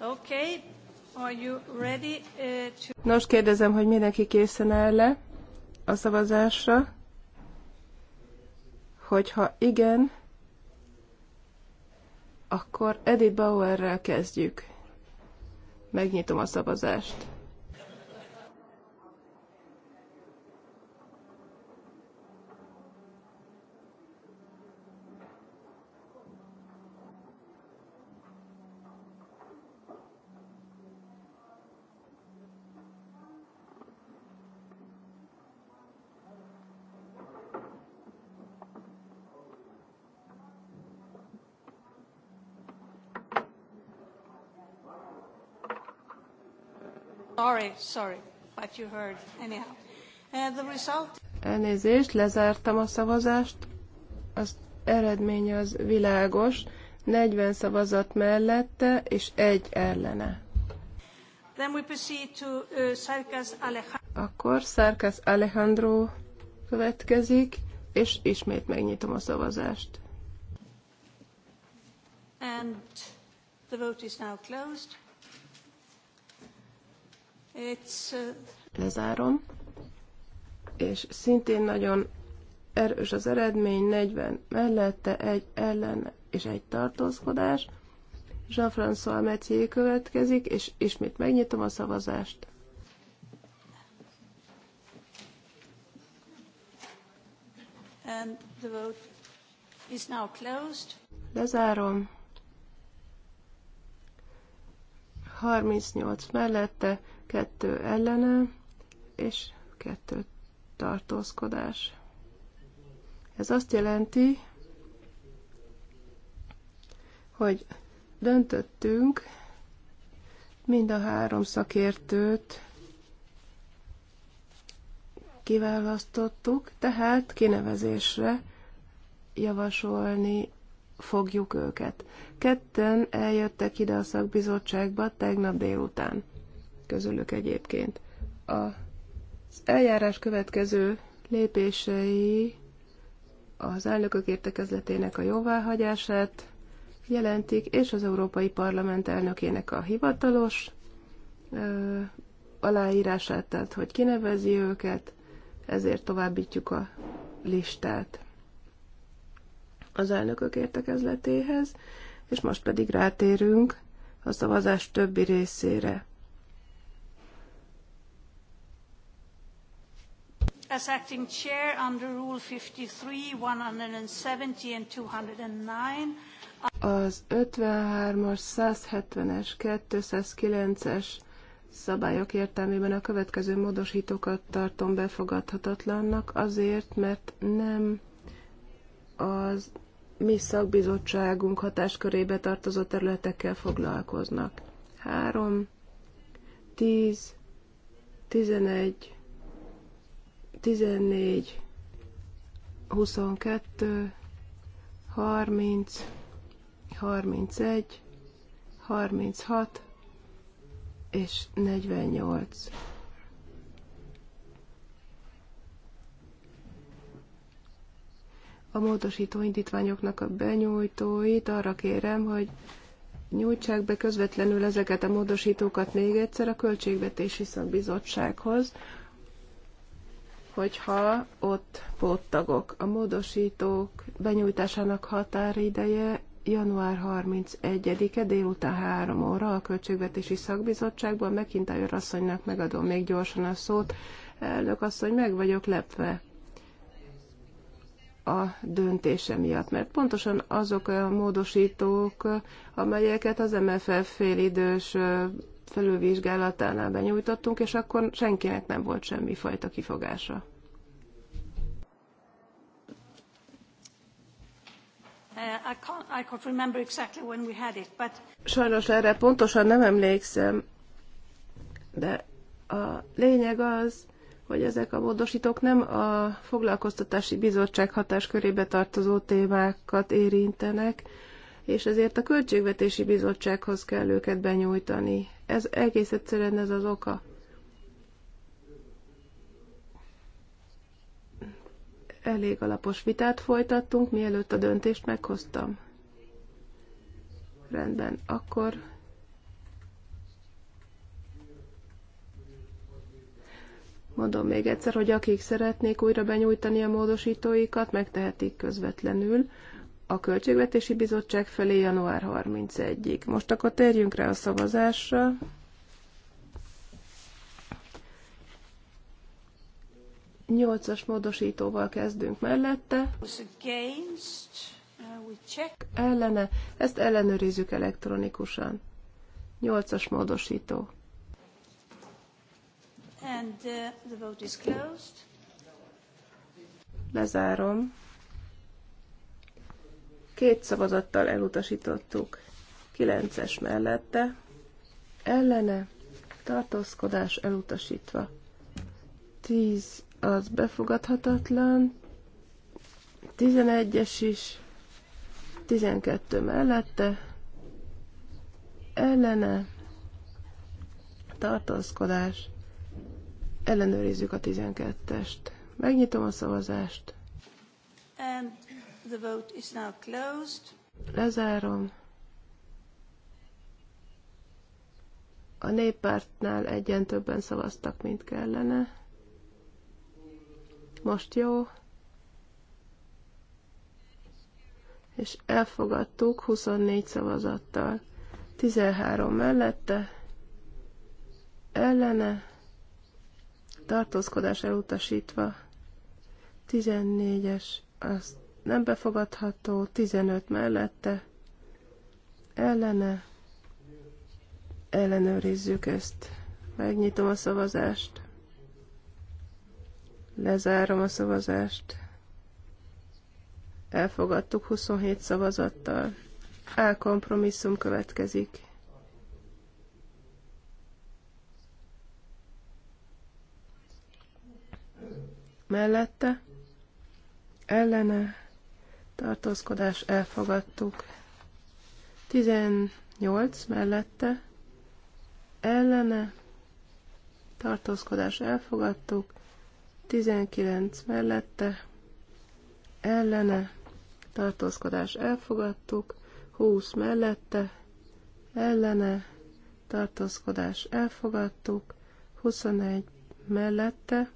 Okay. Are you ready uh, to... Nos, kérdezem, hogy mindenki készen áll le a szavazásra? Hogyha igen, akkor Edith Bauerrel kezdjük. Megnyitom a szavazást. sorry, but you heard anyhow. And uh, the result... Elnézést, lezártam a szavazást. Az eredmény az világos. 40 szavazat mellette és egy ellene. Then we proceed to, uh, Sarkas Akkor Sarkas Alejandro következik, és ismét megnyitom a szavazást. And the vote is now closed. Uh, Lezárom. És szintén nagyon erős az eredmény, 40 mellette, egy ellen és egy tartózkodás. Jean-François Metier következik, és ismét megnyitom a szavazást. And the vote is now closed. Lezárom. 38 mellette, 2 ellene, és 2 tartózkodás. Ez azt jelenti, hogy döntöttünk mind a három szakértőt kiválasztottuk, tehát kinevezésre javasolni fogjuk őket. Ketten eljöttek ide a szakbizottságba tegnap délután, közülük egyébként. Az eljárás következő lépései az elnökök értekezletének a jóváhagyását jelentik, és az Európai Parlament elnökének a hivatalos ö, aláírását, tehát hogy kinevezi őket, ezért továbbítjuk a listát az elnökök értekezletéhez, és most pedig rátérünk a szavazás többi részére. As acting chair under Rule 53, 170 and 209, az 53-as, 170-es, 209-es szabályok értelmében a következő módosítókat tartom befogadhatatlannak azért, mert nem az mi szakbizottságunk hatáskörébe tartozó területekkel foglalkoznak. 3, 10, 11, 14, 22, 30, 31, 36 és 48. a módosító indítványoknak a benyújtóit arra kérem, hogy nyújtsák be közvetlenül ezeket a módosítókat még egyszer a Költségvetési Szakbizottsághoz, hogyha ott póttagok. A módosítók benyújtásának határideje január 31-e délután 3 óra a Költségvetési Szakbizottságban. McIntyre asszonynak megadom még gyorsan a szót. Elnök asszony, meg vagyok lepve a döntése miatt, mert pontosan azok a módosítók, amelyeket az MFF félidős felülvizsgálatánál benyújtottunk, és akkor senkinek nem volt semmi fajta kifogása. Uh, Sajnos erre pontosan nem emlékszem, de a lényeg az, hogy ezek a módosítók nem a foglalkoztatási bizottság hatáskörébe tartozó témákat érintenek, és ezért a Költségvetési Bizottsághoz kell őket benyújtani. Ez egész egyszerűen ez az oka. Elég alapos vitát folytattunk, mielőtt a döntést meghoztam. Rendben, akkor Mondom még egyszer, hogy akik szeretnék újra benyújtani a módosítóikat, megtehetik közvetlenül a Költségvetési Bizottság felé január 31-ig. Most akkor térjünk rá a szavazásra. Nyolcas módosítóval kezdünk mellette. Uh, Ellene. Ezt ellenőrizzük elektronikusan. Nyolcas módosító. And uh, the vote is closed. Lezárom. Két szavazattal elutasítottuk. Kilences mellette. Ellene. Tartózkodás elutasítva. Tíz az befogadhatatlan. Tizenegyes is. Tizenkettő mellette. Ellene. Tartózkodás Ellenőrizzük a 12-est. Megnyitom a szavazást. And the vote is now closed. Lezárom. A néppártnál egyen többen szavaztak, mint kellene. Most jó. És elfogadtuk 24 szavazattal. 13 mellette, ellene, tartózkodás elutasítva, 14-es, az nem befogadható, 15 mellette, ellene, ellenőrizzük ezt. Megnyitom a szavazást, lezárom a szavazást, elfogadtuk 27 szavazattal. elkompromisszum következik mellette, ellene, tartózkodás elfogadtuk. 18 mellette, ellene, tartózkodás elfogadtuk. 19 mellette, ellene, tartózkodás elfogadtuk. 20 mellette, ellene, tartózkodás elfogadtuk. 21 mellette,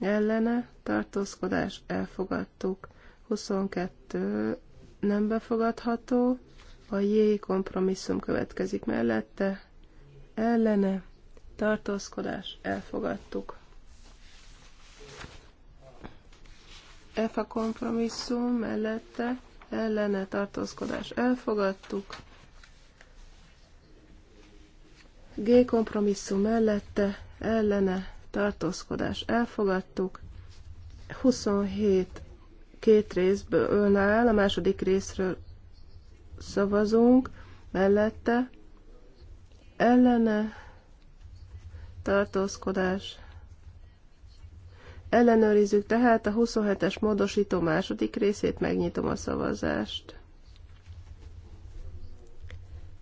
ellene tartózkodás elfogadtuk. 22 nem befogadható, a J kompromisszum következik mellette, ellene tartózkodás elfogadtuk. F a kompromisszum mellette, ellene tartózkodás elfogadtuk. G kompromisszum mellette, ellene tartózkodás elfogadtuk, 27 két részből áll, a második részről szavazunk, mellette ellene tartózkodás. Ellenőrizzük tehát a 27-es módosító második részét, megnyitom a szavazást.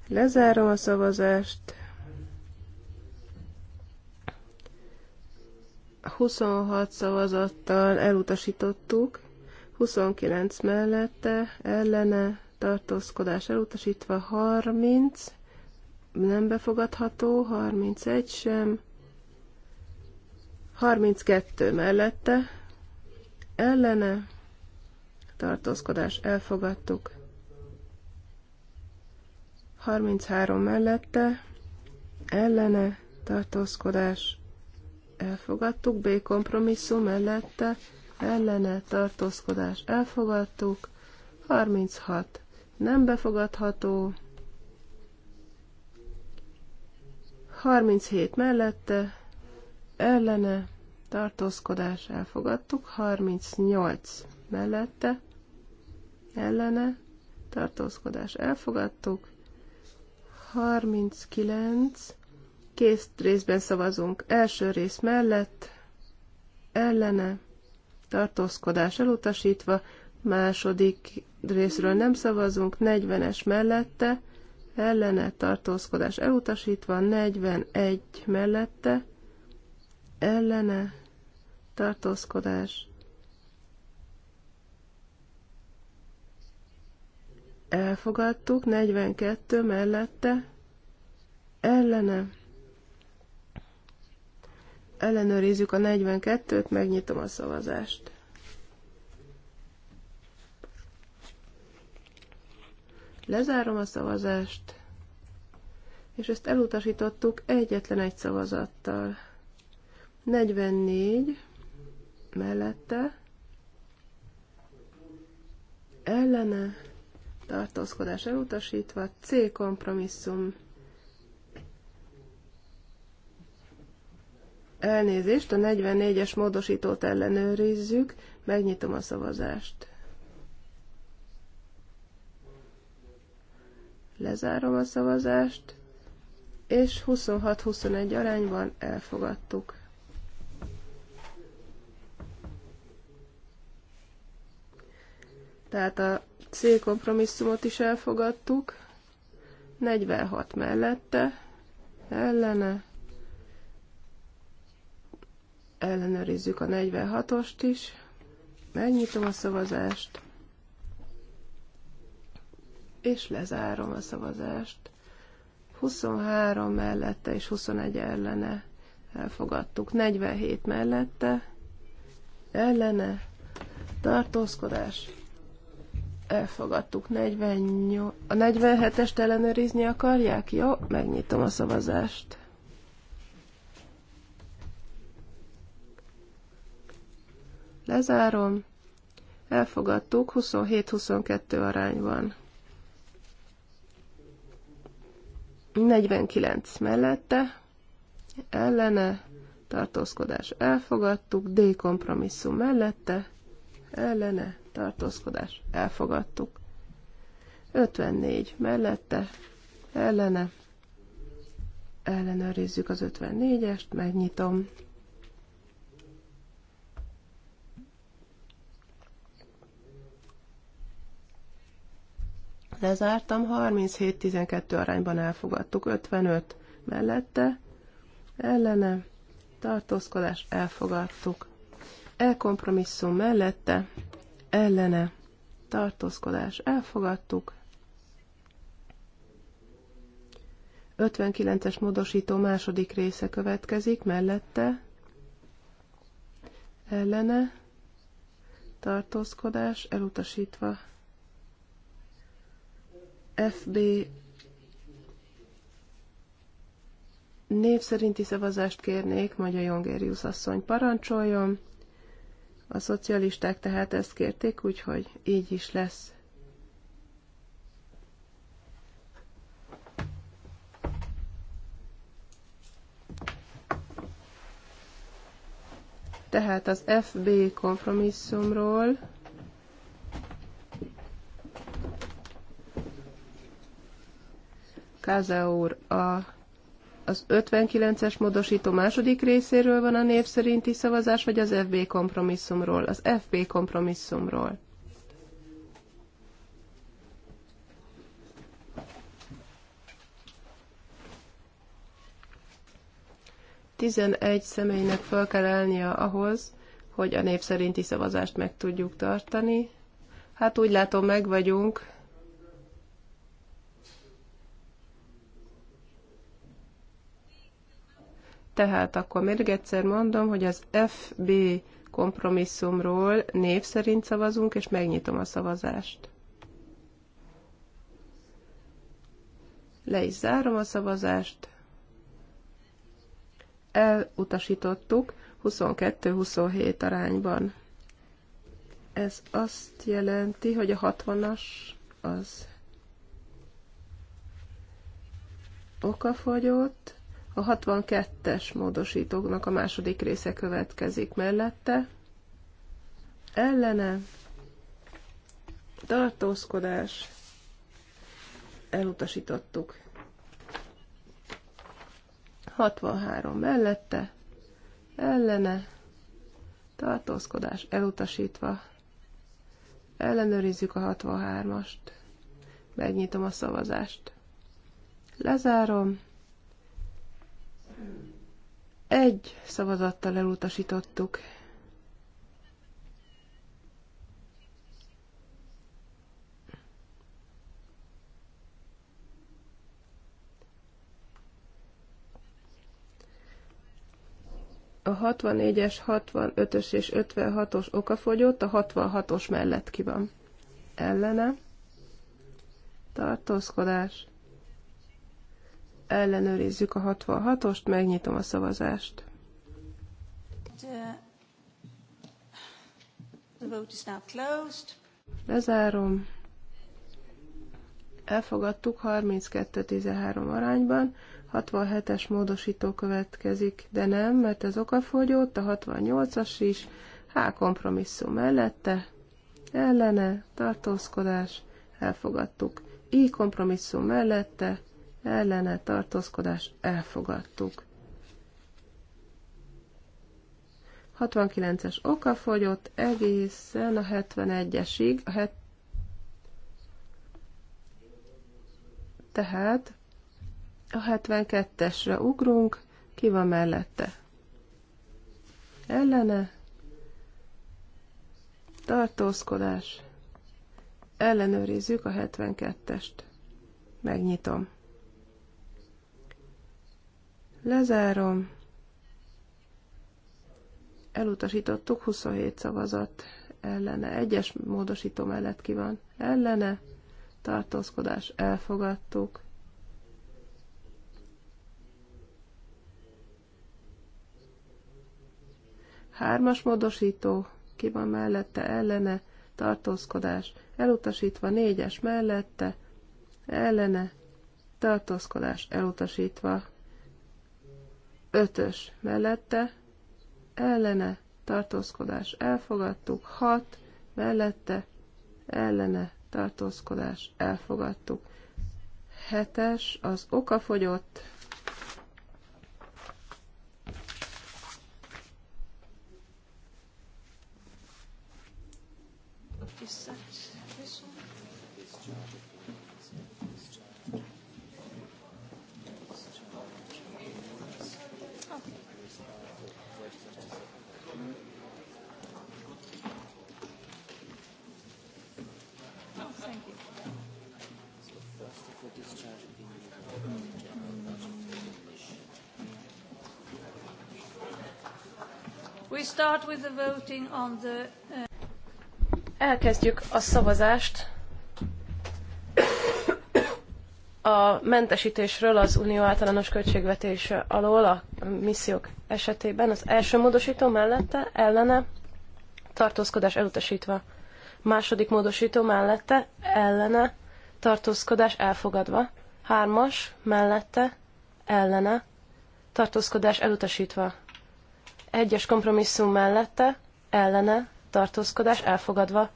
Lezárom a szavazást. 26 szavazattal elutasítottuk, 29 mellette, ellene, tartózkodás elutasítva, 30, nem befogadható, 31 sem, 32 mellette, ellene, tartózkodás elfogadtuk, 33 mellette, ellene, tartózkodás elfogadtuk, B kompromisszum mellette ellene tartózkodás elfogadtuk, 36 nem befogadható, 37 mellette ellene tartózkodás elfogadtuk, 38 mellette ellene tartózkodás elfogadtuk, 39 Két részben szavazunk. Első rész mellett, ellene, tartózkodás elutasítva, második részről nem szavazunk, 40-es mellette, ellene, tartózkodás elutasítva, 41 mellette, ellene, tartózkodás elfogadtuk, 42 mellette, ellene, ellenőrizzük a 42-t, megnyitom a szavazást. Lezárom a szavazást, és ezt elutasítottuk egyetlen egy szavazattal. 44 mellette ellene tartózkodás elutasítva, C kompromisszum Elnézést, a 44-es módosítót ellenőrizzük, megnyitom a szavazást. Lezárom a szavazást, és 26-21 arányban elfogadtuk. Tehát a C kompromisszumot is elfogadtuk, 46 mellette, ellene, ellenőrizzük a 46-ost is. Megnyitom a szavazást, és lezárom a szavazást. 23 mellette és 21 ellene elfogadtuk. 47 mellette, ellene, tartózkodás, elfogadtuk. 48, a 47-est ellenőrizni akarják? Jó, megnyitom a szavazást. Lezárom. Elfogadtuk, 27-22 arányban. 49 mellette, ellene, tartózkodás elfogadtuk, D kompromisszum mellette, ellene, tartózkodás elfogadtuk. 54 mellette, ellene, ellenőrizzük az 54-est, megnyitom. Lezártam, 37-12 arányban elfogadtuk, 55 mellette, ellene, tartózkodás, elfogadtuk. Elkompromisszum mellette, ellene, tartózkodás, elfogadtuk. 59-es módosító második része következik, mellette, ellene, tartózkodás, elutasítva. FB név szerinti szavazást kérnék, a Jongerius asszony parancsoljon. A szocialisták tehát ezt kérték, úgyhogy így is lesz. Tehát az FB kompromisszumról Káza úr, a, az 59-es módosító második részéről van a név szerinti szavazás, vagy az FB kompromisszumról? Az FB kompromisszumról. Tizenegy személynek fel kell állnia ahhoz, hogy a név szerinti szavazást meg tudjuk tartani. Hát úgy látom, meg vagyunk, Tehát akkor még egyszer mondom, hogy az FB kompromisszumról név szerint szavazunk, és megnyitom a szavazást. Le is zárom a szavazást. Elutasítottuk 22-27 arányban. Ez azt jelenti, hogy a 60-as az okafogyott, a 62-es módosítóknak a második része következik mellette. Ellene tartózkodás elutasítottuk. 63 mellette ellene tartózkodás elutasítva. Ellenőrizzük a 63-ast. Megnyitom a szavazást. Lezárom. Egy szavazattal elutasítottuk. a 64-es, 65-ös és 56-os okafogyott, a 66-os mellett ki van. Ellene. Tartózkodás ellenőrizzük a 66-ost, megnyitom a szavazást. The vote is now closed. Lezárom. Elfogadtuk 32-13 arányban. 67-es módosító következik, de nem, mert ez okafogyott, a 68-as is. H kompromisszum mellette, ellene, tartózkodás, elfogadtuk. I kompromisszum mellette, ellene tartózkodás elfogadtuk. 69-es oka fogyott egészen a 71-esig, a het... tehát a 72-esre ugrunk, ki van mellette? Ellene, tartózkodás, ellenőrizzük a 72-est, megnyitom. Lezárom. Elutasítottuk 27 szavazat ellene. Egyes módosító mellett ki van ellene. Tartózkodás elfogadtuk. Hármas módosító ki van mellette ellene. Tartózkodás elutasítva. Négyes mellette ellene. Tartózkodás elutasítva Ötös mellette ellene tartózkodás elfogadtuk. Hat mellette ellene tartózkodás elfogadtuk. Hetes az okafogyott The... Uh, Elkezdjük a szavazást a mentesítésről az unió általános költségvetés alól a missziók esetében. Az első módosító mellette ellene tartózkodás elutasítva. Második módosító mellette ellene tartózkodás elfogadva. Hármas mellette ellene tartózkodás elutasítva egyes kompromisszum mellette, ellene, tartózkodás elfogadva.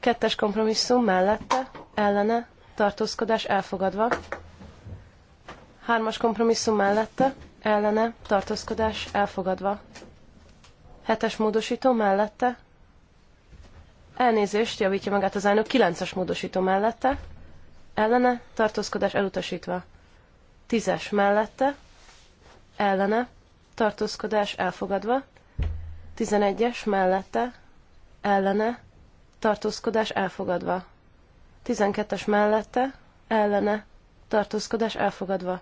Kettes kompromisszum mellette, ellene, tartózkodás elfogadva. Hármas kompromisszum mellette, ellene, tartózkodás elfogadva. Hetes módosító mellette, elnézést, javítja magát az elnök, kilences módosító mellette, ellene, tartózkodás elutasítva. Tízes mellette, ellene, tartózkodás elfogadva, 11-es mellette, ellene, tartózkodás elfogadva, 12-es mellette, ellene, tartózkodás elfogadva,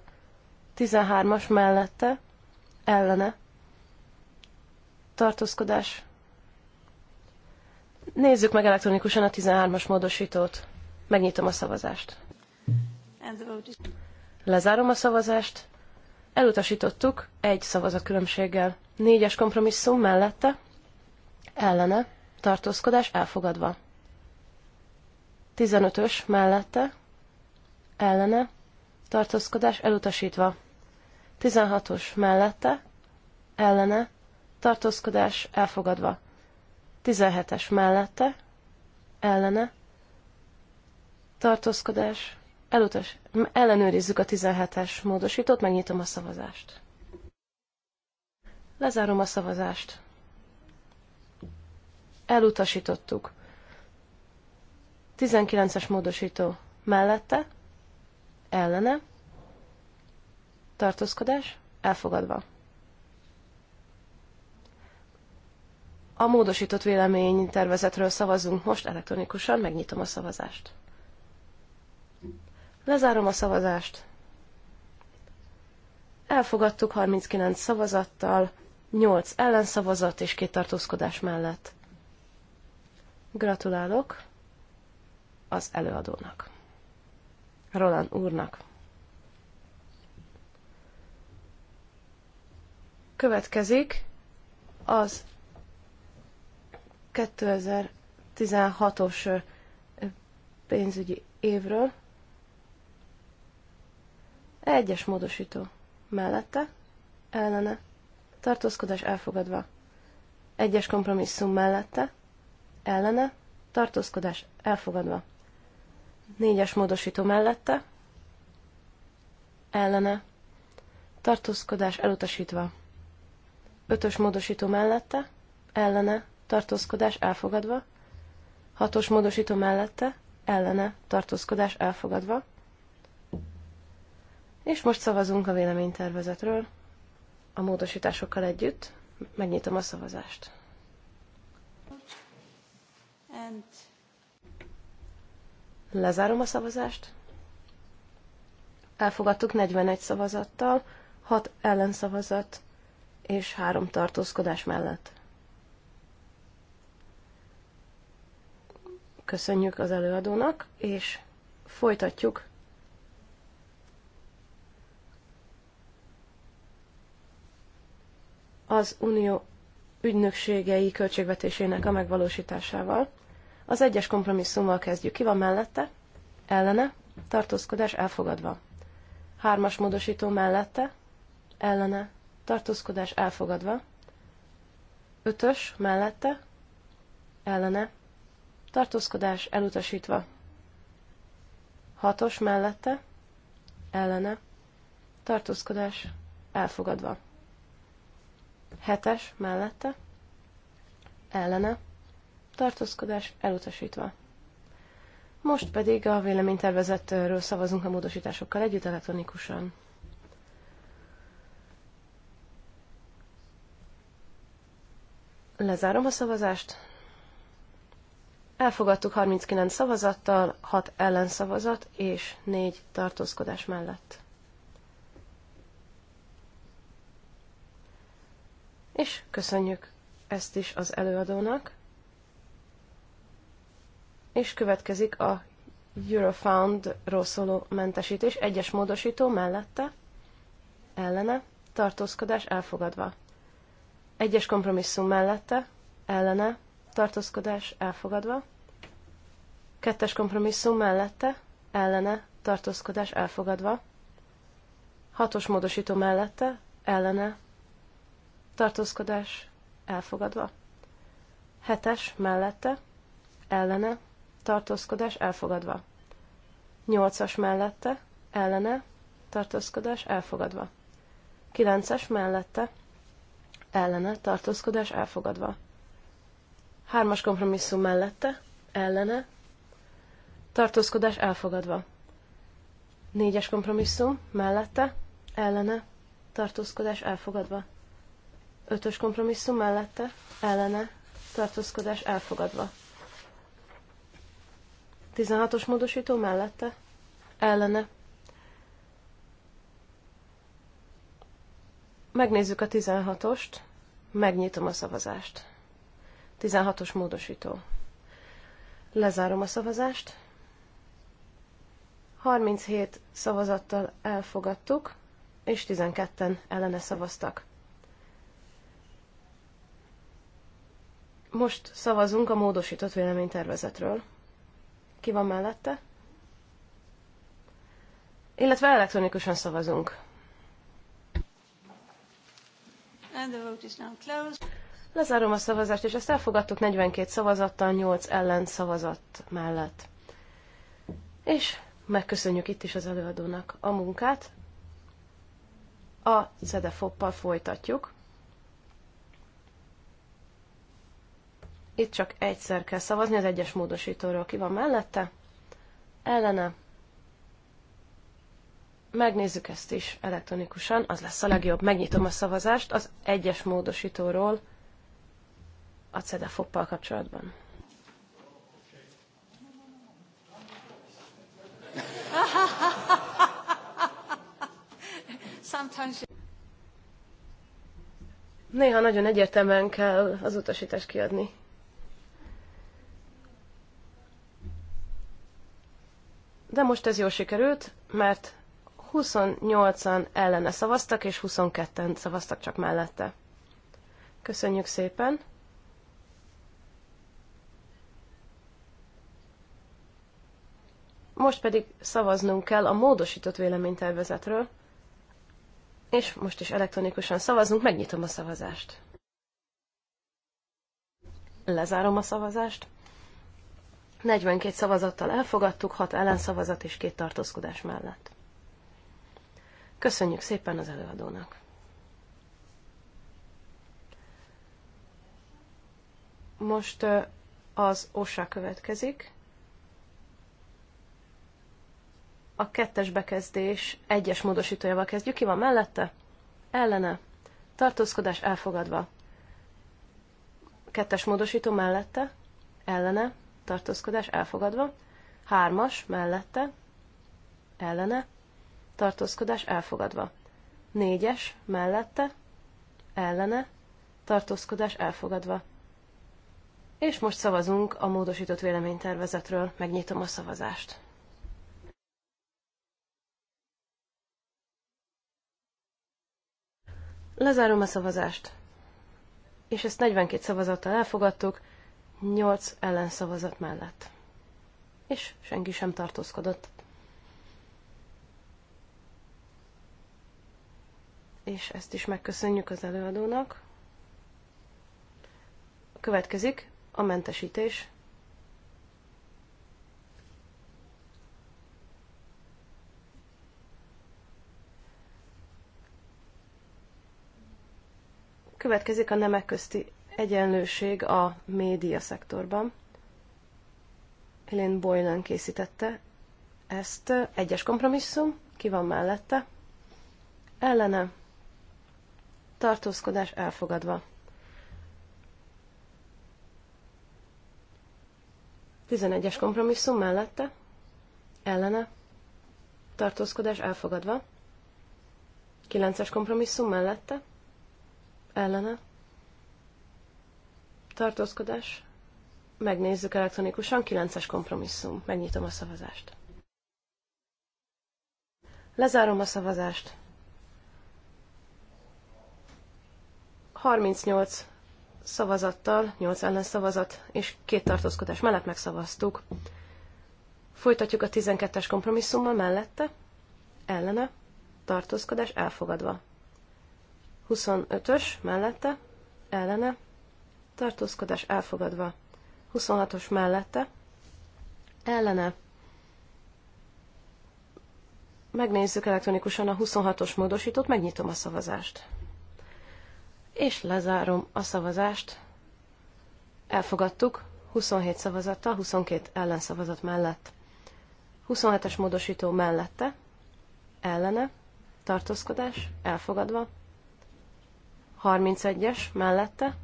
13-as mellette, ellene, tartózkodás. Nézzük meg elektronikusan a 13-as módosítót. Megnyitom a szavazást. Lezárom a szavazást. Elutasítottuk egy szavazat különbséggel. Négyes kompromisszum mellette, ellene, tartózkodás elfogadva. 15-ös mellette, ellene, tartózkodás elutasítva. 16-os mellette, ellene, tartózkodás elfogadva. 17-es mellette, ellene, tartózkodás Elutas, ellenőrizzük a 17-es módosítót, megnyitom a szavazást. Lezárom a szavazást. Elutasítottuk. 19-es módosító mellette, ellene, tartózkodás, elfogadva. A módosított vélemény tervezetről szavazunk most elektronikusan, megnyitom a szavazást. Lezárom a szavazást. Elfogadtuk 39 szavazattal, 8 ellenszavazat és két tartózkodás mellett. Gratulálok az előadónak. Roland úrnak. Következik az 2016-os pénzügyi évről egyes módosító. Mellette, ellene, tartózkodás elfogadva. Egyes kompromisszum mellette, ellene, tartózkodás elfogadva. Négyes módosító mellette, ellene, tartózkodás elutasítva. Ötös módosító mellette, ellene, tartózkodás elfogadva. Hatos módosító mellette, ellene, tartózkodás elfogadva. És most szavazunk a véleménytervezetről a módosításokkal együtt. Megnyitom a szavazást. And... Lezárom a szavazást. Elfogadtuk 41 szavazattal, 6 ellenszavazat és 3 tartózkodás mellett. Köszönjük az előadónak, és folytatjuk az unió ügynökségei költségvetésének a megvalósításával. Az egyes kompromisszummal kezdjük. Ki van mellette? Ellene? Tartózkodás elfogadva. Hármas módosító mellette? Ellene? Tartózkodás elfogadva. Ötös mellette? Ellene? Tartózkodás elutasítva. Hatos mellette? Ellene? Tartózkodás elfogadva. Hetes mellette. Ellene. Tartózkodás elutasítva. Most pedig a véleménytervezetről szavazunk a módosításokkal együtt elektronikusan. Lezárom a szavazást. Elfogadtuk 39 szavazattal, 6 ellenszavazat és 4 tartózkodás mellett. és köszönjük ezt is az előadónak. És következik a Eurofound-ról szóló mentesítés egyes módosító mellette, ellene, tartózkodás elfogadva. Egyes kompromisszum mellette, ellene, tartózkodás elfogadva. Kettes kompromisszum mellette, ellene, tartózkodás elfogadva. Hatos módosító mellette, ellene, tartózkodás elfogadva. Hetes mellette, ellene, tartózkodás elfogadva. Nyolcas mellette, ellene, tartózkodás elfogadva. Kilences mellette, ellene, tartózkodás elfogadva. Hármas kompromisszum mellette, ellene, tartózkodás elfogadva. Négyes kompromisszum mellette, ellene, tartózkodás elfogadva. Ötös kompromisszum mellette, ellene, tartózkodás elfogadva. 16-os módosító mellette, ellene. Megnézzük a 16-ost, megnyitom a szavazást. 16-os módosító. Lezárom a szavazást. 37 szavazattal elfogadtuk, és 12-en ellene szavaztak. Most szavazunk a módosított véleménytervezetről. Ki van mellette? Illetve elektronikusan szavazunk. And the vote is now closed. Lezárom a szavazást, és ezt elfogadtuk 42 szavazattal, 8 ellen szavazat mellett. És megköszönjük itt is az előadónak a munkát. A CEDEFOP-pal folytatjuk. Itt csak egyszer kell szavazni az egyes módosítóról. Ki van mellette? Ellene. Megnézzük ezt is elektronikusan, az lesz a legjobb. Megnyitom a szavazást az egyes módosítóról a CEDEFOP-pal kapcsolatban. Néha nagyon egyértelműen kell az utasítást kiadni. De most ez jól sikerült, mert 28-an ellene szavaztak, és 22-en szavaztak csak mellette. Köszönjük szépen! Most pedig szavaznunk kell a módosított véleménytervezetről, és most is elektronikusan szavazunk, megnyitom a szavazást. Lezárom a szavazást. 42 szavazattal elfogadtuk, 6 ellenszavazat és 2 tartózkodás mellett. Köszönjük szépen az előadónak! Most az OSA következik. A kettes bekezdés egyes módosítójával kezdjük. Ki van mellette? Ellene. Tartózkodás elfogadva. Kettes módosító mellette? Ellene tartózkodás elfogadva, hármas mellette, ellene, tartózkodás elfogadva, négyes mellette, ellene, tartózkodás elfogadva. És most szavazunk a módosított véleménytervezetről, megnyitom a szavazást. Lezárom a szavazást. És ezt 42 szavazattal elfogadtuk, nyolc ellenszavazat mellett. És senki sem tartózkodott. És ezt is megköszönjük az előadónak. Következik a mentesítés. Következik a nemek közti egyenlőség a média szektorban. Helen Boylan készítette ezt. Egyes kompromisszum, ki van mellette? Ellene. Tartózkodás elfogadva. 11-es kompromisszum mellette? Ellene. Tartózkodás elfogadva. 9-es kompromisszum mellette? Ellene tartózkodás. Megnézzük elektronikusan, 9-es kompromisszum. Megnyitom a szavazást. Lezárom a szavazást. 38 szavazattal, 8 ellen szavazat és két tartózkodás mellett megszavaztuk. Folytatjuk a 12-es kompromisszummal mellette, ellene, tartózkodás elfogadva. 25-ös mellette, ellene, tartózkodás elfogadva. 26-os mellette, ellene. Megnézzük elektronikusan a 26-os módosítót, megnyitom a szavazást. És lezárom a szavazást. Elfogadtuk 27 szavazattal, 22 ellenszavazat mellett. 27-es módosító mellette, ellene, tartózkodás, elfogadva. 31-es mellette,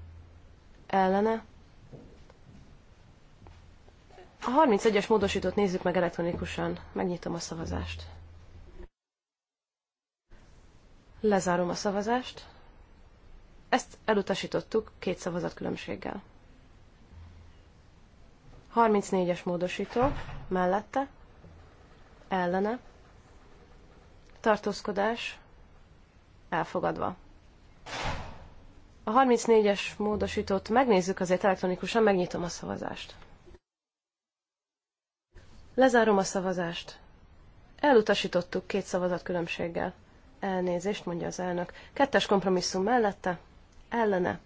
ellene. A 31-es módosítót nézzük meg elektronikusan. Megnyitom a szavazást. Lezárom a szavazást. Ezt elutasítottuk két szavazat különbséggel. 34-es módosító mellette, ellene, tartózkodás elfogadva. A 34-es módosítót megnézzük azért elektronikusan, megnyitom a szavazást. Lezárom a szavazást. Elutasítottuk két szavazat különbséggel. Elnézést, mondja az elnök. Kettes kompromisszum mellette, ellene.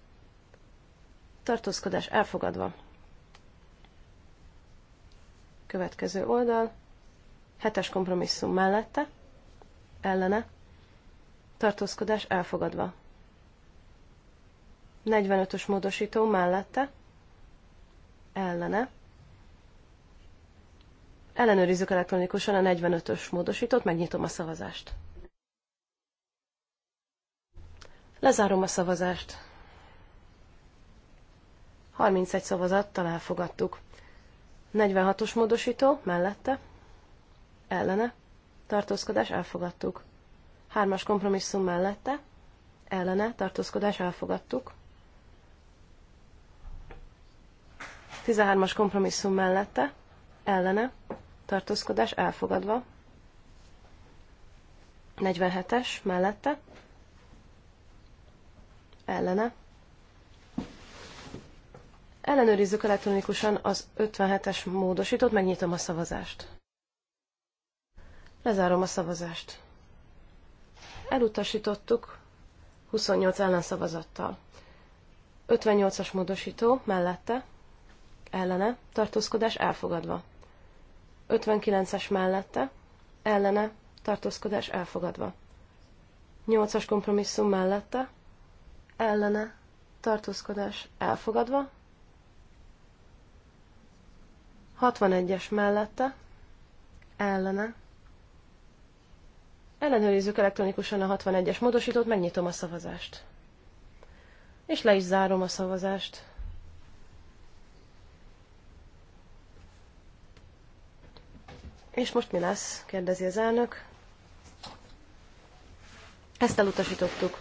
Tartózkodás elfogadva. Következő oldal. Hetes kompromisszum mellette, ellene. Tartózkodás elfogadva. 45-ös módosító mellette, ellene. Ellenőrizzük elektronikusan a 45-ös módosítót, megnyitom a szavazást. Lezárom a szavazást. 31 szavazattal elfogadtuk. 46-os módosító, mellette, ellene, tartózkodás, elfogadtuk. Hármas kompromisszum mellette, ellene, tartózkodás, elfogadtuk. 13-as kompromisszum mellette, ellene, tartózkodás elfogadva. 47-es mellette, ellene. Ellenőrizzük elektronikusan az 57-es módosítót, megnyitom a szavazást. Lezárom a szavazást. Elutasítottuk 28 ellenszavazattal. 58-as módosító mellette, ellene, tartózkodás elfogadva. 59-es mellette, ellene, tartózkodás elfogadva. 8-as kompromisszum mellette, ellene, tartózkodás elfogadva. 61-es mellette, ellene. Ellenőrizzük elektronikusan a 61-es módosítót, megnyitom a szavazást. És le is zárom a szavazást. És most mi lesz? kérdezi az elnök. Ezt elutasítottuk.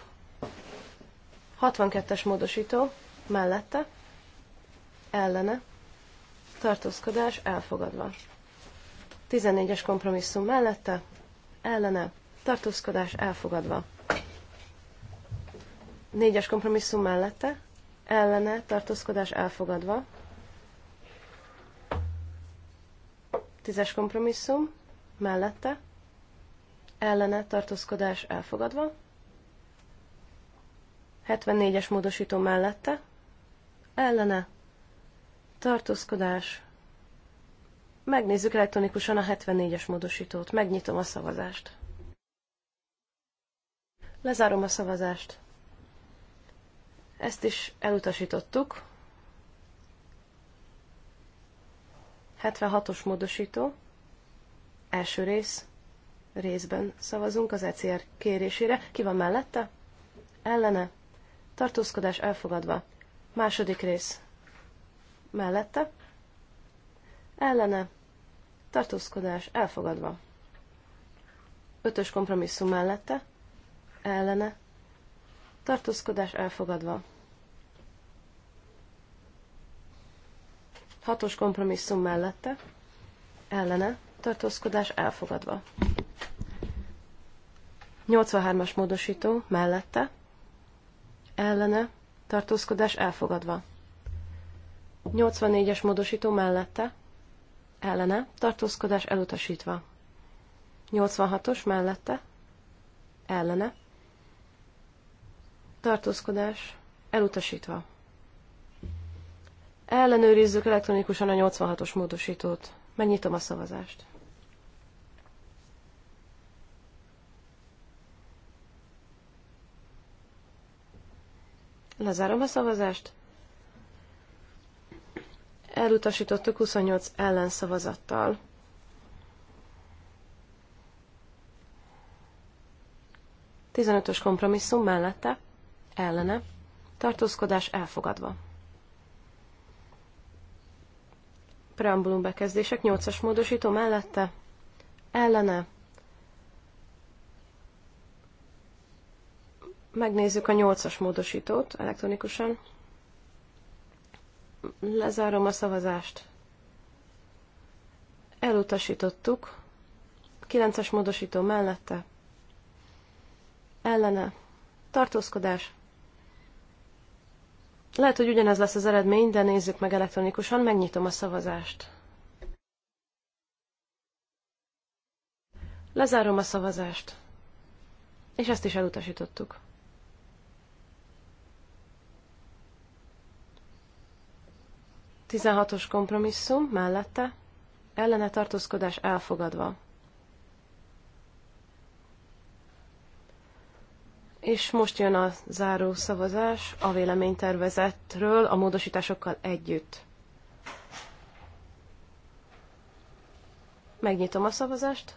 62-es módosító, mellette, ellene, tartózkodás elfogadva. 14-es kompromisszum mellette, ellene, tartózkodás elfogadva. 4-es kompromisszum mellette, ellene, tartózkodás elfogadva. Tízes kompromisszum, mellette, ellene tartózkodás elfogadva. 74-es módosító mellette, ellene tartózkodás. Megnézzük elektronikusan a 74-es módosítót. Megnyitom a szavazást. Lezárom a szavazást. Ezt is elutasítottuk. 76-os módosító, első rész, részben szavazunk az ECR kérésére. Ki van mellette? Ellene. Tartózkodás elfogadva. Második rész. Mellette. Ellene. Tartózkodás elfogadva. Ötös kompromisszum mellette. Ellene. Tartózkodás elfogadva. Hatos kompromisszum mellette, ellene, tartózkodás elfogadva. 83-as módosító mellette, ellene, tartózkodás elfogadva. 84-es módosító mellette, ellene, tartózkodás elutasítva. 86-os mellette, ellene, tartózkodás elutasítva. Ellenőrizzük elektronikusan a 86-os módosítót. Megnyitom a szavazást. Lezárom a szavazást. Elutasítottuk 28 ellenszavazattal. Tizenötös kompromisszum mellette, ellene, tartózkodás elfogadva. preambulum bekezdések, 8-as módosító mellette, ellene. Megnézzük a 8-as módosítót elektronikusan. Lezárom a szavazást. Elutasítottuk. 9-es módosító mellette. Ellene. Tartózkodás. Lehet, hogy ugyanez lesz az eredmény, de nézzük meg elektronikusan, megnyitom a szavazást. Lezárom a szavazást. És ezt is elutasítottuk. Tizenhatos kompromisszum mellette, ellene tartózkodás elfogadva. És most jön a záró szavazás a véleménytervezetről a módosításokkal együtt. Megnyitom a szavazást,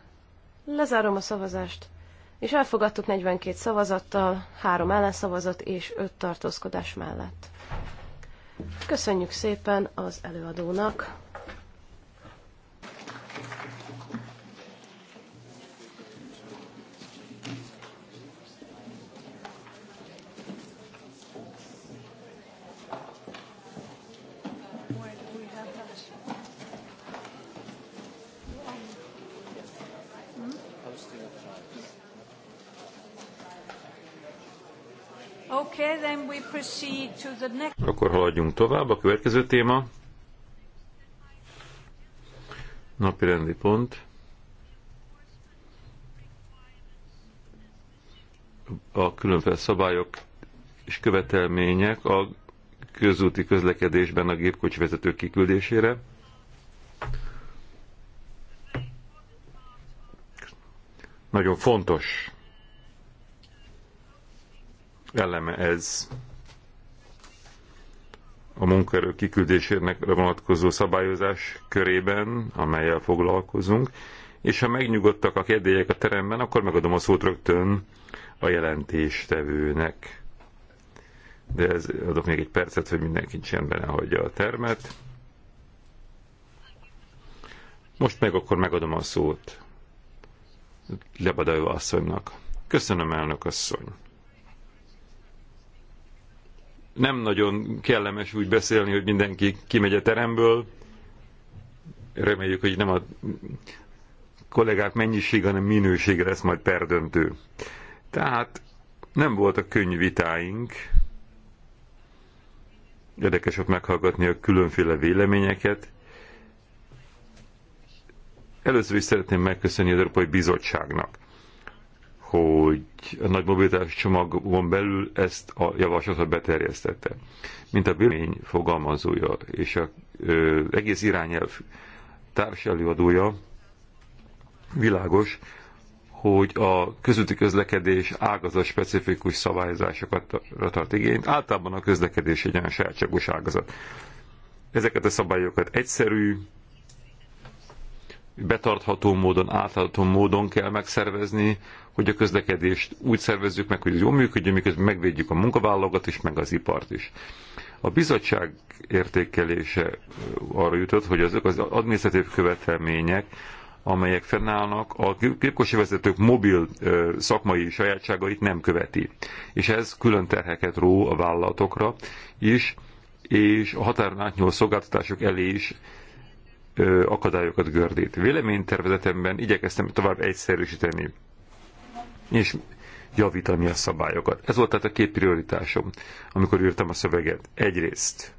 lezárom a szavazást, és elfogadtuk 42 szavazattal, 3 ellenszavazat és 5 tartózkodás mellett. Köszönjük szépen az előadónak! Akkor haladjunk tovább. A következő téma. Napi rendi pont. A különféle szabályok és követelmények a közúti közlekedésben a vezetők kiküldésére. Nagyon fontos eleme ez a munkaerő kiküldésének vonatkozó szabályozás körében, amelyel foglalkozunk, és ha megnyugodtak a kedélyek a teremben, akkor megadom a szót rögtön a jelentéstevőnek. De ez adok még egy percet, hogy mindenki csendben elhagyja a termet. Most meg akkor megadom a szót Lebadajó asszonynak. Köszönöm, elnök asszony nem nagyon kellemes úgy beszélni, hogy mindenki kimegy a teremből. Reméljük, hogy nem a kollégák mennyisége, hanem minősége lesz majd perdöntő. Tehát nem voltak könnyű vitáink. Érdekes ott meghallgatni a különféle véleményeket. Először is szeretném megköszönni az Európai Bizottságnak hogy a nagy mobilitás csomagon belül ezt a javaslatot beterjesztette. Mint a vélemény fogalmazója és ö, egész irányelv társelőadója, világos, hogy a közúti közlekedés ágazat specifikus szabályozásokat tart igényt. Általában a közlekedés egy olyan sajátságos ágazat. Ezeket a szabályokat egyszerű, betartható módon, átlátható módon kell megszervezni, hogy a közlekedést úgy szervezzük meg, hogy jól működjön, miközben megvédjük a munkavállalókat is, meg az ipart is. A bizottság értékelése arra jutott, hogy azok az adminisztratív követelmények, amelyek fennállnak, a gépkocsi vezetők mobil szakmai sajátságait nem követi. És ez külön terheket ró a vállalatokra is, és a határon átnyúló szolgáltatások elé is akadályokat gördít. Véleménytervezetemben igyekeztem tovább egyszerűsíteni és javítani a szabályokat. Ez volt tehát a két prioritásom, amikor írtam a szöveget. Egyrészt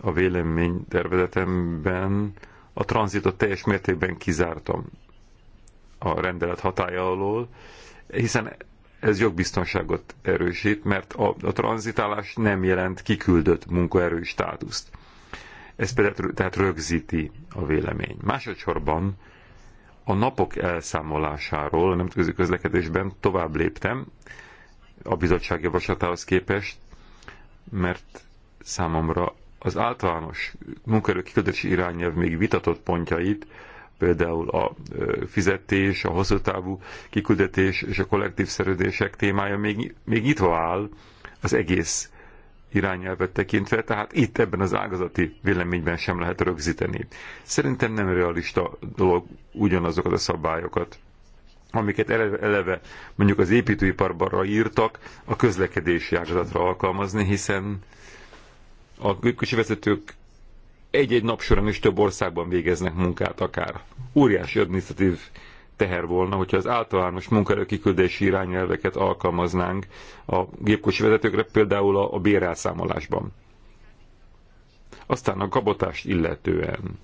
a vélemény tervezetemben a tranzitot teljes mértékben kizártam a rendelet hatája alól, hiszen ez jogbiztonságot erősít, mert a, a tranzitálás nem jelent kiküldött munkaerői státuszt. Ez például tehát rögzíti a vélemény. Másodszorban a napok elszámolásáról a nemzetközi közlekedésben tovább léptem a bizottság javaslatához képest, mert számomra az általános munkaerő kiküldési irányelv még vitatott pontjait, például a fizetés, a hosszútávú kiküldetés és a kollektív szerződések témája még, még nyitva áll az egész irányelvet tekintve, tehát itt ebben az ágazati véleményben sem lehet rögzíteni. Szerintem nem realista dolog ugyanazokat a szabályokat, amiket eleve mondjuk az építőiparbarra írtak, a közlekedési ágazatra alkalmazni, hiszen a vezetők egy-egy nap során is több országban végeznek munkát akár. Óriási administratív teher volna, hogyha az általános munkaerőkiküldési irányelveket alkalmaznánk a gépkocsi vezetőkre, például a, bérelszámolásban. Aztán a kabotást illetően.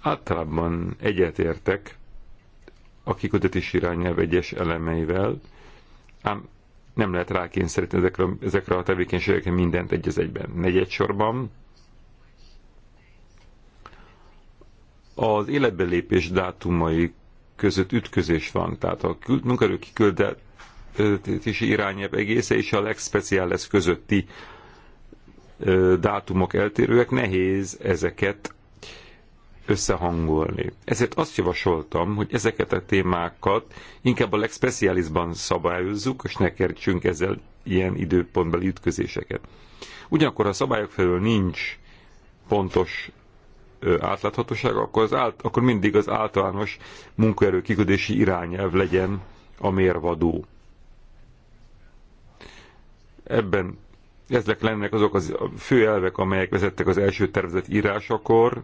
Általában egyetértek a kiküldetési irányelv egyes elemeivel, ám nem lehet rákényszeríteni ezekre, ezekre a tevékenységekre mindent egy az egyben. sorban az életbelépés dátumai között ütközés van. Tehát a munkerő kiküldetési irányelv egésze és a legspeciális közötti dátumok eltérőek, nehéz ezeket összehangolni. Ezért azt javasoltam, hogy ezeket a témákat inkább a legspecialisban szabályozzuk, és ne kertsünk ezzel ilyen időpontbeli ütközéseket. Ugyanakkor a szabályok felől nincs pontos átláthatóság, akkor, az át, akkor mindig az általános munkaerő kiküldési irányelv legyen a mérvadó. Ebben ezek lennek azok az fő elvek, amelyek vezettek az első tervezet írásakor.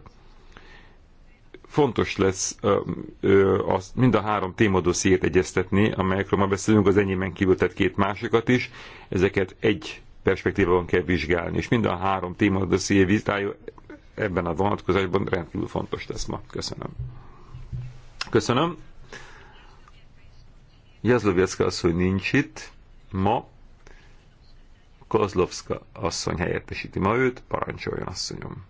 Fontos lesz ö, ö, azt mind a három témadossziét egyeztetni, amelyekről ma beszélünk, az enyémen kívül tehát két másikat is. Ezeket egy perspektívában kell vizsgálni, és mind a három témadosszié vitája ebben a vonatkozásban rendkívül fontos lesz ma. Köszönöm. Köszönöm. Jazlovjecka asszony nincs itt ma. Kozlovska asszony helyettesíti ma őt, parancsoljon asszonyom.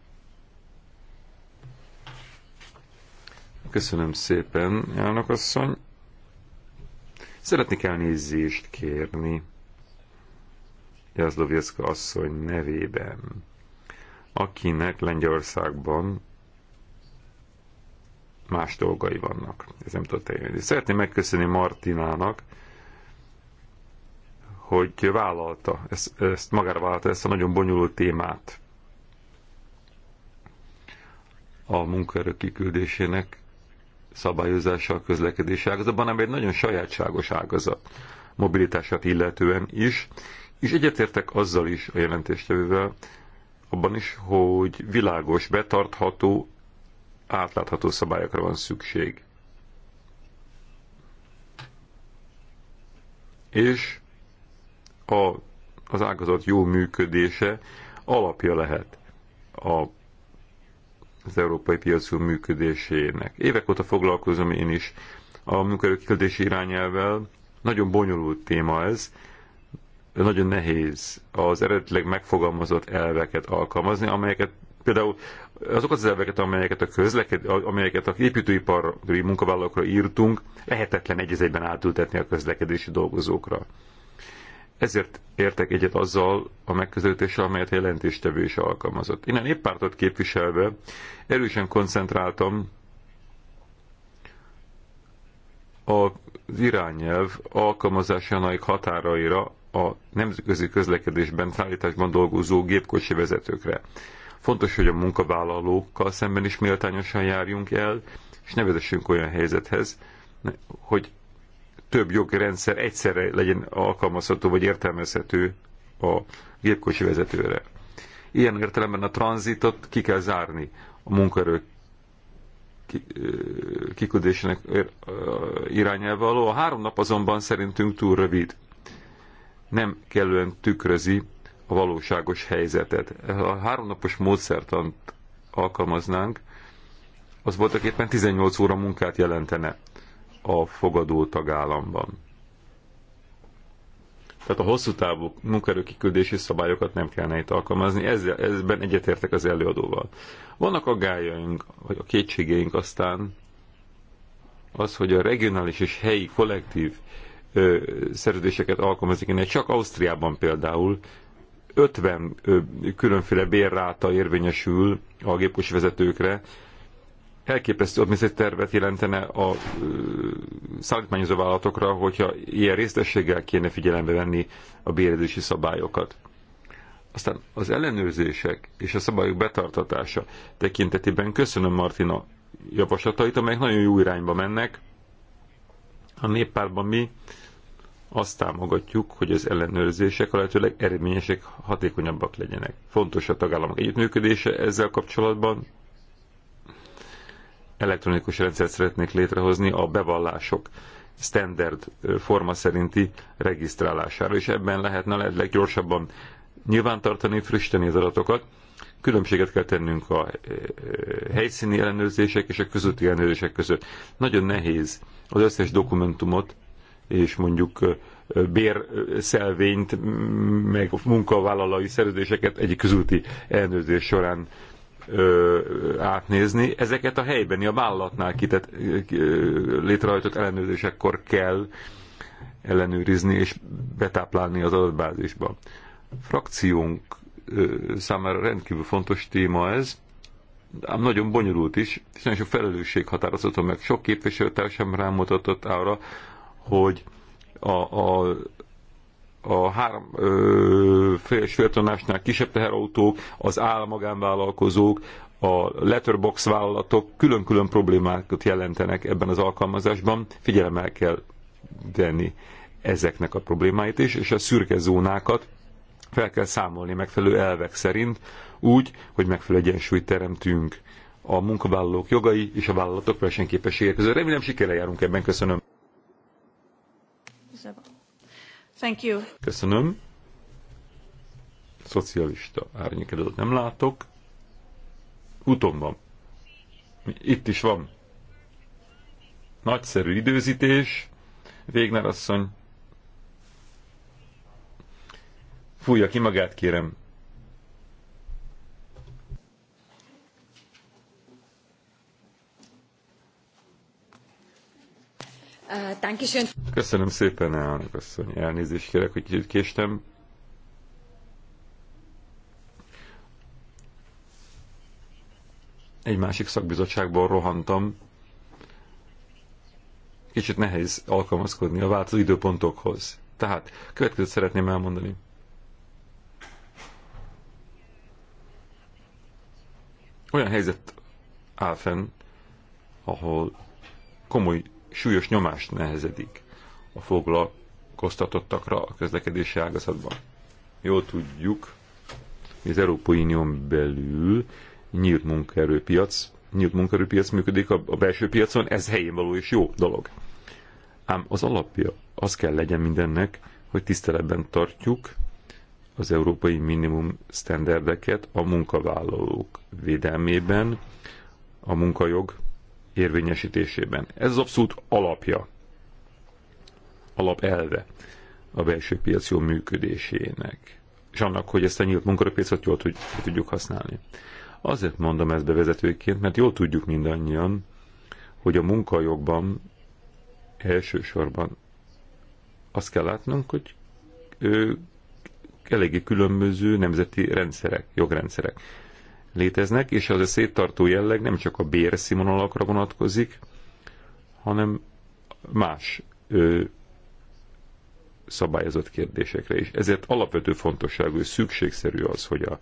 Köszönöm szépen, elnök asszony. Szeretnék elnézést kérni Jazlovjecka asszony nevében akinek Lengyelországban más dolgai vannak. Ez nem tudott eljönni. Szeretném megköszönni Martinának, hogy vállalta, ezt, ezt magára vállalta ezt a nagyon bonyolult témát a munkaerő kiküldésének szabályozása a közlekedés ágazatban, ami egy nagyon sajátságos ágazat mobilitását illetően is, és egyetértek azzal is a jelentéstevővel, abban is, hogy világos, betartható, átlátható szabályokra van szükség. És a, az ágazat jó működése alapja lehet a, az európai piacú működésének. Évek óta foglalkozom én is a munkaerőkiküldési irányelvvel. Nagyon bonyolult téma ez, nagyon nehéz az eredetileg megfogalmazott elveket alkalmazni, amelyeket például azokat az elveket, amelyeket a közleked, amelyeket a építőipari munkavállalókra írtunk, lehetetlen egy egyben átültetni a közlekedési dolgozókra. Ezért értek egyet azzal a megközelítéssel, amelyet a jelentéstevő is alkalmazott. Innen épp pártot képviselve erősen koncentráltam az irányelv alkalmazásának határaira a nemzetközi közlekedésben, szállításban dolgozó gépkocsi vezetőkre. Fontos, hogy a munkavállalókkal szemben is méltányosan járjunk el, és ne vezessünk olyan helyzethez, hogy több jogrendszer egyszerre legyen alkalmazható vagy értelmezhető a gépkocsi vezetőre. Ilyen értelemben a tranzitot ki kell zárni a munkaerő kiküldésének irányelve alól. A három nap azonban szerintünk túl rövid nem kellően tükrözi a valóságos helyzetet. Ha a háromnapos módszertant alkalmaznánk, az voltak éppen 18 óra munkát jelentene a fogadó tagállamban. Tehát a hosszú távú munkaerőkiküldési szabályokat nem kellene itt alkalmazni, ezzel, ezben egyetértek az előadóval. Vannak a gályaink, vagy a kétségeink aztán, az, hogy a regionális és helyi kollektív ö, szerződéseket alkalmazik innen. Csak Ausztriában például 50 ö, különféle bérráta érvényesül a gépkocsi vezetőkre. Elképesztő adminisztratív tervet jelentene a ö, szállítmányozó vállalatokra, hogyha ilyen részességgel kéne figyelembe venni a bérezési szabályokat. Aztán az ellenőrzések és a szabályok betartatása tekintetében köszönöm Martina javaslatait, amelyek nagyon jó irányba mennek. A néppárban mi azt támogatjuk, hogy az ellenőrzések a lehetőleg eredményesek, hatékonyabbak legyenek. Fontos a tagállamok együttműködése ezzel kapcsolatban. Elektronikus rendszert szeretnék létrehozni a bevallások standard forma szerinti regisztrálására, és ebben lehetne lehet leggyorsabban nyilvántartani, frissíteni az adatokat. Különbséget kell tennünk a helyszíni ellenőrzések és a közötti ellenőrzések között. Nagyon nehéz az összes dokumentumot és mondjuk bérszelvényt, meg munkavállalói szerződéseket egy közúti elnőzés során ö, átnézni. Ezeket a helyben, a vállalatnál kitett, létrehajtott ellenőrzésekkor kell ellenőrizni és betáplálni az adatbázisba. Frakciónk számára rendkívül fontos téma ez, ám nagyon bonyolult is, és nagyon sok felelősség határozható meg. Sok képviselőtársam rámutatott arra, hogy a, a a három ö, kisebb teherautók, az állmagánvállalkozók, a letterbox vállalatok külön-külön problémákat jelentenek ebben az alkalmazásban, figyelemmel kell venni ezeknek a problémáit is, és a szürke zónákat fel kell számolni megfelelő elvek szerint, úgy, hogy megfelelő egyensúlyt teremtünk a munkavállalók jogai és a vállalatok versenyképességek között. Remélem sikerrel járunk ebben, köszönöm. Thank you. Köszönöm. Szocialista árnyékedőt nem látok. Utom van. Itt is van. Nagyszerű időzítés. Végner asszony. Fújja ki magát, kérem. Köszönöm szépen, elnök asszony. Elnézést kérek, hogy kicsit késtem. Egy másik szakbizottságból rohantam. Kicsit nehéz alkalmazkodni a változó időpontokhoz. Tehát következőt szeretném elmondani. Olyan helyzet áll fenn, ahol komoly súlyos nyomást nehezedik a foglalkoztatottakra a közlekedési ágazatban. Jól tudjuk, hogy az Európai Unión belül nyílt munkaerőpiac, nyílt munkaerőpiac működik a, belső piacon, ez helyén való és jó dolog. Ám az alapja az kell legyen mindennek, hogy tiszteletben tartjuk az európai minimum standardeket a munkavállalók védelmében, a munkajog érvényesítésében. Ez az abszolút alapja, alapelve a belső piac jó működésének, és annak, hogy ezt a nyílt munkarapiacot jól tudjuk használni. Azért mondom ezt bevezetőként, mert jól tudjuk mindannyian, hogy a munkajogban elsősorban azt kell látnunk, hogy ő eléggé különböző nemzeti rendszerek, jogrendszerek léteznek, és az a széttartó jelleg nem csak a bérszínvonalakra vonatkozik, hanem más ö, szabályozott kérdésekre is. Ezért alapvető fontosságú és szükségszerű az, hogy a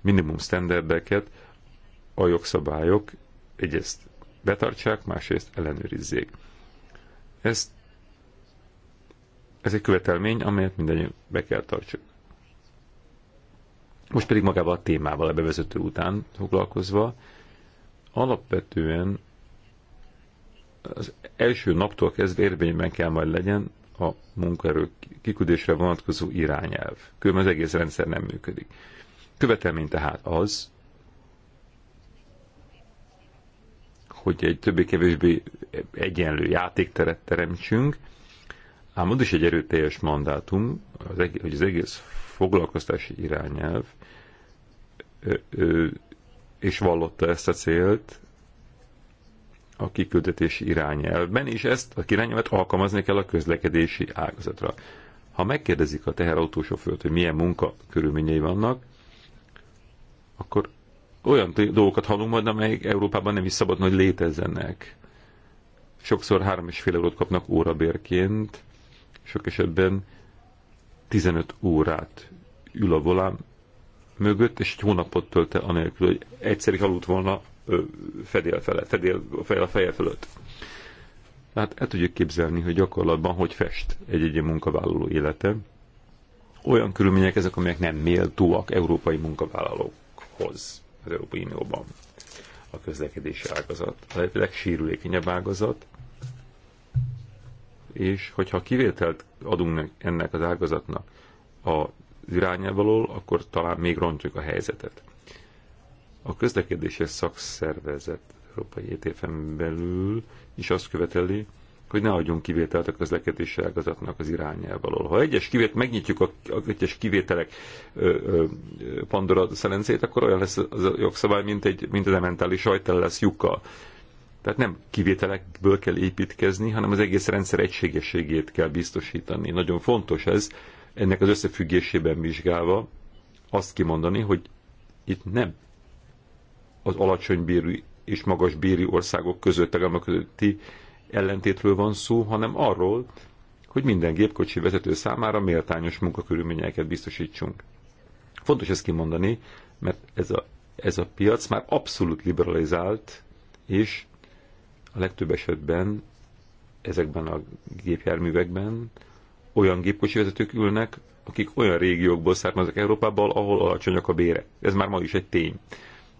minimum standardeket a jogszabályok egyrészt betartsák, másrészt ellenőrizzék. Ezt, ez egy követelmény, amelyet mindannyian be kell tartsuk. Most pedig magával a témával a bevezető után foglalkozva, alapvetően az első naptól kezdve érvényben kell majd legyen a munkaerő kiküldésre vonatkozó irányelv. Különben az egész rendszer nem működik. Követelmény tehát az, hogy egy többé-kevésbé egyenlő játékteret teremtsünk, Ám ott is egy erőteljes mandátum, az egész, hogy az egész foglalkoztási irányelv, ő, ő, és vallotta ezt a célt a kiküldetési irányelvben, és ezt a irányelvet alkalmazni kell a közlekedési ágazatra. Ha megkérdezik a teherautósofőt, hogy milyen munka körülményei vannak, akkor olyan dolgokat hallunk majd, amelyek Európában nem is szabadna, hogy létezzenek. Sokszor 3,5 eurót kapnak órabérként, sok esetben 15 órát ül a volán mögött, és egy hónapot tölte anélkül, hogy egyszer aludt volna fedél fele, fedél a a feje fölött. hát el tudjuk képzelni, hogy gyakorlatban hogy fest egy-egy munkavállaló élete. Olyan körülmények ezek, amelyek nem méltóak európai munkavállalókhoz az Európai Unióban. A közlekedési ágazat a legsérülékenyebb ágazat, és hogyha kivételt adunk ennek az ágazatnak a irányából, akkor talán még rontjuk a helyzetet. A közlekedési szakszervezet Európai ETF-en belül is azt követeli, hogy ne adjunk kivételt a közlekedési ágazatnak az irányába Ha egyes kivét, megnyitjuk a, a egyes kivételek ö, ö, Pandora szelencét, akkor olyan lesz az a jogszabály, mint, egy, mint az ementális sajtel lesz lyukkal. Tehát nem kivételekből kell építkezni, hanem az egész rendszer egységességét kell biztosítani. Nagyon fontos ez, ennek az összefüggésében vizsgálva azt kimondani, hogy itt nem az alacsony bérű és magas bérű országok között, tagállamok közötti ellentétről van szó, hanem arról, hogy minden gépkocsi vezető számára méltányos munkakörülményeket biztosítsunk. Fontos ezt kimondani, mert ez a, ez a piac már abszolút liberalizált, és a legtöbb esetben ezekben a gépjárművekben olyan vezetők ülnek, akik olyan régiókból származnak Európából, ahol alacsonyak a bére. Ez már ma is egy tény.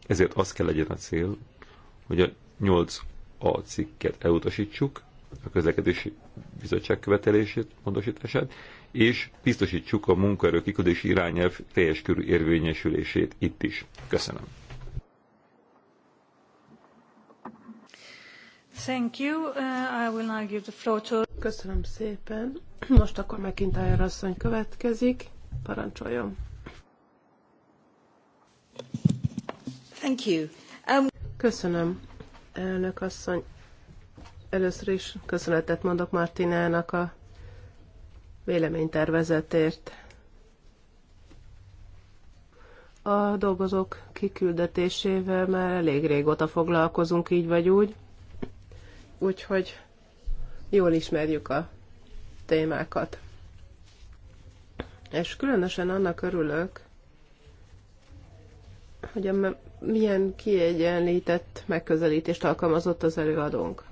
Ezért az kell legyen a cél, hogy a 8A cikket elutasítsuk, a közlekedési bizottság követelését, módosítását, és biztosítsuk a munkaerő kiküldési irányelv teljes körű érvényesülését itt is. Köszönöm. Thank you. Uh, I will now give the floor to... Köszönöm szépen. Most akkor McIntyre asszony következik. Parancsoljon. Thank you. Um... Köszönöm, elnök asszony. Először is köszönetet mondok Martinának a véleménytervezetért. A dolgozók kiküldetésével már elég régóta foglalkozunk, így vagy úgy úgyhogy jól ismerjük a témákat. És különösen annak örülök, hogy a milyen kiegyenlített megközelítést alkalmazott az előadónk.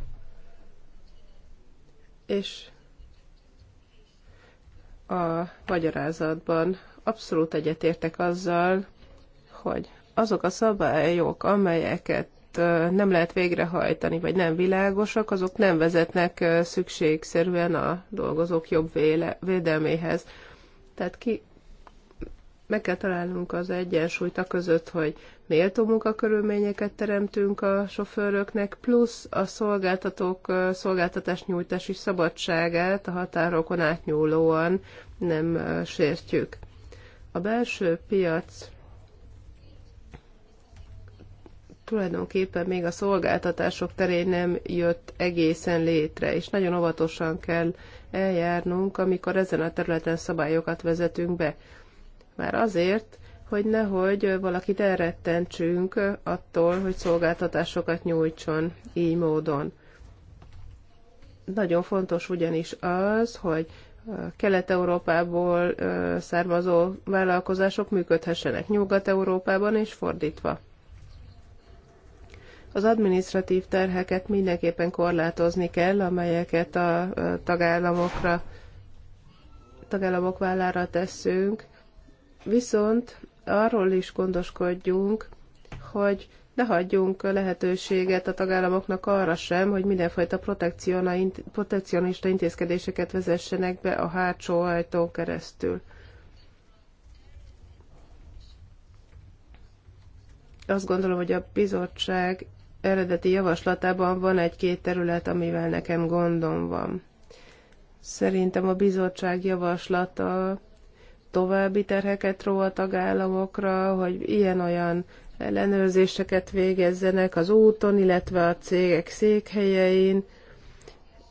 És a magyarázatban abszolút egyetértek azzal, hogy azok a szabályok, amelyeket nem lehet végrehajtani, vagy nem világosak, azok nem vezetnek szükségszerűen a dolgozók jobb véle, védelméhez. Tehát ki, meg kell találnunk az egyensúlyt a között, hogy méltó munkakörülményeket teremtünk a sofőröknek, plusz a szolgáltatók szolgáltatás nyújtási szabadságát a határokon átnyúlóan nem sértjük. A belső piac tulajdonképpen még a szolgáltatások terén nem jött egészen létre, és nagyon óvatosan kell eljárnunk, amikor ezen a területen szabályokat vezetünk be. Már azért, hogy nehogy valakit elrettentsünk attól, hogy szolgáltatásokat nyújtson így módon. Nagyon fontos ugyanis az, hogy Kelet-Európából származó vállalkozások működhessenek Nyugat-Európában és fordítva. Az administratív terheket mindenképpen korlátozni kell, amelyeket a tagállamokra, tagállamok vállára teszünk. viszont arról is gondoskodjunk, hogy ne hagyjunk lehetőséget a tagállamoknak arra sem, hogy mindenfajta protekcionista intézkedéseket vezessenek be a hátsó ajtón keresztül. Azt gondolom, hogy a bizottság eredeti javaslatában van egy-két terület, amivel nekem gondom van. Szerintem a bizottság javaslata további terheket ró a tagállamokra, hogy ilyen-olyan ellenőrzéseket végezzenek az úton, illetve a cégek székhelyein,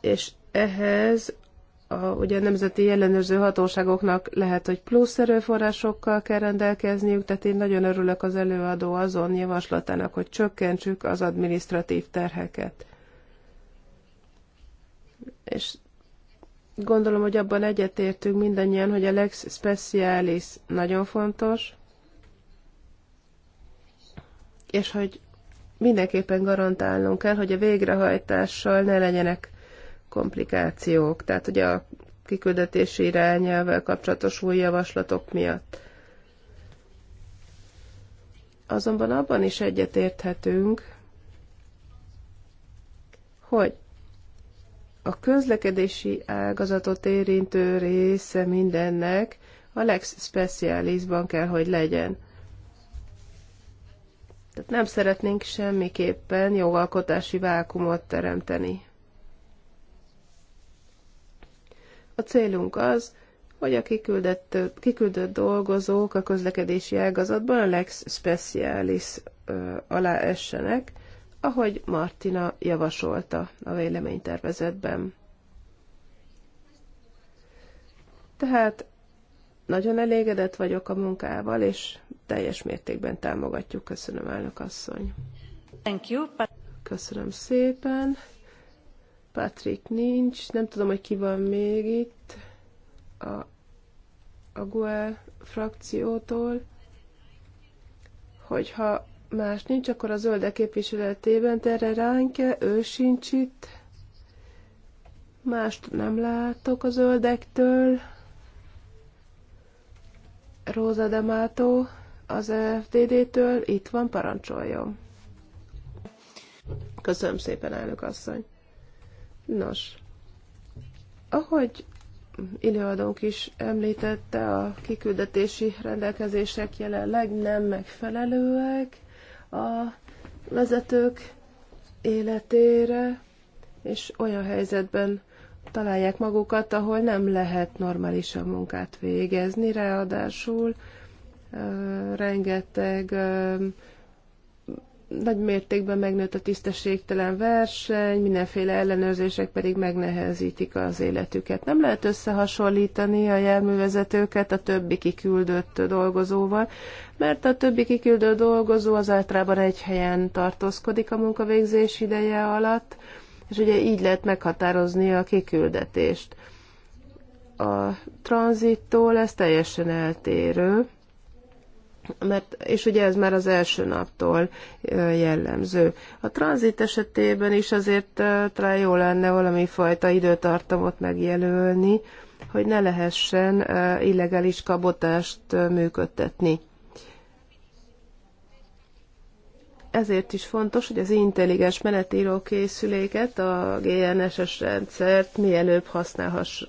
és ehhez a, ugye a nemzeti ellenőrző hatóságoknak lehet, hogy plusz erőforrásokkal kell rendelkezniük, tehát én nagyon örülök az előadó azon javaslatának, hogy csökkentsük az administratív terheket. És gondolom, hogy abban egyetértünk mindannyian, hogy a lex specialis nagyon fontos, és hogy mindenképpen garantálnunk kell, hogy a végrehajtással ne legyenek komplikációk, tehát ugye a kiküldetési irányelvvel kapcsolatos új javaslatok miatt. Azonban abban is egyetérthetünk, hogy a közlekedési ágazatot érintő része mindennek a Lex kell, hogy legyen. Tehát nem szeretnénk semmiképpen jogalkotási vákumot teremteni. A célunk az, hogy a kiküldött, kiküldött dolgozók a közlekedési ágazatban a lex specialis alá essenek, ahogy Martina javasolta a véleménytervezetben. Tehát nagyon elégedett vagyok a munkával, és teljes mértékben támogatjuk. Köszönöm, elnök asszony. Thank you. Köszönöm szépen. Patrick nincs, nem tudom, hogy ki van még itt a, a GUE frakciótól. Hogyha más nincs, akkor a zöldek képviseletében Terre Ránke, ő sincs itt. Mást nem látok a zöldektől. Róza Demátó az FDD-től itt van, parancsoljon. Köszönöm szépen, elnök asszony. Nos, ahogy előadónk is említette, a kiküldetési rendelkezések jelenleg nem megfelelőek a vezetők életére, és olyan helyzetben találják magukat, ahol nem lehet normálisan munkát végezni, ráadásul rengeteg nagy mértékben megnőtt a tisztességtelen verseny, mindenféle ellenőrzések pedig megnehezítik az életüket. Nem lehet összehasonlítani a járművezetőket a többi kiküldött dolgozóval, mert a többi kiküldött dolgozó az általában egy helyen tartózkodik a munkavégzés ideje alatt, és ugye így lehet meghatározni a kiküldetést. A tranzittól ez teljesen eltérő mert, és ugye ez már az első naptól jellemző. A tranzit esetében is azért talán jó lenne valami fajta időtartamot megjelölni, hogy ne lehessen illegális kabotást működtetni. ezért is fontos, hogy az intelligens menetíró készüléket, a GNSS rendszert mielőbb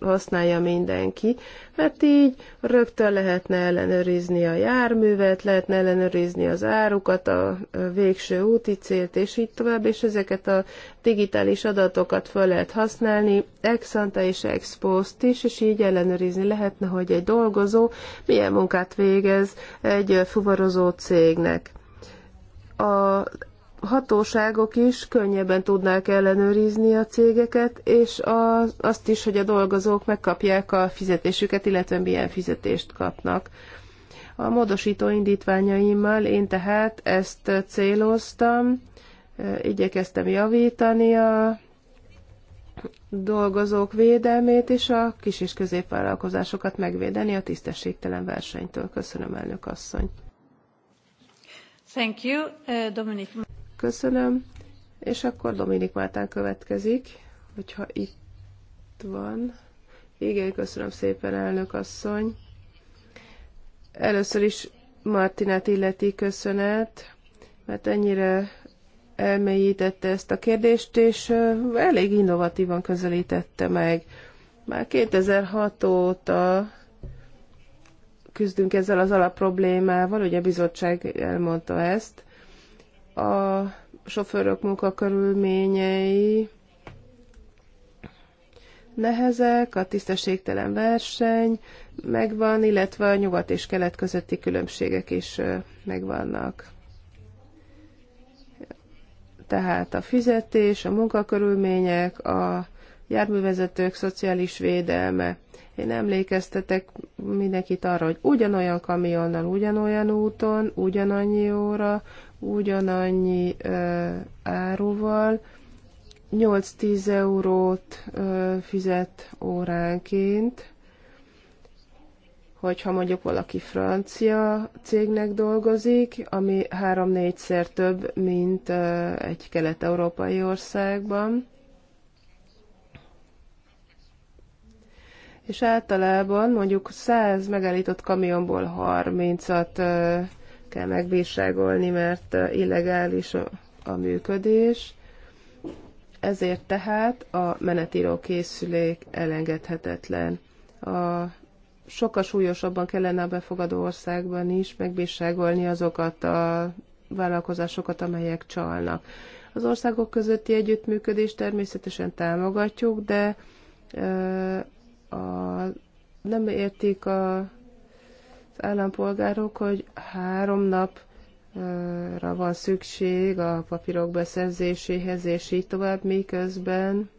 használja mindenki, mert így rögtön lehetne ellenőrizni a járművet, lehetne ellenőrizni az árukat, a végső úti célt, és így tovább, és ezeket a digitális adatokat föl lehet használni, ex és ex post is, és így ellenőrizni lehetne, hogy egy dolgozó milyen munkát végez egy fuvarozó cégnek a hatóságok is könnyebben tudnák ellenőrizni a cégeket, és a, azt is, hogy a dolgozók megkapják a fizetésüket, illetve milyen fizetést kapnak. A módosító indítványaimmal én tehát ezt céloztam, e, igyekeztem javítani a dolgozók védelmét és a kis- és középvállalkozásokat megvédeni a tisztességtelen versenytől. Köszönöm, elnök asszony! Thank you, uh, Dominik. Köszönöm. És akkor Dominik Mártán következik, hogyha itt van. Igen, köszönöm szépen, elnök asszony. Először is Martinát illeti köszönet, mert ennyire elmélyítette ezt a kérdést, és elég innovatívan közelítette meg. Már 2006 óta küzdünk ezzel az alapproblémával, ugye a bizottság elmondta ezt. A sofőrök munkakörülményei nehezek, a tisztességtelen verseny megvan, illetve a nyugat és kelet közötti különbségek is megvannak. Tehát a fizetés, a munkakörülmények, a járművezetők szociális védelme, én emlékeztetek mindenkit arra, hogy ugyanolyan kamionnal, ugyanolyan úton, ugyanannyi óra, ugyanannyi ö, áruval, 8-10 eurót ö, fizet óránként, hogyha mondjuk valaki francia cégnek dolgozik, ami 3-4-szer több, mint egy kelet-európai országban, és általában mondjuk 100 megállított kamionból 30-at kell megbírságolni, mert illegális a működés. Ezért tehát a menetíró készülék elengedhetetlen. A sokkal súlyosabban kellene a befogadó országban is megbírságolni azokat a vállalkozásokat, amelyek csalnak. Az országok közötti együttműködést természetesen támogatjuk, de a, nem értik a, az állampolgárok, hogy három nap van szükség a papírok beszerzéséhez, és így tovább, miközben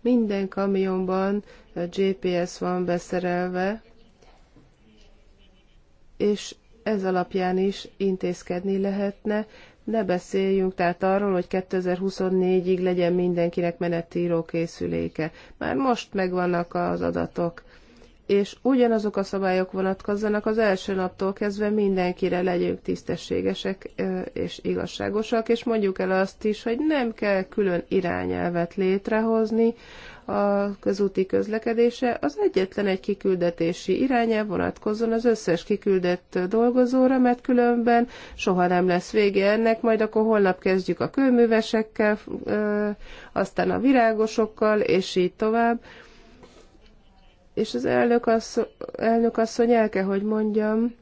minden kamionban a GPS van beszerelve, és ez alapján is intézkedni lehetne, ne beszéljünk tehát arról, hogy 2024-ig legyen mindenkinek menetíró készüléke. Már most megvannak az adatok és ugyanazok a szabályok vonatkozzanak az első naptól kezdve mindenkire legyünk tisztességesek és igazságosak, és mondjuk el azt is, hogy nem kell külön irányelvet létrehozni, a közúti közlekedése az egyetlen egy kiküldetési irányá vonatkozzon az összes kiküldett dolgozóra, mert különben soha nem lesz vége ennek, majd akkor holnap kezdjük a kőművesekkel, aztán a virágosokkal, és így tovább. És az elnök, asszony, elnök asszony el kell, hogy mondjam,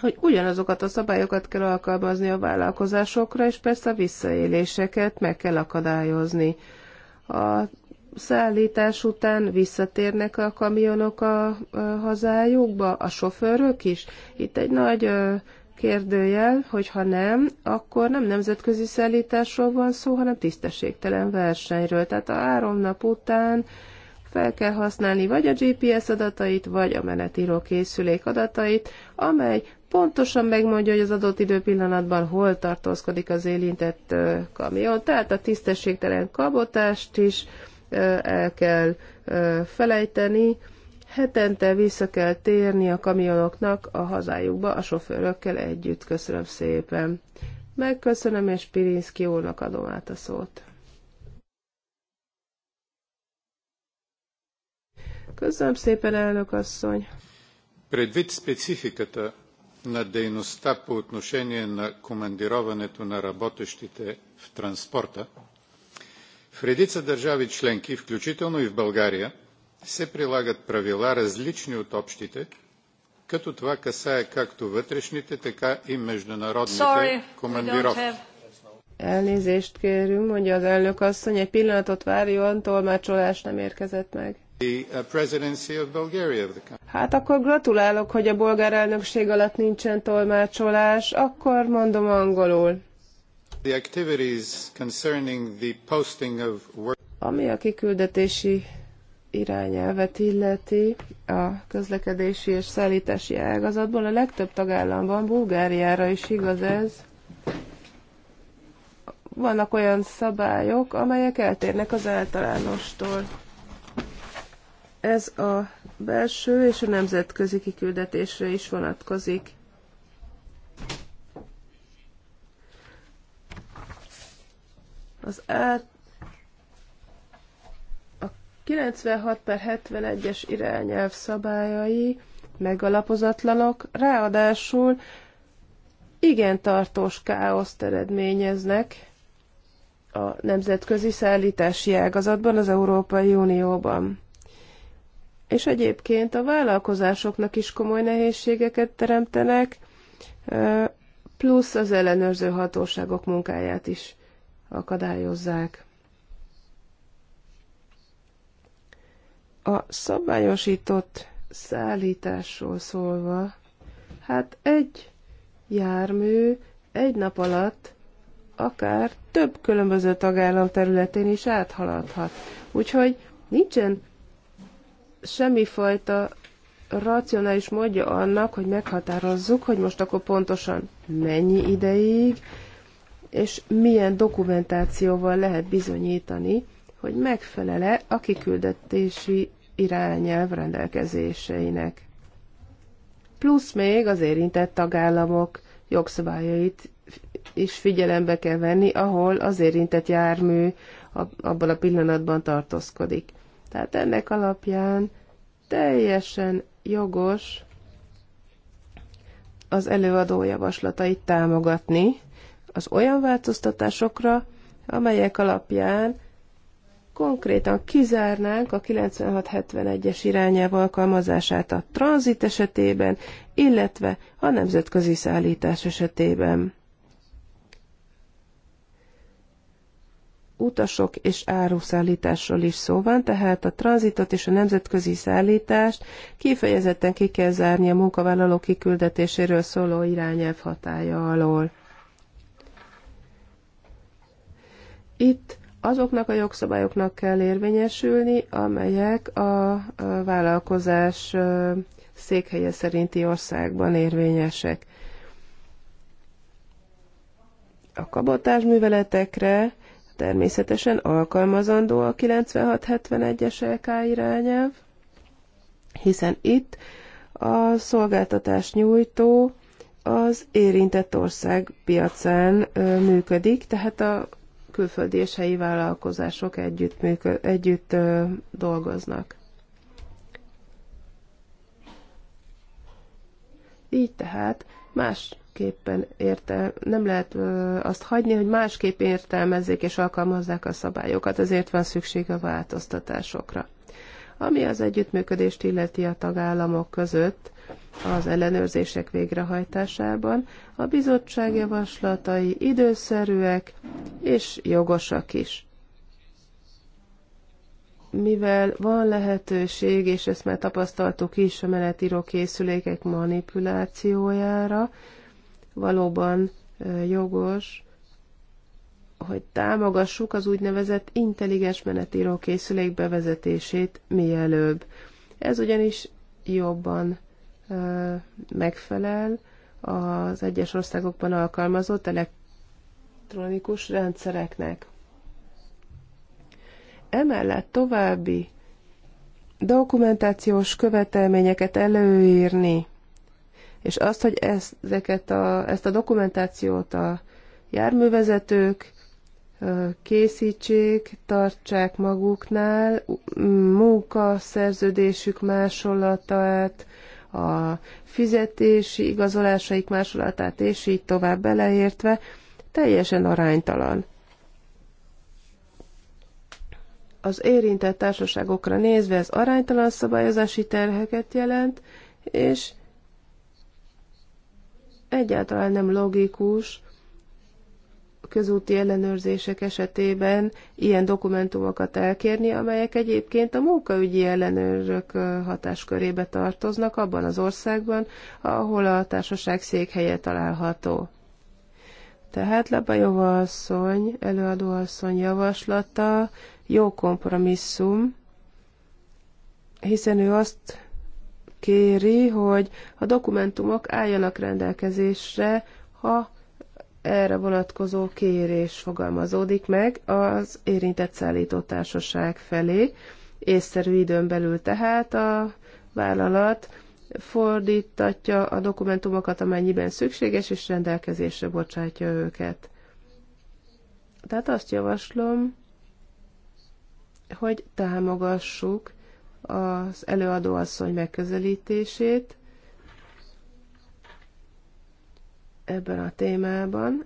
hogy ugyanazokat a szabályokat kell alkalmazni a vállalkozásokra, és persze a visszaéléseket meg kell akadályozni. A szállítás után visszatérnek a kamionok a, hazájukba, a sofőrök is? Itt egy nagy kérdőjel, hogy ha nem, akkor nem nemzetközi szállításról van szó, hanem tisztességtelen versenyről. Tehát a három nap után fel kell használni vagy a GPS adatait, vagy a menetíró készülék adatait, amely pontosan megmondja, hogy az adott időpillanatban hol tartózkodik az élintett kamion. Tehát a tisztességtelen kabotást is el kell felejteni, hetente vissza kell térni a kamionoknak a hazájukba a sofőrökkel együtt. Köszönöm szépen. Megköszönöm, és Pirinszki úrnak adom át a szót. Köszönöm szépen, elnök asszony. Предвид спецификата на дейността по отношение на командироването на работещите в транспорта, В редица държави членки, включително и в България, се прилагат правила, различни от общите, като това касае както вътрешните, така и международните командировки. Elnézést kérünk, mondja az elnök asszony, egy pillanatot várjon, tolmácsolás nem érkezett meg. Uh, hát akkor gratulálok, hogy a bolgár elnökség alatt nincsen tolmácsolás, akkor mondom angolul. Ami a kiküldetési irányelvet illeti a közlekedési és szállítási ágazatban, a legtöbb tagállamban, Bulgáriára is igaz ez, vannak olyan szabályok, amelyek eltérnek az általánostól. Ez a belső és a nemzetközi kiküldetésre is vonatkozik. Az át, a 96 per 71-es irányelv szabályai megalapozatlanok, ráadásul igen tartós káoszt eredményeznek a nemzetközi szállítási ágazatban az Európai Unióban. És egyébként a vállalkozásoknak is komoly nehézségeket teremtenek, plusz az ellenőrző hatóságok munkáját is akadályozzák. A szabályosított szállításról szólva, hát egy jármű egy nap alatt akár több különböző tagállam területén is áthaladhat. Úgyhogy nincsen semmifajta racionális módja annak, hogy meghatározzuk, hogy most akkor pontosan mennyi ideig, és milyen dokumentációval lehet bizonyítani, hogy megfelele a kiküldetési irányelv rendelkezéseinek. Plusz még az érintett tagállamok jogszabályait is figyelembe kell venni, ahol az érintett jármű abban a pillanatban tartózkodik. Tehát ennek alapján teljesen jogos az előadó javaslatait támogatni, az olyan változtatásokra, amelyek alapján konkrétan kizárnánk a 9671-es irányelv alkalmazását a tranzit esetében, illetve a nemzetközi szállítás esetében. utasok és áruszállításról is szó van, tehát a tranzitot és a nemzetközi szállítást kifejezetten ki kell zárni a munkavállaló kiküldetéséről szóló irányelv hatája alól. Itt azoknak a jogszabályoknak kell érvényesülni, amelyek a vállalkozás székhelye szerinti országban érvényesek. A kabotás műveletekre természetesen alkalmazandó a 9671-es LK irányelv, hiszen itt a szolgáltatás nyújtó az érintett ország piacán működik, tehát a külföldi és helyi vállalkozások együtt, működ, együtt dolgoznak. Így tehát másképpen érte, nem lehet ö, azt hagyni, hogy másképp értelmezzék és alkalmazzák a szabályokat, ezért van szükség a változtatásokra. Ami az együttműködést illeti a tagállamok között, az ellenőrzések végrehajtásában. A bizottság javaslatai időszerűek és jogosak is. Mivel van lehetőség, és ezt már tapasztaltuk is a menetíró készülékek manipulációjára, valóban jogos, hogy támogassuk az úgynevezett intelligens menetíró készülék bevezetését mielőbb. Ez ugyanis jobban megfelel az egyes országokban alkalmazott elektronikus rendszereknek. Emellett további dokumentációs követelményeket előírni, és azt, hogy ezeket a, ezt a dokumentációt a járművezetők készítsék, tartsák maguknál munkaszerződésük másolatát, a fizetési igazolásaik másolatát, és így tovább beleértve, teljesen aránytalan. Az érintett társaságokra nézve ez aránytalan szabályozási terheket jelent, és egyáltalán nem logikus, közúti ellenőrzések esetében ilyen dokumentumokat elkérni, amelyek egyébként a munkaügyi ellenőrök hatáskörébe tartoznak abban az országban, ahol a társaság székhelye található. Tehát Labajova asszony, előadó asszony javaslata jó kompromisszum, hiszen ő azt kéri, hogy a dokumentumok álljanak rendelkezésre, ha erre vonatkozó kérés fogalmazódik meg az érintett társaság felé, észszerű időn belül tehát a vállalat fordítatja a dokumentumokat, amennyiben szükséges, és rendelkezésre bocsátja őket. Tehát azt javaslom, hogy támogassuk az előadóasszony megközelítését, ebben a témában,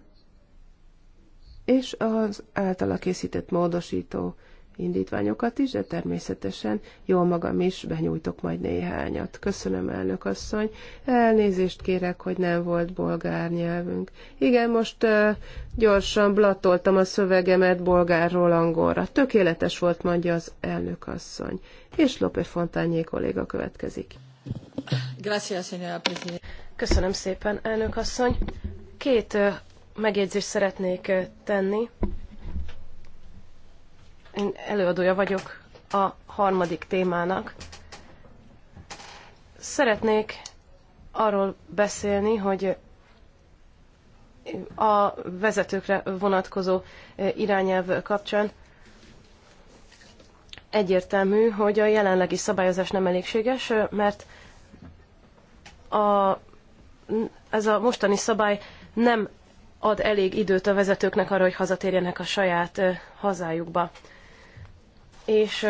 és az általa készített módosító indítványokat is, de természetesen jól magam is benyújtok majd néhányat. Köszönöm, elnök asszony. Elnézést kérek, hogy nem volt bolgár nyelvünk. Igen, most uh, gyorsan blatoltam a szövegemet bolgárról angolra. Tökéletes volt, mondja az elnök asszony. És Lope Fontányé kolléga következik. Köszönöm szépen, elnök asszony. Két megjegyzést szeretnék tenni. Én előadója vagyok a harmadik témának. Szeretnék arról beszélni, hogy a vezetőkre vonatkozó irányelv kapcsán egyértelmű, hogy a jelenlegi szabályozás nem elégséges, mert a, ez a mostani szabály nem ad elég időt a vezetőknek arra, hogy hazatérjenek a saját hazájukba. És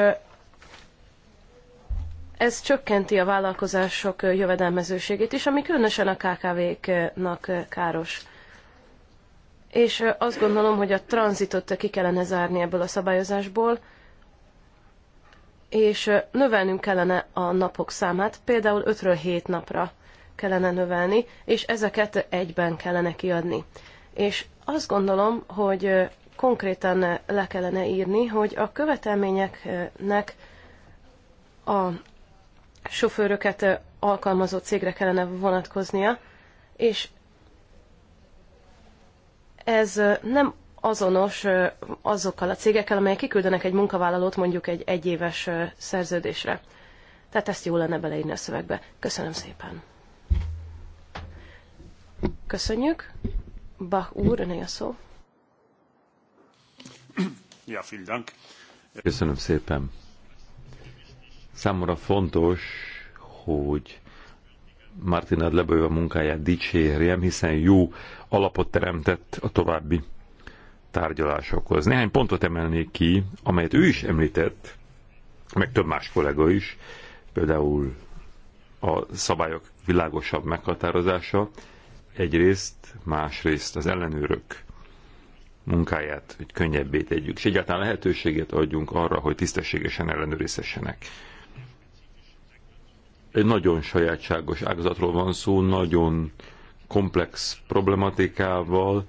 ez csökkenti a vállalkozások jövedelmezőségét is, ami különösen a KKV-knak káros. És azt gondolom, hogy a tranzitot ki kellene zárni ebből a szabályozásból, és növelnünk kellene a napok számát, például 5-ről 7 napra kellene növelni, és ezeket egyben kellene kiadni. És azt gondolom, hogy konkrétan le kellene írni, hogy a követelményeknek a sofőröket alkalmazó cégre kellene vonatkoznia, és ez nem azonos azokkal a cégekkel, amelyek kiküldenek egy munkavállalót mondjuk egy egyéves szerződésre. Tehát ezt jó lenne beleírni a szövegbe. Köszönöm szépen. Köszönjük. Bach úr, öné a szó. Ja, vielen Dank. Köszönöm szépen. Számomra fontos, hogy Martina Lebő a munkáját dicsérjem, hiszen jó alapot teremtett a további tárgyalásokhoz. Néhány pontot emelnék ki, amelyet ő is említett, meg több más kollega is, például a szabályok világosabb meghatározása, egyrészt, másrészt az ellenőrök munkáját, hogy könnyebbé tegyük, és egyáltalán lehetőséget adjunk arra, hogy tisztességesen ellenőrizhessenek. Egy nagyon sajátságos ágazatról van szó, nagyon komplex problematikával,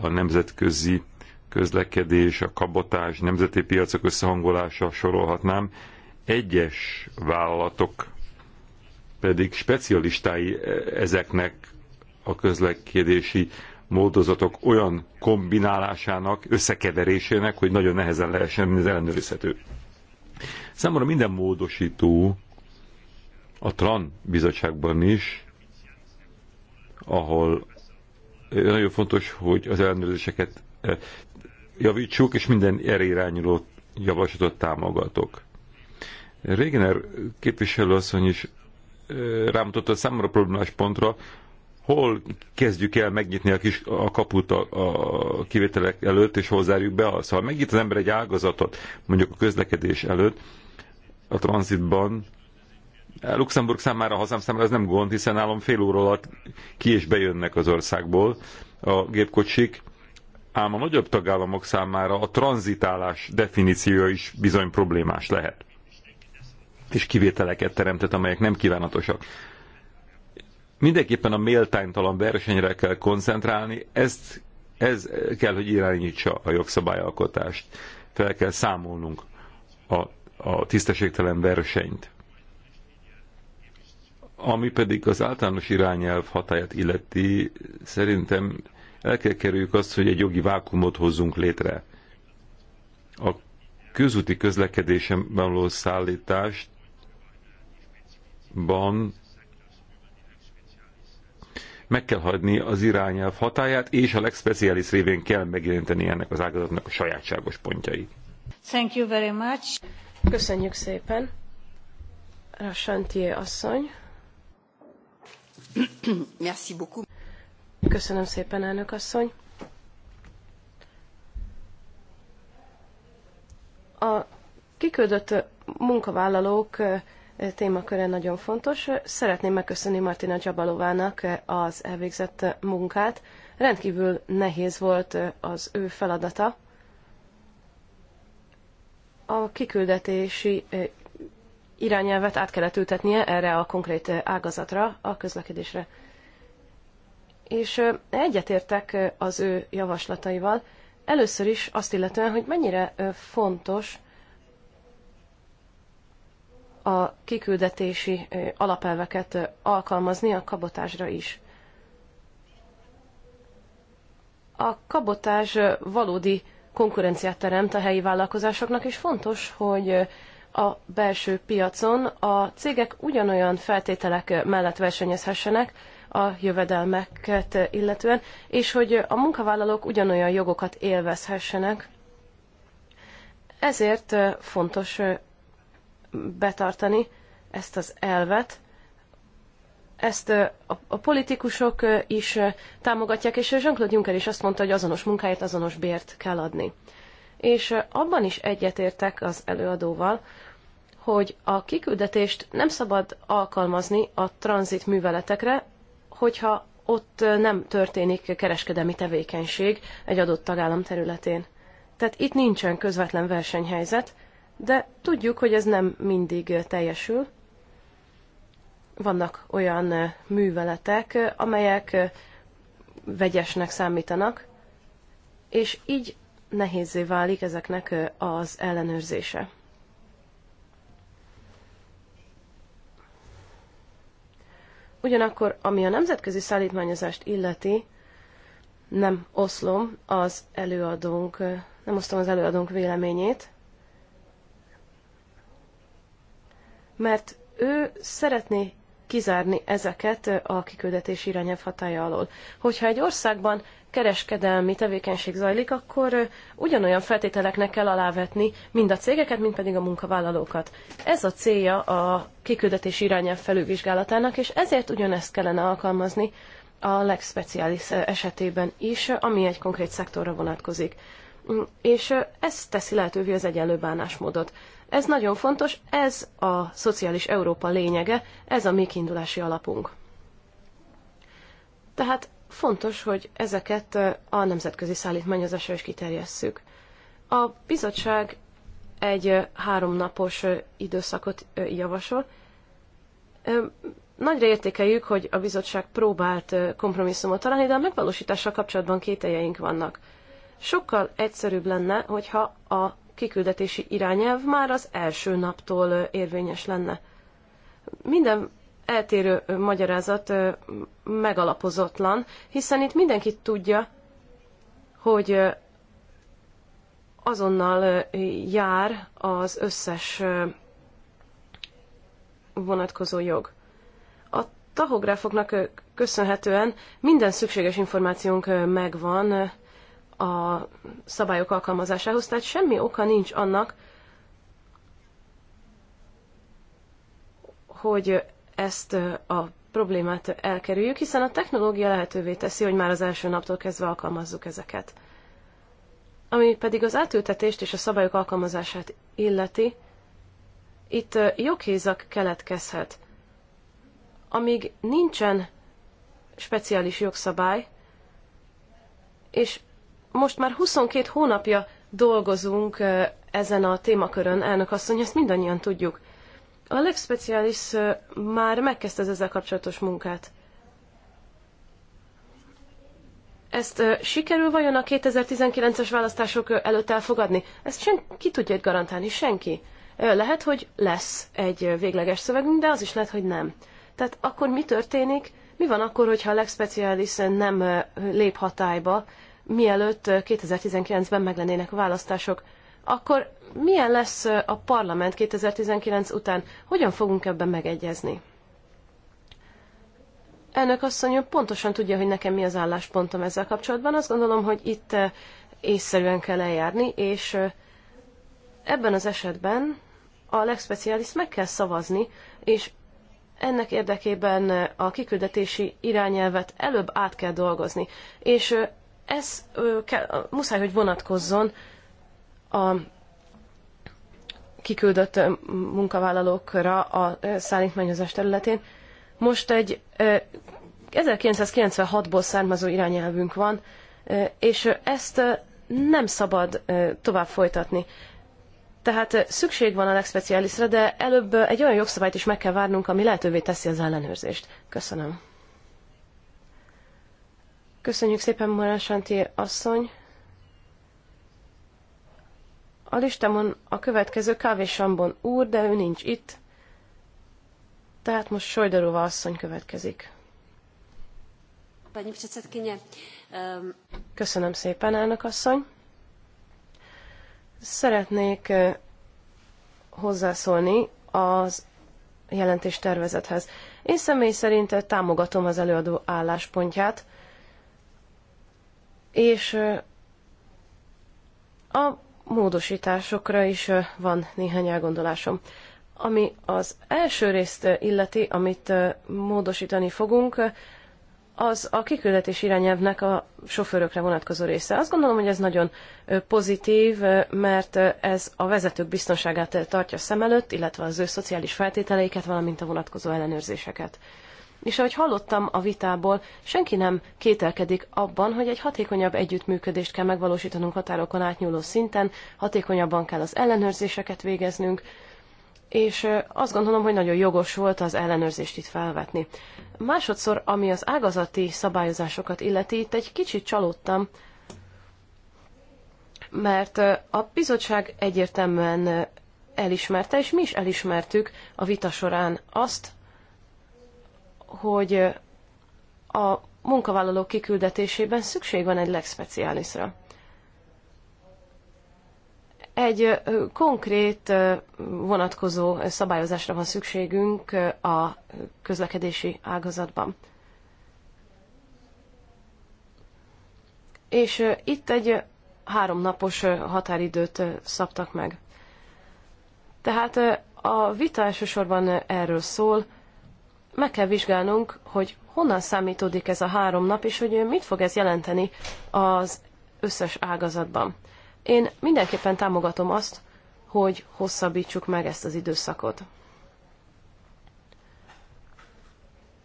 a nemzetközi közlekedés, a kabotás, nemzeti piacok összehangolása sorolhatnám. Egyes vállalatok pedig specialistái e, ezeknek a közlekedési módozatok olyan kombinálásának, összekeverésének, hogy nagyon nehezen lehessen ez ellenőrizhető. Számomra minden módosító a TRAN bizottságban is, ahol nagyon fontos, hogy az ellenőrzéseket javítsuk, és minden erre irányuló javaslatot támogatok. Régener képviselőasszony is rámutatott számomra problémás pontra, hol kezdjük el megnyitni a, kis, a kaput a, a kivételek előtt, és hol zárjuk be azt. Ha megnyit az ember egy ágazatot, mondjuk a közlekedés előtt, a tranzitban, Luxemburg számára, hazám számára ez nem gond, hiszen állom fél óra alatt ki és bejönnek az országból a gépkocsik, ám a nagyobb tagállamok számára a tranzitálás definíciója is bizony problémás lehet, és kivételeket teremtett, amelyek nem kívánatosak. Mindenképpen a méltánytalan versenyre kell koncentrálni, ezt, ez kell, hogy irányítsa a jogszabályalkotást. Fel kell számolnunk a, a tisztességtelen versenyt ami pedig az általános irányelv hatáját illeti, szerintem el kell kerüljük azt, hogy egy jogi vákumot hozzunk létre. A közúti közlekedésen való szállításban. meg kell hagyni az irányelv hatáját, és a legspeciális révén kell megjelenteni ennek az ágazatnak a sajátságos pontjait. Thank you very much. Köszönjük szépen. Rassantier asszony. Merci beaucoup. Köszönöm szépen, elnök asszony. A kiküldött munkavállalók témaköre nagyon fontos. Szeretném megköszönni Martina Csabalovának az elvégzett munkát. Rendkívül nehéz volt az ő feladata. A kiküldetési irányelvet át kellett ültetnie erre a konkrét ágazatra, a közlekedésre és egyetértek az ő javaslataival. Először is azt illetően, hogy mennyire fontos a kiküldetési alapelveket alkalmazni a kabotásra is. A kabotás valódi konkurenciát teremt a helyi vállalkozásoknak, és fontos, hogy a belső piacon a cégek ugyanolyan feltételek mellett versenyezhessenek, a jövedelmeket illetően, és hogy a munkavállalók ugyanolyan jogokat élvezhessenek. Ezért fontos betartani ezt az elvet. Ezt a politikusok is támogatják, és Jean-Claude Juncker is azt mondta, hogy azonos munkáért azonos bért kell adni. És abban is egyetértek az előadóval, hogy a kiküldetést nem szabad alkalmazni a tranzit műveletekre, hogyha ott nem történik kereskedelmi tevékenység egy adott tagállam területén. Tehát itt nincsen közvetlen versenyhelyzet, de tudjuk, hogy ez nem mindig teljesül. Vannak olyan műveletek, amelyek vegyesnek számítanak, és így nehézé válik ezeknek az ellenőrzése. Ugyanakkor, ami a nemzetközi szállítmányozást illeti, nem oszlom az előadónk, nem osztom az előadónk véleményét, mert ő szeretné kizárni ezeket a kiküldetés irányelv hatája alól. Hogyha egy országban kereskedelmi tevékenység zajlik, akkor ugyanolyan feltételeknek kell alávetni mind a cégeket, mind pedig a munkavállalókat. Ez a célja a kiküldetés irányelv felülvizsgálatának, és ezért ugyanezt kellene alkalmazni a legspeciális esetében is, ami egy konkrét szektorra vonatkozik. Mm, és ez teszi lehetővé az egyenlő bánásmódot. Ez nagyon fontos, ez a szociális Európa lényege, ez a mi kiindulási alapunk. Tehát fontos, hogy ezeket a nemzetközi szállítmányozásra is kiterjesszük. A bizottság egy háromnapos időszakot javasol. Nagyra értékeljük, hogy a bizottság próbált kompromisszumot találni, de a megvalósítással kapcsolatban kételjeink vannak. Sokkal egyszerűbb lenne, hogyha a kiküldetési irányelv már az első naptól érvényes lenne. Minden eltérő magyarázat megalapozatlan, hiszen itt mindenki tudja, hogy azonnal jár az összes vonatkozó jog. A tahográfoknak köszönhetően minden szükséges információnk megvan a szabályok alkalmazásához, tehát semmi oka nincs annak, hogy ezt a problémát elkerüljük, hiszen a technológia lehetővé teszi, hogy már az első naptól kezdve alkalmazzuk ezeket. Ami pedig az átültetést és a szabályok alkalmazását illeti, itt joghézak keletkezhet. Amíg nincsen speciális jogszabály, és most már 22 hónapja dolgozunk ezen a témakörön, elnök asszony, ezt mindannyian tudjuk – a Lex Specialis már megkezdte az ezzel kapcsolatos munkát. Ezt sikerül vajon a 2019-es választások előtt elfogadni? Ezt senki tudja garantálni, senki. Lehet, hogy lesz egy végleges szövegünk, de az is lehet, hogy nem. Tehát akkor mi történik? Mi van akkor, hogyha a Lex Specialis nem lép hatályba, mielőtt 2019-ben meglennének a választások? akkor milyen lesz a parlament 2019 után? Hogyan fogunk ebben megegyezni? Elnök asszony pontosan tudja, hogy nekem mi az álláspontom ezzel kapcsolatban. Azt gondolom, hogy itt észszerűen kell eljárni, és ebben az esetben a legspeciális meg kell szavazni, és ennek érdekében a kiküldetési irányelvet előbb át kell dolgozni. És ez kell, muszáj, hogy vonatkozzon a kiküldött munkavállalókra a szállítmányozás területén. Most egy 1996-ból származó irányelvünk van, és ezt nem szabad tovább folytatni. Tehát szükség van a legspecialisra, de előbb egy olyan jogszabályt is meg kell várnunk, ami lehetővé teszi az ellenőrzést. Köszönöm. Köszönjük szépen, Morán Santi asszony. A listámon a következő Kávé Sambon úr, de ő nincs itt. Tehát most Sojderova asszony következik. Ehm, Köszönöm szépen, elnök asszony. Szeretnék eh, hozzászólni az jelentés tervezethez. Én személy szerint eh, támogatom az előadó álláspontját, és eh, a módosításokra is van néhány elgondolásom. Ami az első részt illeti, amit módosítani fogunk, az a kiküldetés irányelvnek a sofőrökre vonatkozó része. Azt gondolom, hogy ez nagyon pozitív, mert ez a vezetők biztonságát tartja szem előtt, illetve az ő szociális feltételeiket, valamint a vonatkozó ellenőrzéseket. És ahogy hallottam a vitából, senki nem kételkedik abban, hogy egy hatékonyabb együttműködést kell megvalósítanunk határokon átnyúló szinten, hatékonyabban kell az ellenőrzéseket végeznünk, és azt gondolom, hogy nagyon jogos volt az ellenőrzést itt felvetni. Másodszor, ami az ágazati szabályozásokat illeti, itt egy kicsit csalódtam, mert a bizottság egyértelműen elismerte, és mi is elismertük a vita során azt, hogy a munkavállalók kiküldetésében szükség van egy legspeciálisra. Egy konkrét vonatkozó szabályozásra van szükségünk a közlekedési ágazatban. És itt egy háromnapos határidőt szabtak meg. Tehát a vita elsősorban erről szól, meg kell vizsgálnunk, hogy honnan számítódik ez a három nap, és hogy mit fog ez jelenteni az összes ágazatban. Én mindenképpen támogatom azt, hogy hosszabbítsuk meg ezt az időszakot.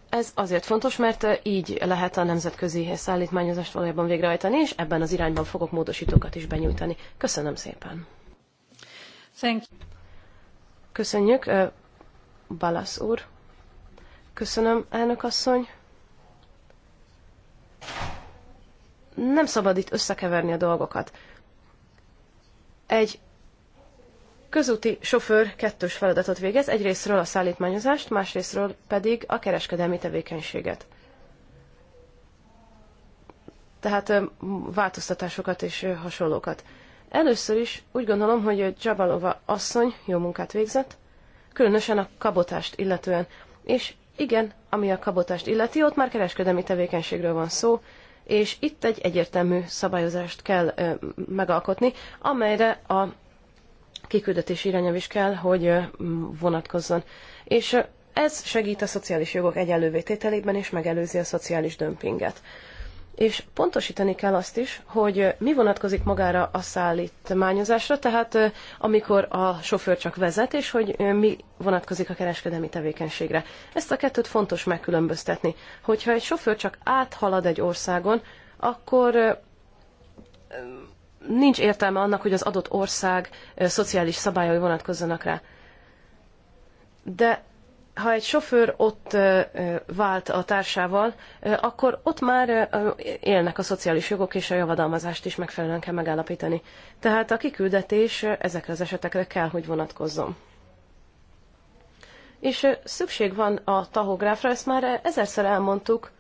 Ez azért fontos, mert így lehet a nemzetközi szállítmányozást valójában végrehajtani, és ebben az irányban fogok módosítókat is benyújtani. Köszönöm szépen. Thank you. Köszönjük, Balasz úr. Köszönöm, elnök asszony. Nem szabad itt összekeverni a dolgokat. Egy közúti sofőr kettős feladatot végez, egyrésztről a szállítmányozást, másrésztről pedig a kereskedelmi tevékenységet. Tehát változtatásokat és hasonlókat. Először is úgy gondolom, hogy Jabalova asszony jó munkát végzett, különösen a kabotást illetően, és igen, ami a kabotást illeti, ott már kereskedelmi tevékenységről van szó, és itt egy egyértelmű szabályozást kell ö, megalkotni, amelyre a kiküldetési irányelv is kell, hogy ö, vonatkozzon. És ö, ez segít a szociális jogok egyenlővé tételében, és megelőzi a szociális dömpinget és pontosítani kell azt is, hogy mi vonatkozik magára a szállítmányozásra, tehát amikor a sofőr csak vezet, és hogy mi vonatkozik a kereskedelmi tevékenységre. Ezt a kettőt fontos megkülönböztetni. Hogyha egy sofőr csak áthalad egy országon, akkor nincs értelme annak, hogy az adott ország szociális szabályai vonatkozzanak rá. De ha egy sofőr ott vált a társával, akkor ott már élnek a szociális jogok, és a javadalmazást is megfelelően kell megállapítani. Tehát a kiküldetés ezekre az esetekre kell, hogy vonatkozzon. És szükség van a tahográfra, ezt már ezerszer elmondtuk,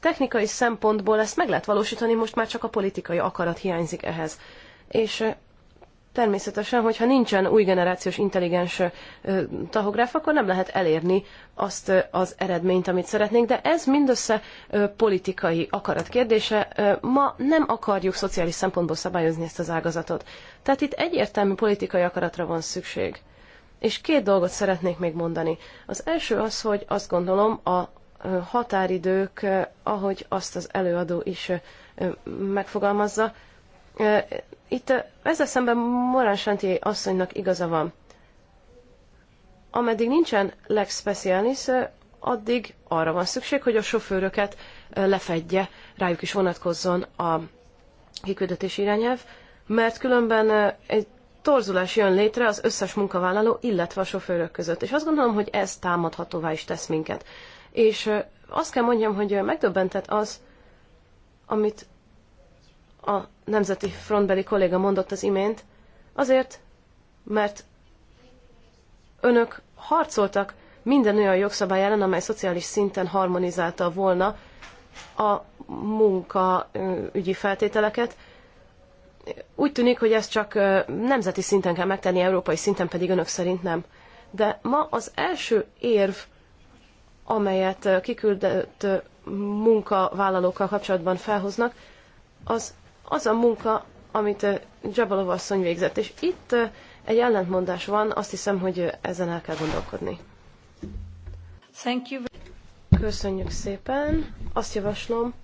technikai szempontból ezt meg lehet valósítani, most már csak a politikai akarat hiányzik ehhez. És természetesen, hogyha nincsen új generációs intelligens tahográf, akkor nem lehet elérni azt az eredményt, amit szeretnénk, de ez mindössze politikai akarat kérdése. Ma nem akarjuk szociális szempontból szabályozni ezt az ágazatot. Tehát itt egyértelmű politikai akaratra van szükség. És két dolgot szeretnék még mondani. Az első az, hogy azt gondolom a határidők, ahogy azt az előadó is megfogalmazza, itt ezzel szemben Morán Santié asszonynak igaza van. Ameddig nincsen lex specialis, addig arra van szükség, hogy a sofőröket lefedje, rájuk is vonatkozzon a kiküldetés irányelv, mert különben egy torzulás jön létre az összes munkavállaló, illetve a sofőrök között. És azt gondolom, hogy ez támadhatóvá is tesz minket. És azt kell mondjam, hogy megdöbbentett az, amit a Nemzeti Frontbeli kolléga mondott az imént, azért, mert önök harcoltak minden olyan jogszabály ellen, amely szociális szinten harmonizálta volna a munkaügyi feltételeket. Úgy tűnik, hogy ezt csak nemzeti szinten kell megtenni, európai szinten pedig önök szerint nem. De ma az első érv, amelyet kiküldött munkavállalókkal kapcsolatban felhoznak, az az a munka, amit Jabalov asszony végzett. És itt egy ellentmondás van, azt hiszem, hogy ezen el kell gondolkodni. Thank you. Köszönjük szépen. Azt javaslom,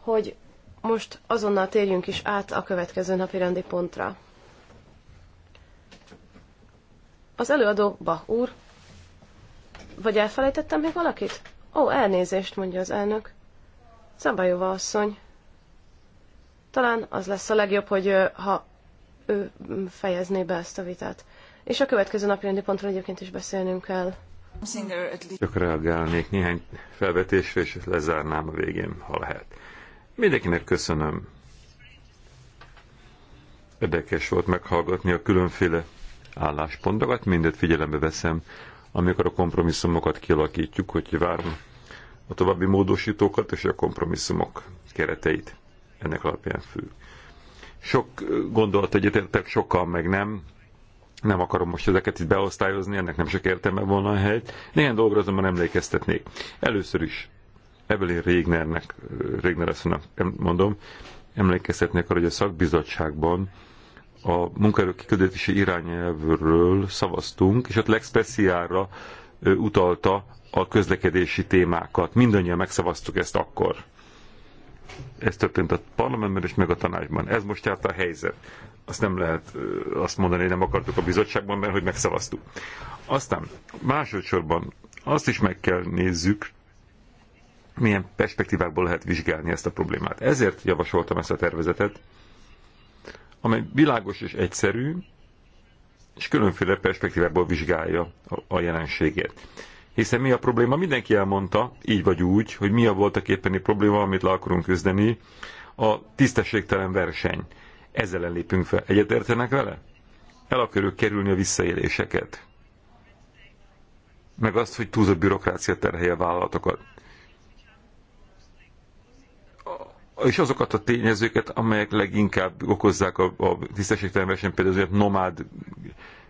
hogy most azonnal térjünk is át a következő napi rendi pontra. Az előadó Bach úr. Vagy elfelejtettem még valakit? Ó, elnézést, mondja az elnök. Szabályova asszony. Talán az lesz a legjobb, hogy ha ő mm, fejezné be ezt a vitát. És a következő napi rendi pontról egyébként is beszélnünk kell. Csak reagálnék néhány felvetésre, és lezárnám a végén, ha lehet. Mindenkinek köszönöm. Érdekes volt meghallgatni a különféle álláspontokat, mindet figyelembe veszem, amikor a kompromisszumokat kialakítjuk, hogy várom a további módosítókat és a kompromisszumok kereteit ennek alapján függ. Sok gondolat egyetértek, sokan meg nem. Nem akarom most ezeket itt beosztályozni, ennek nem sok értelme volna a helyt. Néhány dolgra azonban emlékeztetnék. Először is Evelyn Régnernek, Régner asszonynak mondom, emlékeztetnék arra, hogy a szakbizottságban a munkaerő kiküldetési irányelvről szavaztunk, és ott Lex utalta a közlekedési témákat. Mindannyian megszavaztuk ezt akkor ez történt a parlamentben és meg a tanácsban. Ez most járt a helyzet. Azt nem lehet azt mondani, hogy nem akartuk a bizottságban, mert hogy megszavaztuk. Aztán másodszorban azt is meg kell nézzük, milyen perspektívákból lehet vizsgálni ezt a problémát. Ezért javasoltam ezt a tervezetet, amely világos és egyszerű, és különféle perspektívából vizsgálja a jelenséget. Hiszen mi a probléma? Mindenki elmondta, így vagy úgy, hogy mi a voltak éppeni probléma, amit le akarunk küzdeni, a tisztességtelen verseny. Ezzel lépünk fel. Egyetértenek vele? El akarjuk kerülni a visszaéléseket. Meg azt, hogy túlzott bürokrácia terhelye a vállalatokat. és azokat a tényezőket, amelyek leginkább okozzák a, a tisztességtelen verseny, például nomád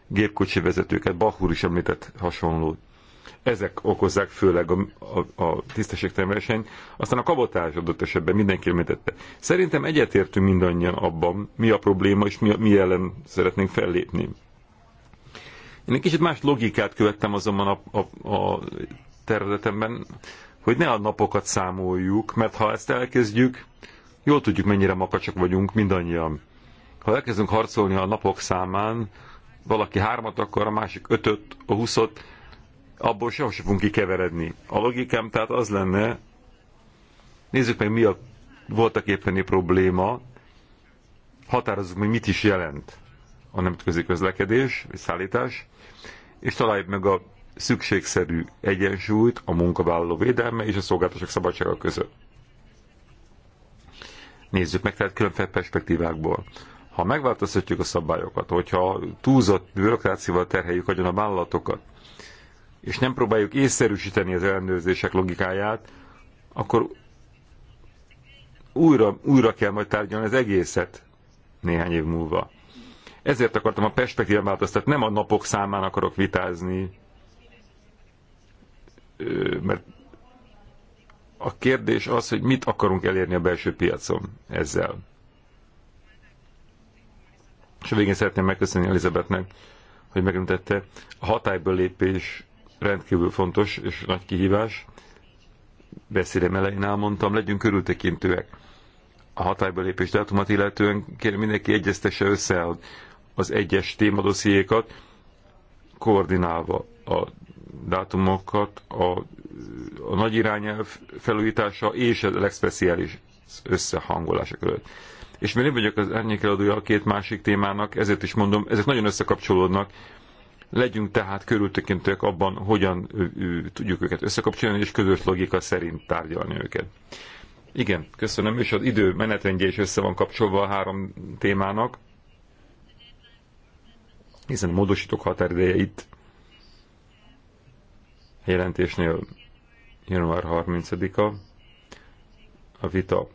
gépkocsi vezetőket, Bachur is említett hasonlót. Ezek okozzák főleg a, a, a tisztességtelen verseny. Aztán a kabotás adott esetben mindenki említette. Szerintem egyetértünk mindannyian abban, mi a probléma és mi, mi ellen szeretnénk fellépni. Én egy kicsit más logikát követtem azonban a, a, a területemben, hogy ne a napokat számoljuk, mert ha ezt elkezdjük, jól tudjuk, mennyire makacsak vagyunk mindannyian. Ha elkezdünk harcolni a napok számán, valaki hármat akar, a másik ötöt, a huszot, abból sem fogunk kikeveredni. A logikám tehát az lenne, nézzük meg mi a voltak éppeni probléma, határozzuk meg mit is jelent a nemzetközi közlekedés, vagy szállítás, és találjuk meg a szükségszerű egyensúlyt a munkavállaló védelme és a szolgáltatások szabadsága között. Nézzük meg tehát különféle perspektívákból. Ha megváltoztatjuk a szabályokat, hogyha túlzott bürokrációval terheljük agyon a vállalatokat, és nem próbáljuk észszerűsíteni az ellenőrzések logikáját, akkor újra, újra kell majd tárgyalni az egészet néhány év múlva. Ezért akartam a perspektívát változtatni, nem a napok számán akarok vitázni, mert a kérdés az, hogy mit akarunk elérni a belső piacon ezzel. És a végén szeretném megköszönni Elizabethnek, hogy megmutatta a hatályba lépés rendkívül fontos és nagy kihívás. Beszélem elején elmondtam, legyünk körültekintőek. A hatályba lépés dátumát illetően kérem mindenki egyeztesse össze az egyes témadossziékat, koordinálva a dátumokat, a, a nagy irányelv felújítása és a legspeciális összehangolása között. És mert én vagyok az árnyékeladója a két másik témának, ezért is mondom, ezek nagyon összekapcsolódnak, Legyünk tehát körültekintőek abban, hogyan tudjuk őket összekapcsolni, és közös logika szerint tárgyalni őket. Igen, köszönöm, és az idő menetrendje is össze van kapcsolva a három témának, hiszen a módosítók határideje itt jelentésnél január 30-a, a vita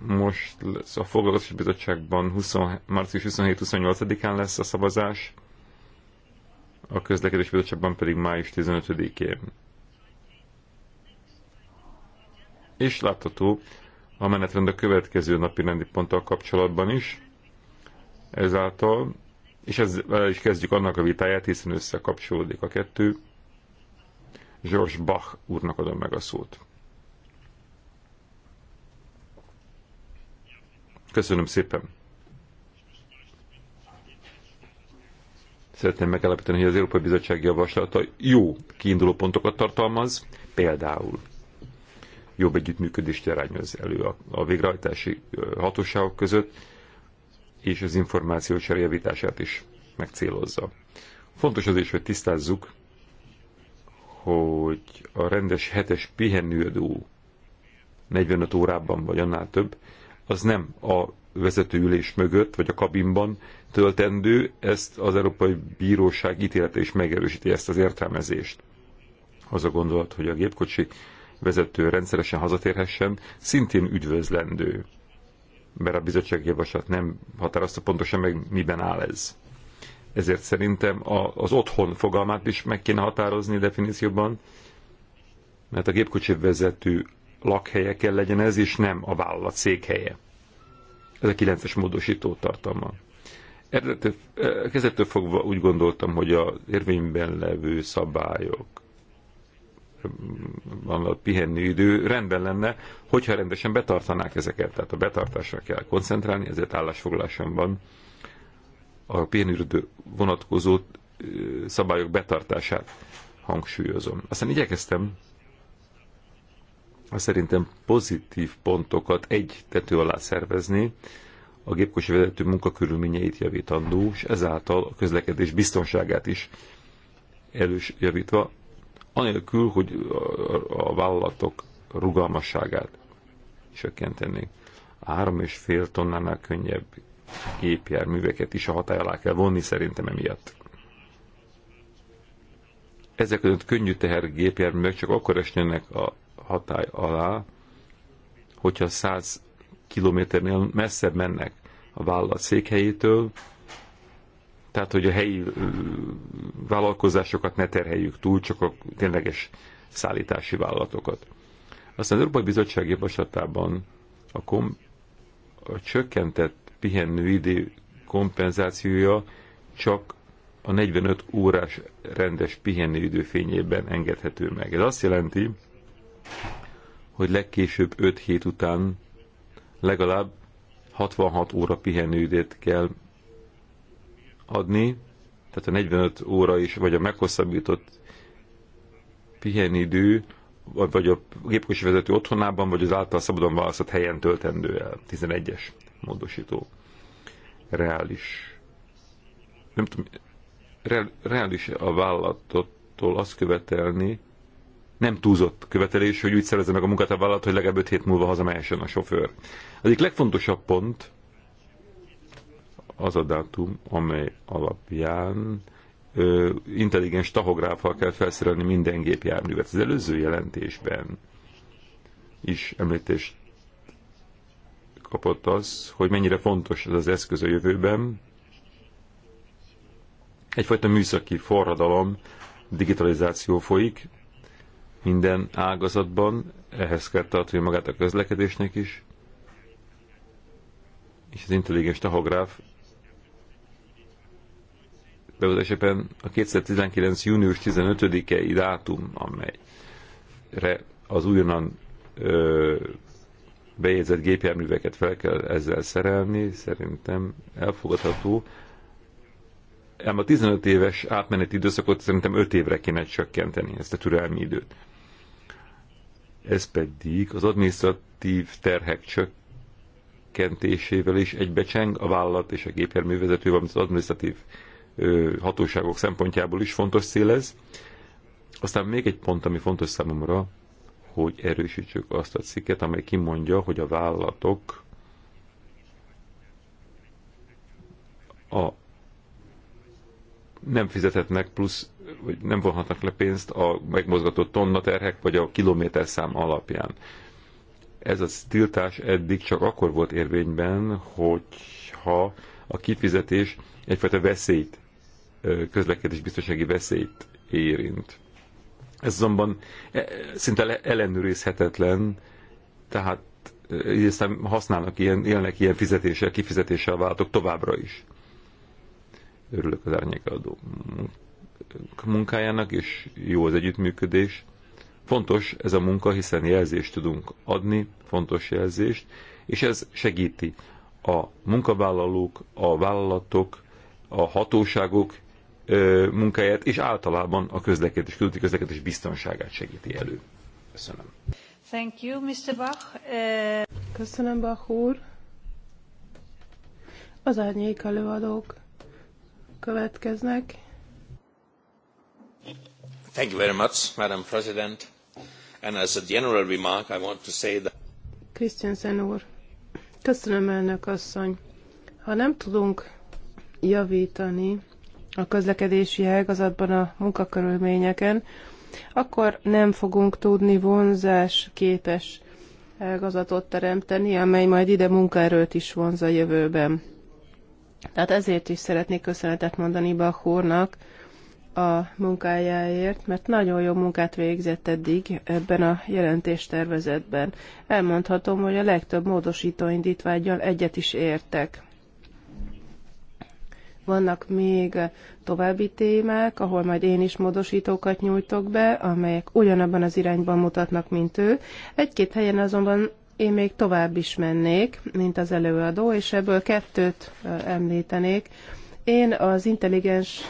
most lesz a foglalkozási Bizottságban 20, március 27-28-án lesz a szavazás, a Közlekedési Bizottságban pedig május 15-én. És látható a menetrend a következő napi rendi ponttal kapcsolatban is, ezáltal, és ezzel is kezdjük annak a vitáját, hiszen összekapcsolódik a kettő. George Bach úrnak adom meg a szót. Köszönöm szépen. Szeretném megállapítani, hogy az Európai Bizottság javaslata jó kiinduló pontokat tartalmaz, például jobb együttműködést irányoz elő a, a végrehajtási hatóságok között, és az információ javítását is megcélozza. Fontos az is, hogy tisztázzuk, hogy a rendes hetes pihenőadó 45 órában vagy annál több, az nem a vezetőülés mögött, vagy a kabinban töltendő, ezt az Európai Bíróság ítélete is megerősíti ezt az értelmezést. Az a gondolat, hogy a gépkocsi vezető rendszeresen hazatérhessen, szintén üdvözlendő. Mert a bizottság javaslat nem határozta pontosan meg, miben áll ez. Ezért szerintem a, az otthon fogalmát is meg kéne határozni definícióban, mert a gépkocsi vezető lakhelye kell legyen ez, és nem a vállalat székhelye. Ez a 9-es módosító tartalma. E, kezdettől fogva úgy gondoltam, hogy az érvényben levő szabályok mm, van a pihenő idő, rendben lenne, hogyha rendesen betartanák ezeket. Tehát a betartásra kell koncentrálni, ezért állásfoglalásomban a pihenőidő vonatkozó e, szabályok betartását hangsúlyozom. Aztán igyekeztem azt szerintem pozitív pontokat egy tető alá szervezni, a gépkocsi vezető munkakörülményeit javítandó, és ezáltal a közlekedés biztonságát is elős javítva, anélkül, hogy a vállalatok rugalmasságát csökkentenék. A három és fél tonnánál könnyebb gépjárműveket is a hatály alá kell vonni szerintem emiatt. Ezek között könnyű teher gépjárművek csak akkor esnének a hatály alá, hogyha 100 kilométernél messzebb mennek a vállalat székhelyétől, tehát hogy a helyi vállalkozásokat ne terheljük túl, csak a tényleges szállítási vállalatokat. Aztán az Európai Bizottság javaslatában a, kom- a csökkentett pihenőidő kompenzációja csak a 45 órás rendes pihenőidő fényében engedhető meg. Ez azt jelenti, hogy legkésőbb 5 hét után legalább 66 óra pihenődét kell adni, tehát a 45 óra is, vagy a meghosszabbított pihenidő, vagy a gépkocsi vezető otthonában, vagy az által szabadon választott helyen töltendő el. 11-es módosító. Reális. Nem tudom, reális a vállalattól azt követelni, nem túlzott követelés, hogy úgy szerezze meg a munkát a vállalat, hogy legalább 5 hét múlva hazamehessen a sofőr. Az egyik legfontosabb pont az a dátum, amely alapján ö, intelligens tahográffal kell felszerelni minden gépjárművet. Az előző jelentésben is említést kapott az, hogy mennyire fontos ez az eszköz a jövőben. Egyfajta műszaki forradalom, digitalizáció folyik, minden ágazatban, ehhez kell tartani magát a közlekedésnek is, és az intelligens tahográf bevezetésében a 2019. június 15-i dátum, amelyre az újonnan ö, bejegyzett gépjárműveket fel kell ezzel szerelni, szerintem elfogadható. Ám a 15 éves átmeneti időszakot szerintem 5 évre kéne csökkenteni, ezt a türelmi időt ez pedig az adminisztratív terhek csökkentésével is egybecseng, a vállalat és a gépjárművezető, valamint az adminisztratív hatóságok szempontjából is fontos cél ez. Aztán még egy pont, ami fontos számomra, hogy erősítsük azt a cikket, amely kimondja, hogy a vállalatok a nem fizethetnek plusz, vagy nem vonhatnak le pénzt a megmozgatott tonna terhek, vagy a kilométer szám alapján. Ez a tiltás eddig csak akkor volt érvényben, hogyha a kifizetés egyfajta veszélyt, közlekedés biztonsági veszélyt érint. Ez azonban e, szinte ellenőrizhetetlen, tehát aztán használnak ilyen, élnek ilyen fizetéssel, kifizetéssel váltok továbbra is. Örülök az árnyékadó munkájának, és jó az együttműködés. Fontos ez a munka, hiszen jelzést tudunk adni, fontos jelzést, és ez segíti a munkavállalók, a vállalatok, a hatóságok munkáját, és általában a közlekedés, közúti közlekedés biztonságát segíti elő. Köszönöm. Thank you, Mr. Bach. Köszönöm, Bach úr. Az árnyék előadók következnek. Thank you very much, Madam President. And as a general remark, I want to say that... Christian Senor. köszönöm elnök asszony. Ha nem tudunk javítani a közlekedési ágazatban a munkakörülményeken, akkor nem fogunk tudni vonzás képes ágazatot teremteni, amely majd ide munkaerőt is vonz a jövőben. Tehát ezért is szeretnék köszönetet mondani Bach a munkájáért, mert nagyon jó munkát végzett eddig ebben a jelentéstervezetben. Elmondhatom, hogy a legtöbb módosító indítványjal egyet is értek. Vannak még további témák, ahol majd én is módosítókat nyújtok be, amelyek ugyanabban az irányban mutatnak, mint ő. Egy-két helyen azonban én még tovább is mennék, mint az előadó, és ebből kettőt említenék. Én az intelligens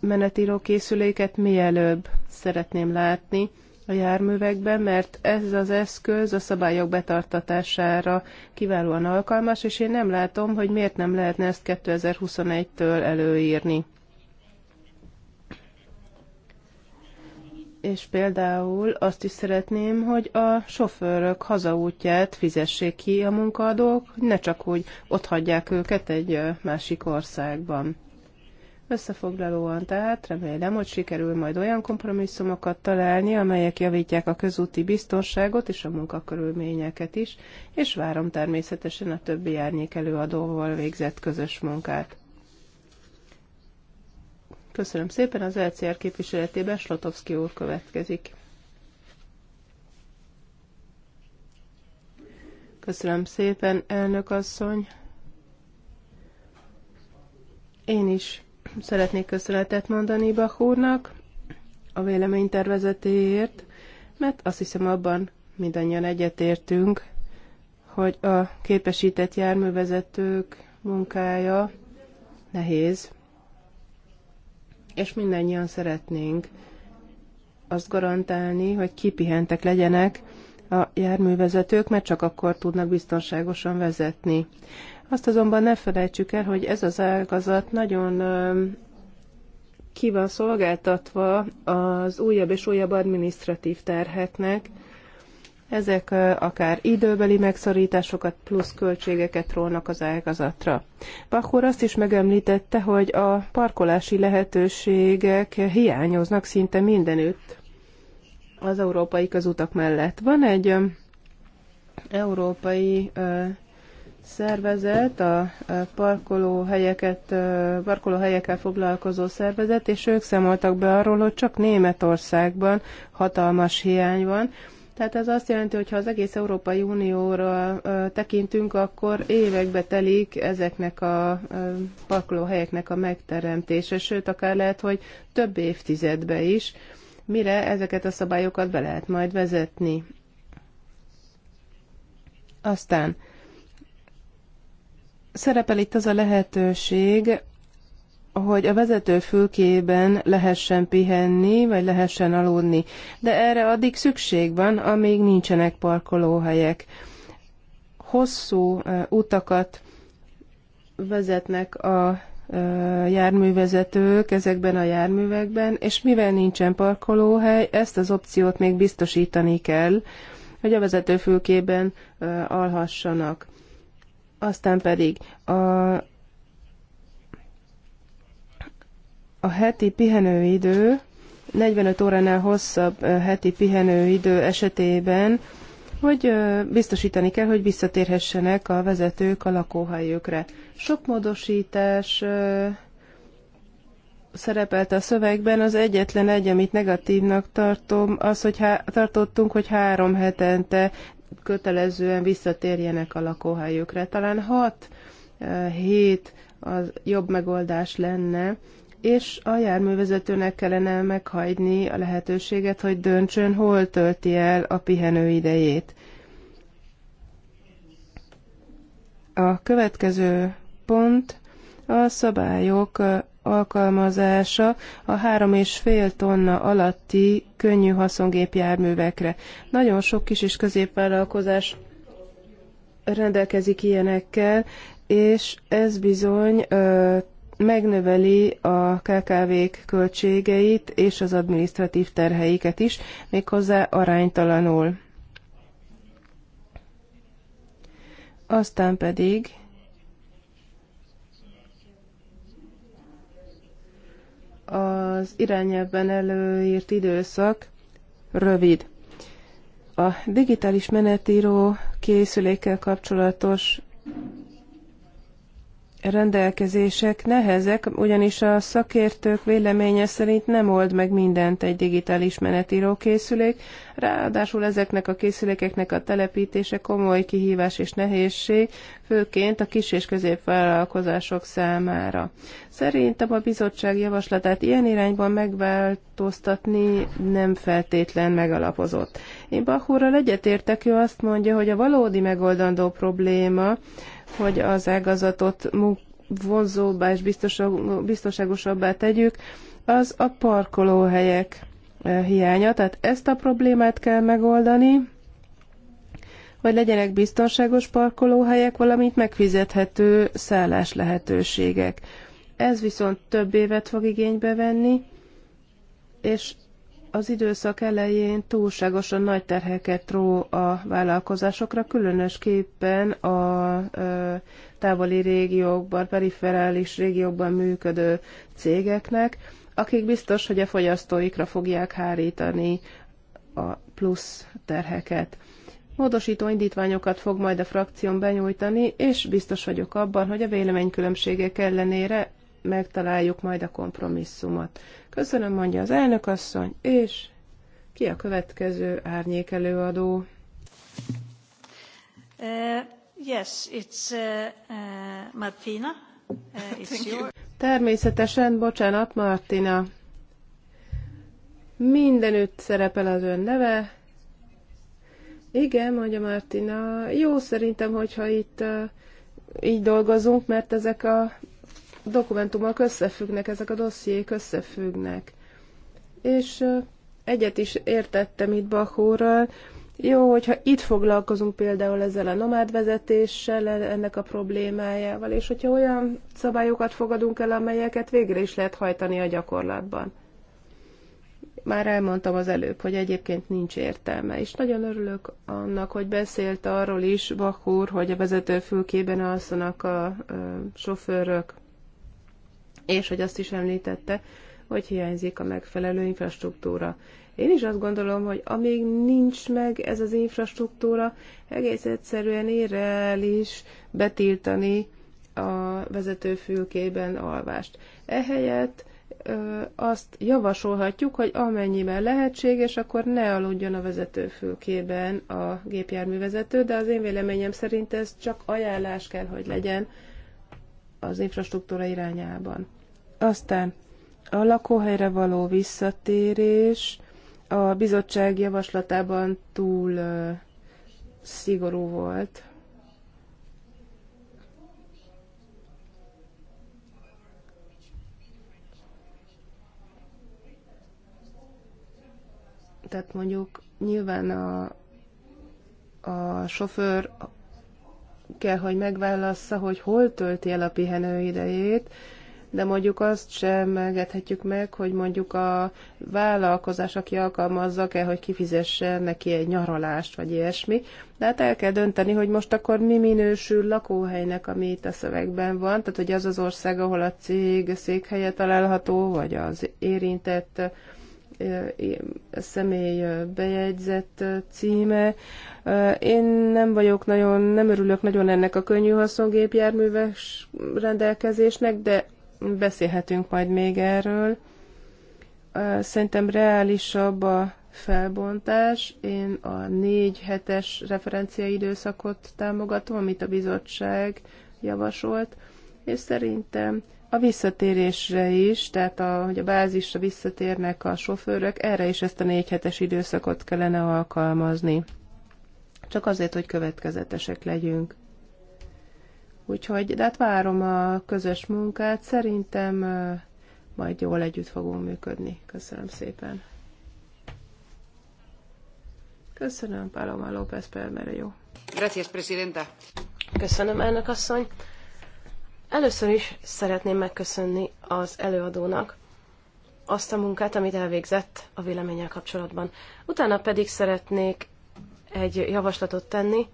menetíró készüléket mielőbb szeretném látni a járművekben, mert ez az eszköz a szabályok betartatására kiválóan alkalmas, és én nem látom, hogy miért nem lehetne ezt 2021-től előírni. és például azt is szeretném, hogy a sofőrök hazaútját fizessék ki a munkadók, hogy ne csak úgy ott hagyják őket egy másik országban. Összefoglalóan tehát remélem, hogy sikerül majd olyan kompromisszumokat találni, amelyek javítják a közúti biztonságot és a munkakörülményeket is, és várom természetesen a többi árnyék előadóval végzett közös munkát. Köszönöm szépen, az LCR e képviseletében Slotowski úr következik. Köszönöm szépen, elnök asszony. Én is szeretnék köszönetet mondani Bach úrnak a véleménytervezetéért, mert azt hiszem abban mindannyian egyetértünk, hogy a képesített járművezetők munkája nehéz, és mindannyian szeretnénk azt garantálni, hogy kipihentek legyenek a járművezetők, mert csak akkor tudnak biztonságosan vezetni. Azt azonban ne felejtsük el, hogy ez az ágazat nagyon ki van szolgáltatva az újabb és újabb administratív terheknek, ezek akár időbeli megszorításokat plusz költségeket rólnak az ágazatra. Bachor azt is megemlítette, hogy a parkolási lehetőségek hiányoznak szinte mindenütt az európai közutak mellett. Van egy európai szervezet, a parkolóhelyeket, parkolóhelyekkel foglalkozó szervezet, és ők számoltak be arról, hogy csak Németországban hatalmas hiány van, tehát ez azt jelenti, hogy ha az egész Európai Unióra tekintünk, akkor évekbe telik ezeknek a parkolóhelyeknek a megteremtése, sőt, akár lehet, hogy több évtizedbe is, mire ezeket a szabályokat be lehet majd vezetni. Aztán szerepel itt az a lehetőség, hogy a vezető fülkében lehessen pihenni, vagy lehessen aludni. De erre addig szükség van, amíg nincsenek parkolóhelyek. Hosszú utakat vezetnek a járművezetők ezekben a járművekben, és mivel nincsen parkolóhely, ezt az opciót még biztosítani kell, hogy a vezetőfülkében alhassanak. Aztán pedig a a heti pihenőidő 45 óránál hosszabb heti pihenőidő esetében, hogy biztosítani kell, hogy visszatérhessenek a vezetők a lakóhelyükre. Sok módosítás szerepelt a szövegben, az egyetlen egy, amit negatívnak tartom, az, hogy há- tartottunk, hogy három hetente kötelezően visszatérjenek a lakóhelyükre. Talán hat hét az jobb megoldás lenne, és a járművezetőnek kellene meghagyni a lehetőséget, hogy döntsön, hol tölti el a pihenő idejét. A következő pont a szabályok alkalmazása a három és fél tonna alatti könnyű haszongépjárművekre. Nagyon sok kis és középvállalkozás rendelkezik ilyenekkel, és ez bizony megnöveli a KKV-k költségeit és az adminisztratív terheiket is, méghozzá aránytalanul. Aztán pedig az irányelvben előírt időszak rövid. A digitális menetíró készülékkel kapcsolatos rendelkezések nehezek, ugyanis a szakértők véleménye szerint nem old meg mindent egy digitális menetíró készülék, ráadásul ezeknek a készülékeknek a telepítése komoly kihívás és nehézség, főként a kis és középvállalkozások számára. Szerintem a bizottság javaslatát ilyen irányban megváltoztatni nem feltétlen megalapozott. Én Bachurral egyetértek, ő azt mondja, hogy a valódi megoldandó probléma, hogy az ágazatot vonzóbbá és biztonságosabbá tegyük, az a parkolóhelyek e, hiánya. Tehát ezt a problémát kell megoldani, hogy legyenek biztonságos parkolóhelyek, valamint megfizethető szállás lehetőségek. Ez viszont több évet fog igénybe venni, és az időszak elején túlságosan nagy terheket ró a vállalkozásokra, különösképpen a távoli régiókban, periferális régiókban működő cégeknek, akik biztos, hogy a fogyasztóikra fogják hárítani a plusz terheket. Módosító indítványokat fog majd a frakción benyújtani, és biztos vagyok abban, hogy a véleménykülönbségek ellenére megtaláljuk majd a kompromisszumot. Köszönöm, mondja az elnökasszony, és ki a következő árnyék előadó? Uh, yes, it's uh, uh, Martina. Uh, it's your... Természetesen, bocsánat, Martina. Mindenütt szerepel az ön neve. Igen, mondja Martina. Jó szerintem, hogyha itt uh, így dolgozunk, mert ezek a dokumentumok összefüggnek, ezek a dossziék összefüggnek. És egyet is értettem itt Bachóral, jó, hogyha itt foglalkozunk például ezzel a nomád vezetéssel, e- ennek a problémájával, és hogyha olyan szabályokat fogadunk el, amelyeket végre is lehet hajtani a gyakorlatban. Már elmondtam az előbb, hogy egyébként nincs értelme, és nagyon örülök annak, hogy beszélt arról is Bakúr, hogy a vezetőfülkében alszanak a, a sofőrök, és hogy azt is említette, hogy hiányzik a megfelelő infrastruktúra. Én is azt gondolom, hogy amíg nincs meg ez az infrastruktúra, egész egyszerűen is betiltani a vezetőfülkében alvást. Ehelyett ö, azt javasolhatjuk, hogy amennyiben lehetséges, akkor ne aludjon a vezetőfülkében a gépjárművezető, de az én véleményem szerint ez csak ajánlás kell, hogy legyen az infrastruktúra irányában. Aztán a lakóhelyre való visszatérés a bizottság javaslatában túl szigorú volt. Tehát mondjuk nyilván a, a sofőr kell, hogy megválassza, hogy hol tölti el a pihenő idejét, de mondjuk azt sem engedhetjük meg, hogy mondjuk a vállalkozás, aki alkalmazza kell, hogy kifizesse neki egy nyaralást, vagy ilyesmi. De hát el kell dönteni, hogy most akkor mi minősül lakóhelynek, ami itt a szövegben van, tehát hogy az az ország, ahol a cég székhelye található, vagy az érintett személy bejegyzett címe. Én nem vagyok nagyon, nem örülök nagyon ennek a könnyű haszongépjárműves rendelkezésnek, de beszélhetünk majd még erről. Szerintem reálisabb a felbontás. Én a négy hetes referenciaidőszakot támogatom, amit a bizottság javasolt, és szerintem a visszatérésre is, tehát a, hogy a bázisra visszatérnek a sofőrök, erre is ezt a négy hetes időszakot kellene alkalmazni. Csak azért, hogy következetesek legyünk. Úgyhogy, de hát várom a közös munkát, szerintem majd jól együtt fogunk működni. Köszönöm szépen. Köszönöm, Paloma López Pelmere, jó. Gracias, Presidenta. Köszönöm, elnök asszony. Először is szeretném megköszönni az előadónak azt a munkát, amit elvégzett a véleménnyel kapcsolatban. Utána pedig szeretnék egy javaslatot tenni,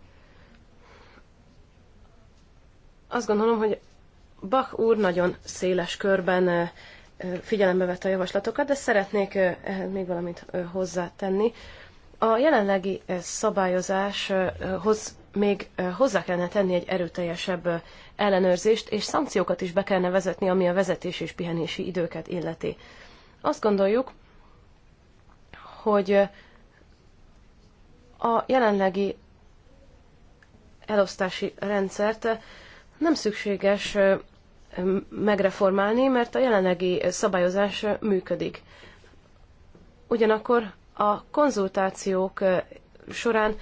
azt gondolom, hogy Bach úr nagyon széles körben figyelembe vette a javaslatokat, de szeretnék még valamit hozzátenni. A jelenlegi szabályozáshoz még hozzá kellene tenni egy erőteljesebb ellenőrzést, és szankciókat is be kellene vezetni, ami a vezetés és pihenési időket illeti. Azt gondoljuk, hogy a jelenlegi elosztási rendszert nem szükséges megreformálni, mert a jelenlegi szabályozás működik. Ugyanakkor a konzultációk során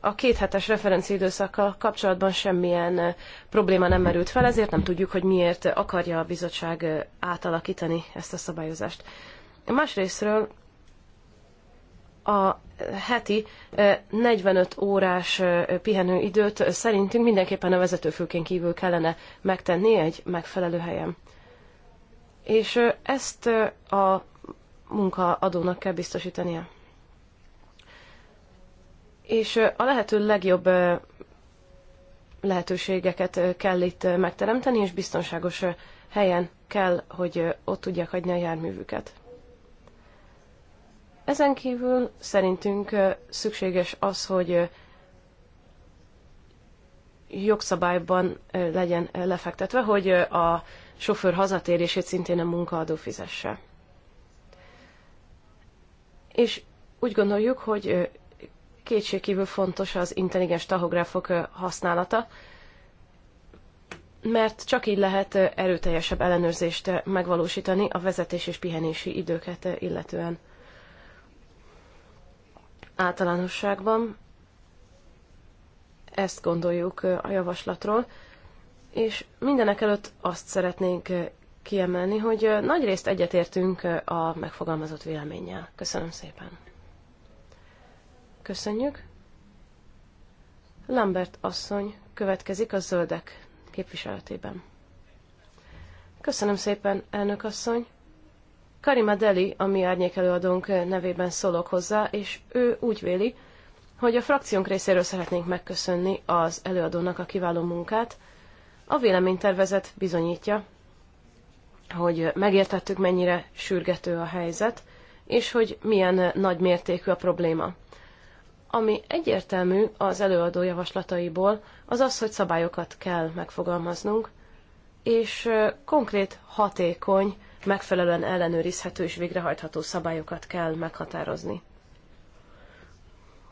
a kéthetes referenciidőszakkal kapcsolatban semmilyen probléma nem merült fel, ezért nem tudjuk, hogy miért akarja a bizottság átalakítani ezt a szabályozást. Másrésztről a heti 45 órás pihenőidőt szerintünk mindenképpen a vezetőfülkén kívül kellene megtenni egy megfelelő helyen. És ezt a munkaadónak kell biztosítania. És a lehető legjobb lehetőségeket kell itt megteremteni, és biztonságos helyen kell, hogy ott tudják hagyni a járművüket. Ezen kívül szerintünk szükséges az, hogy jogszabályban legyen lefektetve, hogy a sofőr hazatérését szintén a munkaadó fizesse. És úgy gondoljuk, hogy kétségkívül fontos az intelligens tahográfok használata, mert csak így lehet erőteljesebb ellenőrzést megvalósítani a vezetés és pihenési időket illetően általánosságban. Ezt gondoljuk a javaslatról. És mindenek előtt azt szeretnénk kiemelni, hogy nagyrészt egyetértünk a megfogalmazott véleménnyel. Köszönöm szépen. Köszönjük. Lambert asszony következik a zöldek képviseletében. Köszönöm szépen, elnök asszony. Karima Deli, a mi árnyék előadónk nevében szólok hozzá, és ő úgy véli, hogy a frakciónk részéről szeretnénk megköszönni az előadónak a kiváló munkát. A véleménytervezet bizonyítja, hogy megértettük, mennyire sürgető a helyzet, és hogy milyen nagy mértékű a probléma. Ami egyértelmű az előadó javaslataiból, az az, hogy szabályokat kell megfogalmaznunk, és konkrét, hatékony, megfelelően ellenőrizhető és végrehajtható szabályokat kell meghatározni.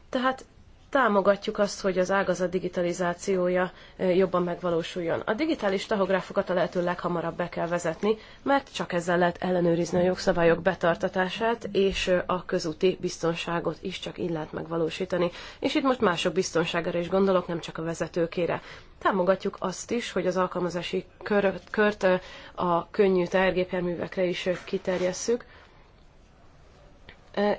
Tehát támogatjuk azt, hogy az ágazat digitalizációja jobban megvalósuljon. A digitális tahográfokat a lehető leghamarabb be kell vezetni, mert csak ezzel lehet ellenőrizni a jogszabályok betartatását, és a közúti biztonságot is csak így lehet megvalósítani. És itt most mások biztonságára is gondolok, nem csak a vezetőkére. Támogatjuk azt is, hogy az alkalmazási kört a könnyű tehergépjárművekre is kiterjesszük,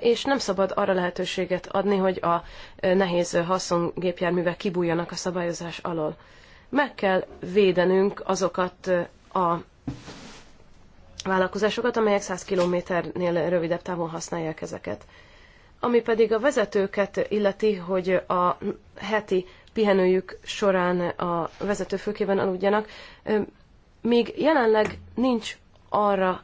és nem szabad arra lehetőséget adni, hogy a nehéz haszongépjárművek kibújjanak a szabályozás alól. Meg kell védenünk azokat a vállalkozásokat, amelyek 100 kilométernél rövidebb távon használják ezeket. Ami pedig a vezetőket illeti, hogy a heti pihenőjük során a vezető főkében aludjanak, még jelenleg nincs arra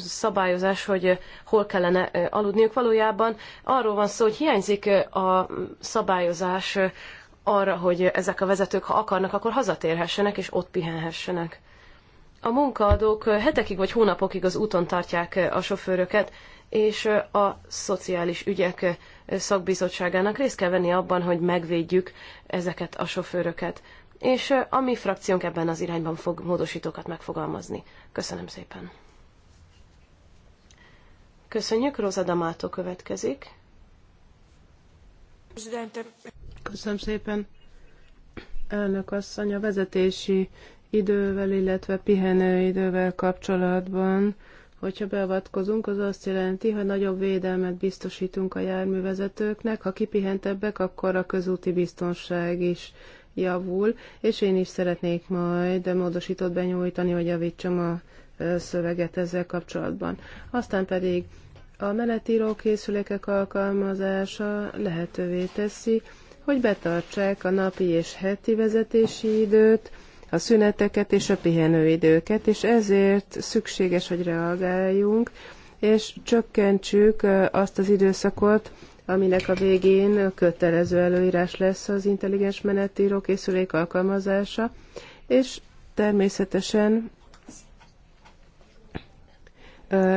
szabályozás, hogy eh, hol kellene eh, aludniuk. Valójában arról van szó, hogy hiányzik eh, a szabályozás arra, hogy ezek a vezetők, ha akarnak, akkor hazatérhessenek és ott pihenhessenek. A munkaadók hetekig vagy hónapokig az úton tartják a sofőröket, és a Szociális Ügyek Szakbizottságának részt kell venni abban, hogy megvédjük ezeket a sofőröket. És a mi frakciónk ebben az irányban fog módosítókat megfogalmazni. Köszönöm szépen! Köszönjük, Róza Damátó következik. Köszönöm szépen. Elnök asszony, a vezetési idővel, illetve pihenőidővel kapcsolatban, hogyha beavatkozunk, az azt jelenti, hogy nagyobb védelmet biztosítunk a járművezetőknek, ha kipihentebbek, akkor a közúti biztonság is javul, és én is szeretnék majd módosítót benyújtani, hogy javítsam a szöveget ezzel kapcsolatban. Aztán pedig a menetíró készülékek alkalmazása lehetővé teszi, hogy betartsák a napi és heti vezetési időt, a szüneteket és a pihenőidőket, és ezért szükséges, hogy reagáljunk, és csökkentsük azt az időszakot, aminek a végén kötelező előírás lesz az intelligens menetíró készülék alkalmazása, és természetesen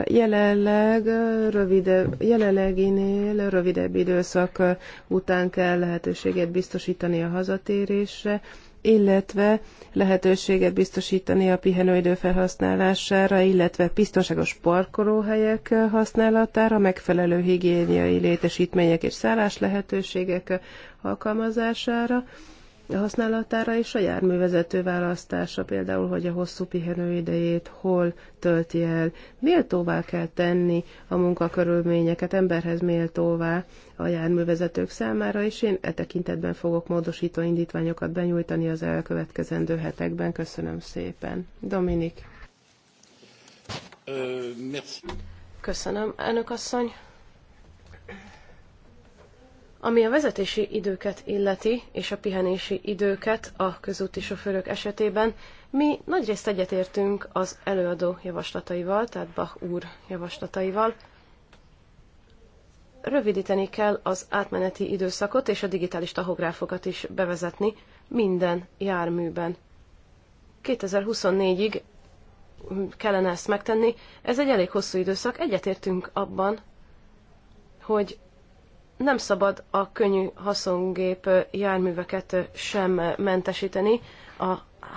Jelenleg rövide, jelenleginél rövidebb időszak után kell lehetőséget biztosítani a hazatérésre, illetve lehetőséget biztosítani a pihenőidő felhasználására, illetve biztonságos parkolóhelyek használatára, megfelelő higiéniai létesítmények és szállás lehetőségek alkalmazására használatára és a járművezető választása, például, hogy a hosszú pihenőidejét hol tölti el. Méltóvá kell tenni a munkakörülményeket, emberhez méltóvá a járművezetők számára, és én e tekintetben fogok módosító indítványokat benyújtani az elkövetkezendő hetekben. Köszönöm szépen. Dominik. Köszönöm, elnök asszony. Ami a vezetési időket illeti, és a pihenési időket a közúti sofőrök esetében, mi nagyrészt egyetértünk az előadó javaslataival, tehát Bach úr javaslataival. Rövidíteni kell az átmeneti időszakot és a digitális tahográfokat is bevezetni minden járműben. 2024-ig kellene ezt megtenni. Ez egy elég hosszú időszak. Egyetértünk abban, hogy nem szabad a könnyű haszongép járműveket sem mentesíteni, a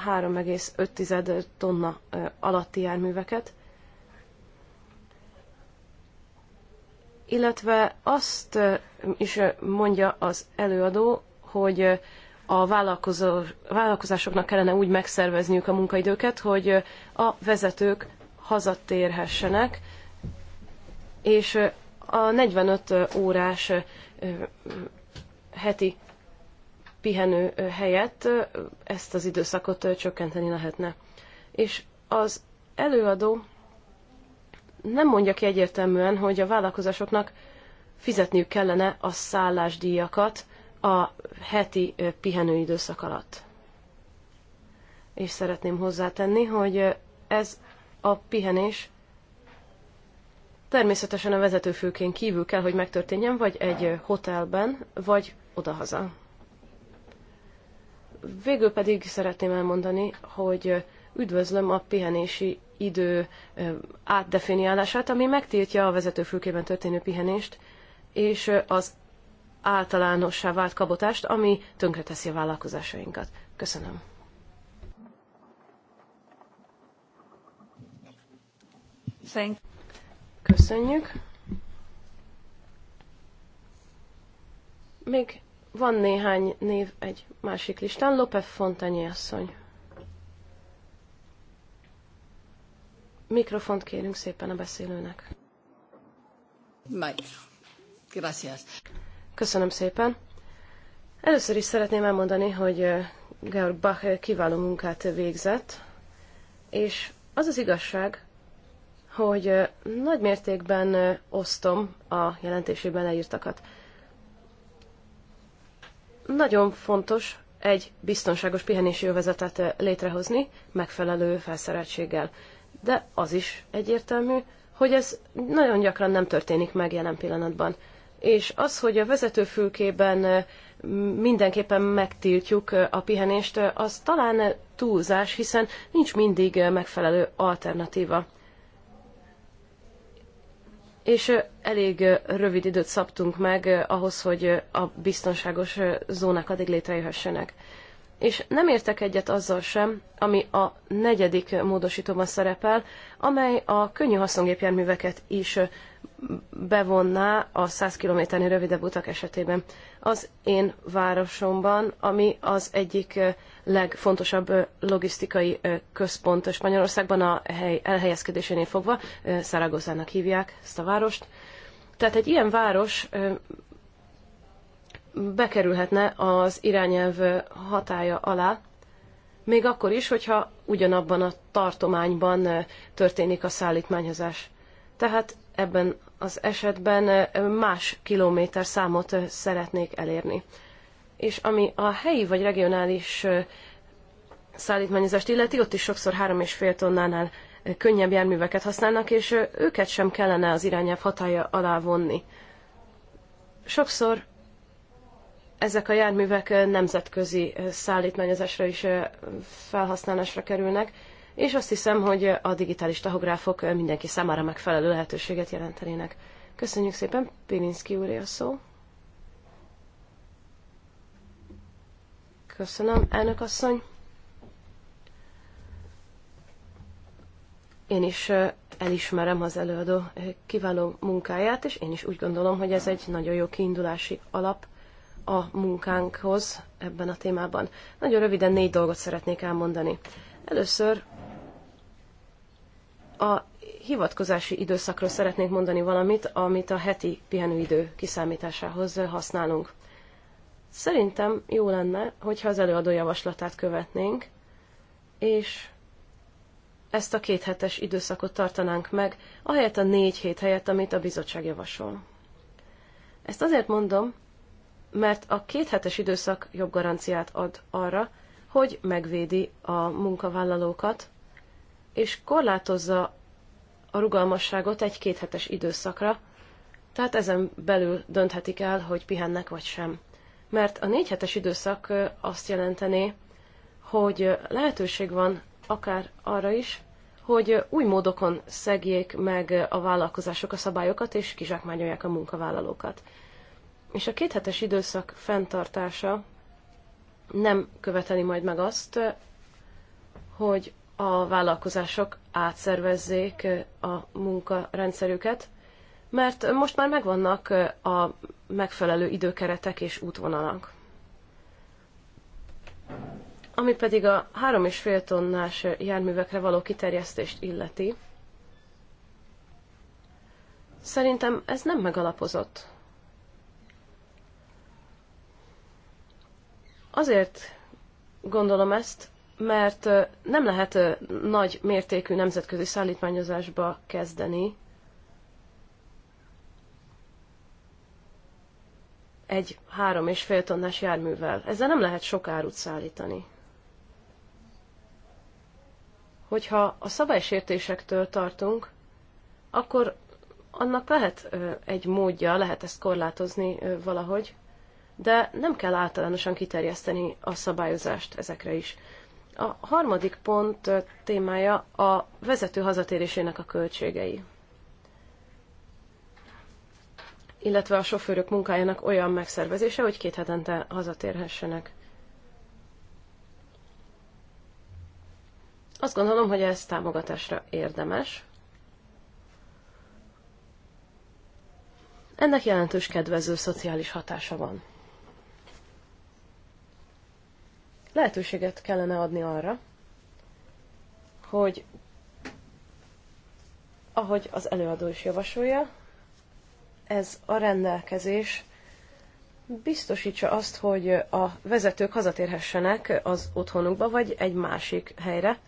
3,5 tonna alatti járműveket, illetve azt is mondja az előadó, hogy a vállalkozásoknak kellene úgy megszervezniük a munkaidőket, hogy a vezetők hazatérhessenek, és a 45 órás heti pihenő helyett ezt az időszakot csökkenteni lehetne. És az előadó nem mondja ki egyértelműen, hogy a vállalkozásoknak fizetniük kellene a szállásdíjakat a heti pihenőidőszak alatt. És szeretném hozzátenni, hogy ez a pihenés természetesen a vezetőfőkén kívül kell, hogy megtörténjen, vagy egy hotelben, vagy odahaza. Végül pedig szeretném elmondani, hogy üdvözlöm a pihenési idő átdefiniálását, ami megtiltja a vezetőfülkében történő pihenést, és az általánossá vált kabotást, ami tönkreteszi a vállalkozásainkat. Köszönöm. Thank you. Köszönjük. Még van néhány név egy másik listán. López Fontanyi asszony. Mikrofont kérünk szépen a beszélőnek. Gracias. Köszönöm szépen. Először is szeretném elmondani, hogy Georg Bach kiváló munkát végzett, és az az igazság, hogy nagy mértékben osztom a jelentésében leírtakat. Nagyon fontos egy biztonságos pihenési övezetet létrehozni megfelelő felszereltséggel. De az is egyértelmű, hogy ez nagyon gyakran nem történik meg jelen pillanatban. És az, hogy a vezetőfülkében mindenképpen megtiltjuk a pihenést, az talán túlzás, hiszen nincs mindig megfelelő alternatíva és elég rövid időt szabtunk meg ahhoz, hogy a biztonságos zónák addig létrejöhessenek. És nem értek egyet azzal sem, ami a negyedik módosítóban szerepel, amely a könnyű haszongépjárműveket is bevonná a 100 kilométernél rövidebb utak esetében. Az én városomban, ami az egyik legfontosabb logisztikai központ Spanyolországban a hely elhelyezkedésénél fogva, Szaragozának hívják ezt a várost. Tehát egy ilyen város bekerülhetne az irányelv hatája alá, még akkor is, hogyha ugyanabban a tartományban történik a szállítmányozás. Tehát ebben az esetben más kilométer számot szeretnék elérni és ami a helyi vagy regionális szállítmányozást illeti, ott is sokszor három és fél tonnánál könnyebb járműveket használnak, és őket sem kellene az irányelv hatája alá vonni. Sokszor ezek a járművek nemzetközi szállítmányozásra is felhasználásra kerülnek, és azt hiszem, hogy a digitális tahográfok mindenki számára megfelelő lehetőséget jelentenének. Köszönjük szépen, Pilinszki úr a szó. Köszönöm, elnök asszony. Én is elismerem az előadó kiváló munkáját, és én is úgy gondolom, hogy ez egy nagyon jó kiindulási alap a munkánkhoz ebben a témában. Nagyon röviden négy dolgot szeretnék elmondani. Először a hivatkozási időszakról szeretnék mondani valamit, amit a heti pihenőidő kiszámításához használunk. Szerintem jó lenne, hogyha az előadó javaslatát követnénk, és ezt a két hetes időszakot tartanánk meg, ahelyett a négy hét helyett, amit a bizottság javasol. Ezt azért mondom, mert a két hetes időszak jobb garanciát ad arra, hogy megvédi a munkavállalókat, és korlátozza a rugalmasságot egy két hetes időszakra, tehát ezen belül dönthetik el, hogy pihennek vagy sem mert a négy hetes időszak azt jelentené, hogy lehetőség van akár arra is, hogy új módokon szegjék meg a vállalkozások a szabályokat, és kizsákmányolják a munkavállalókat. És a kéthetes időszak fenntartása nem követeli majd meg azt, hogy a vállalkozások átszervezzék a munkarendszerüket, mert most már megvannak a megfelelő időkeretek és útvonalak. Ami pedig a három és fél tonnás járművekre való kiterjesztést illeti, szerintem ez nem megalapozott. Azért gondolom ezt, mert nem lehet nagy mértékű nemzetközi szállítmányozásba kezdeni egy három és fél tonnás járművel. Ezzel nem lehet sok árut szállítani. Hogyha a szabálysértésektől tartunk, akkor annak lehet egy módja, lehet ezt korlátozni valahogy, de nem kell általánosan kiterjeszteni a szabályozást ezekre is. A harmadik pont témája a vezető hazatérésének a költségei. illetve a sofőrök munkájának olyan megszervezése, hogy két hetente hazatérhessenek. Azt gondolom, hogy ez támogatásra érdemes. Ennek jelentős kedvező szociális hatása van. Lehetőséget kellene adni arra, hogy ahogy az előadó is javasolja, ez a rendelkezés biztosítsa azt, hogy a vezetők hazatérhessenek az otthonukba, vagy egy másik helyre,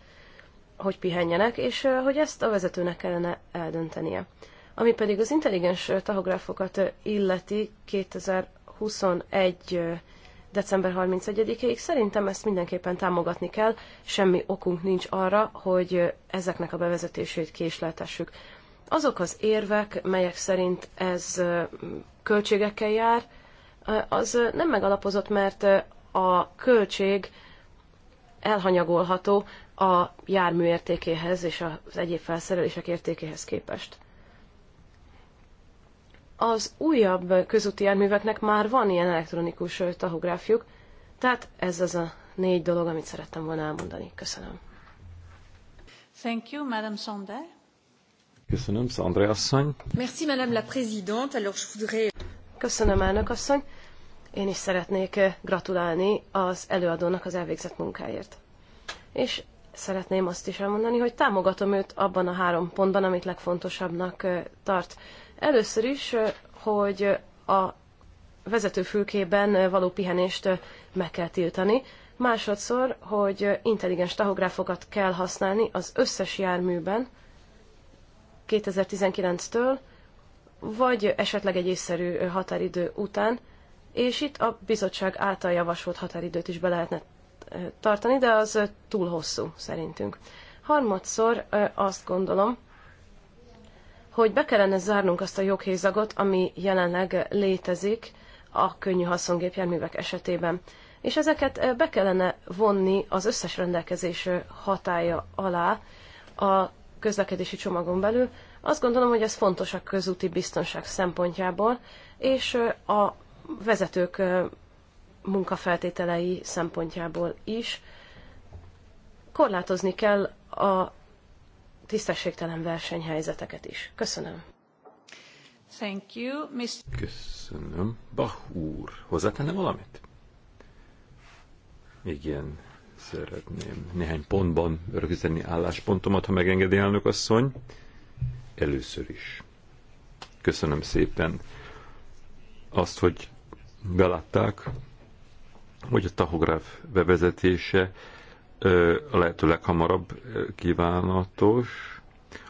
hogy pihenjenek, és hogy ezt a vezetőnek kellene eldöntenie. Ami pedig az intelligens tahográfokat illeti 2021 december 31-ig, szerintem ezt mindenképpen támogatni kell, semmi okunk nincs arra, hogy ezeknek a bevezetését késleltessük. Azok az érvek, melyek szerint ez költségekkel jár, az nem megalapozott, mert a költség elhanyagolható a jármű értékéhez és az egyéb felszerelések értékéhez képest. Az újabb közúti járműveknek már van ilyen elektronikus tahográfjuk, tehát ez az a négy dolog, amit szerettem volna elmondani. Köszönöm. Thank you, Madam Sonder. Köszönöm, Szandré asszony. Merci, madame la présidente. Alors, je voudrais... Köszönöm, elnök asszony. Én is szeretnék eh, gratulálni az előadónak az elvégzett munkáért. És szeretném azt is elmondani, hogy támogatom őt abban a három pontban, amit legfontosabbnak eh, tart. Először is, eh, hogy a vezetőfülkében való pihenést meg kell tiltani, másodszor, hogy intelligens tahográfokat kell használni az összes járműben, 2019-től, vagy esetleg egy észszerű határidő után, és itt a bizottság által javasolt határidőt is be lehetne eh, tartani, de az eh, túl hosszú szerintünk. Harmadszor eh, azt gondolom, hogy be kellene zárnunk azt a joghézagot, ami jelenleg létezik a könnyű haszongépjárművek esetében. És ezeket be kellene vonni az összes rendelkezés hatája alá a közlekedési csomagon belül, azt gondolom, hogy ez fontos a közúti biztonság szempontjából, és a vezetők munkafeltételei szempontjából is. Korlátozni kell a tisztességtelen versenyhelyzeteket is. Köszönöm. Thank you, Mr. Köszönöm. Bach úr, hozzátenne valamit? Igen, Szeretném néhány pontban rögzíteni álláspontomat, ha megengedi elnök asszony. Először is. Köszönöm szépen azt, hogy belátták, hogy a tahográf bevezetése a lehető leghamarabb kívánatos.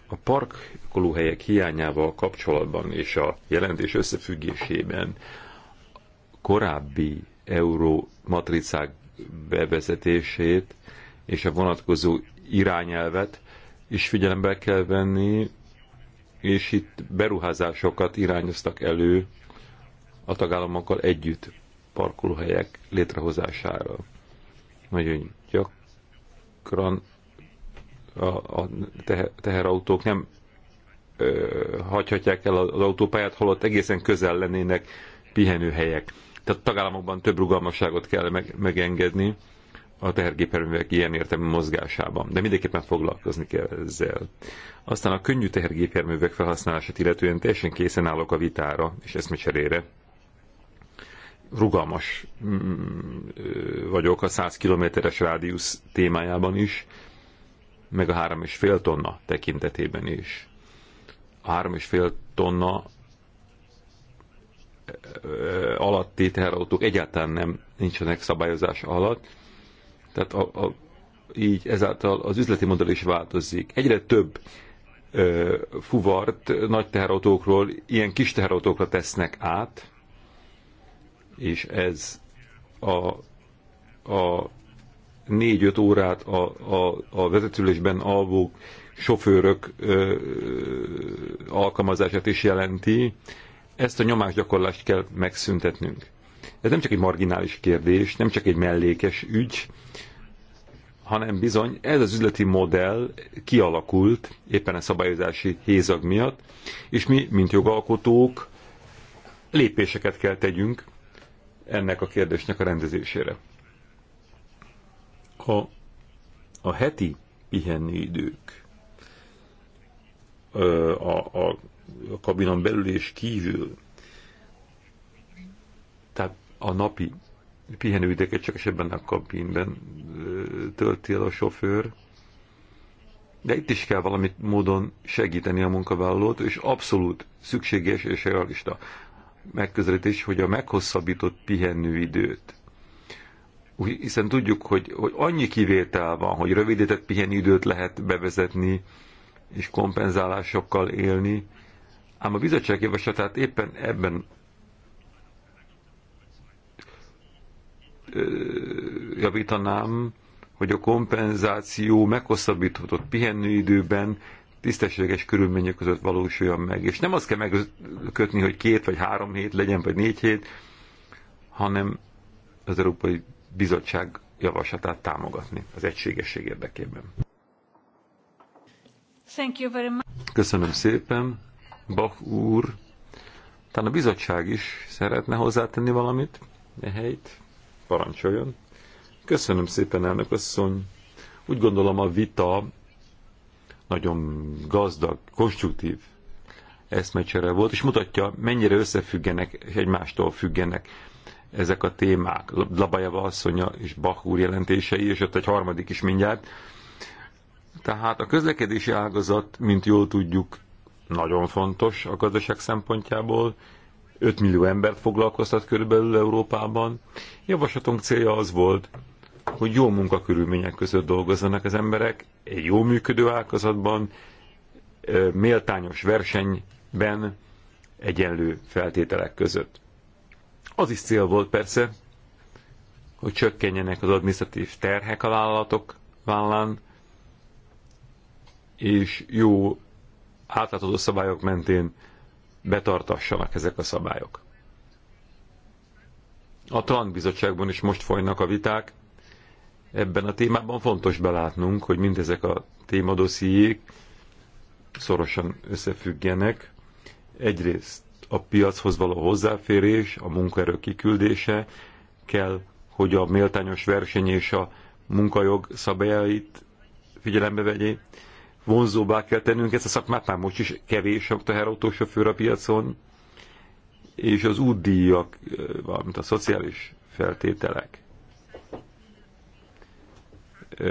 A parkolóhelyek hiányával kapcsolatban és a jelentés összefüggésében korábbi euró matricák bevezetését és a vonatkozó irányelvet is figyelembe kell venni, és itt beruházásokat irányoztak elő a tagállamokkal együtt parkolóhelyek létrehozására. Nagyon gyakran a, a teherautók nem ö, hagyhatják el az autópályát, holott egészen közel lennének pihenőhelyek. Tehát a tagállamokban több rugalmasságot kell meg, megengedni a tehergéperművek ilyen értelmű mozgásában, de mindenképpen foglalkozni kell ezzel. Aztán a könnyű tehergéperművek felhasználását illetően teljesen készen állok a vitára és eszmecserére. Rugalmas mm, vagyok a 100 kilométeres rádiusz témájában is, meg a 3,5 tonna tekintetében is. A 3,5 tonna alatti teherautók egyáltalán nem nincsenek szabályozás alatt. Tehát a, a, így ezáltal az üzleti modell is változik. Egyre több ö, fuvart nagy teherautókról ilyen kis teherautókra tesznek át, és ez a, a négy-öt órát a, a, a vezetülésben alvók sofőrök ö, ö, alkalmazását is jelenti, ezt a nyomásgyakorlást kell megszüntetnünk. Ez nem csak egy marginális kérdés, nem csak egy mellékes ügy, hanem bizony ez az üzleti modell kialakult éppen a szabályozási hézag miatt, és mi, mint jogalkotók, lépéseket kell tegyünk ennek a kérdésnek a rendezésére. A, a heti pihenőidők, a, a a kabinon belül és kívül. Tehát a napi pihenőideket csak ebben a kabinben tölti el a sofőr. De itt is kell valamit módon segíteni a munkavállalót, és abszolút szükséges és realista megközelítés, hogy a meghosszabbított pihenőidőt hiszen tudjuk, hogy, hogy annyi kivétel van, hogy rövidített pihenőidőt lehet bevezetni, és kompenzálásokkal élni, Ám a bizottság javaslatát éppen ebben javítanám, hogy a kompenzáció meghosszabbított pihenőidőben tisztességes körülmények között valósuljon meg. És nem azt kell megkötni, hogy két vagy három hét legyen, vagy négy hét, hanem az Európai Bizottság javaslatát támogatni az egységesség érdekében. Köszönöm szépen. Bach úr, talán a bizottság is szeretne hozzátenni valamit e helyt. Parancsoljon. Köszönöm szépen, elnök asszony. Úgy gondolom a vita nagyon gazdag, konstruktív eszmecsere volt, és mutatja, mennyire összefüggenek és egymástól függenek ezek a témák. Labajava asszonya és Bach úr jelentései, és ott egy harmadik is mindjárt. Tehát a közlekedési ágazat, mint jól tudjuk, nagyon fontos a gazdaság szempontjából, 5 millió embert foglalkoztat körülbelül Európában. Javaslatunk célja az volt, hogy jó munkakörülmények között dolgozzanak az emberek, egy jó működő ágazatban, méltányos versenyben, egyenlő feltételek között. Az is cél volt persze, hogy csökkenjenek az administratív terhek a vállalatok vállán, és jó átlátható szabályok mentén betartassanak ezek a szabályok. A TAN bizottságban is most folynak a viták. Ebben a témában fontos belátnunk, hogy mindezek a témadossziék szorosan összefüggenek. Egyrészt a piachoz való hozzáférés, a munkaerő kiküldése kell, hogy a méltányos verseny és a munkajog szabályait figyelembe vegyék vonzóbbá kell tennünk ezt a szakmát, már most is kevés a teherautósofőr a piacon, és az útdíjak, valamint a szociális feltételek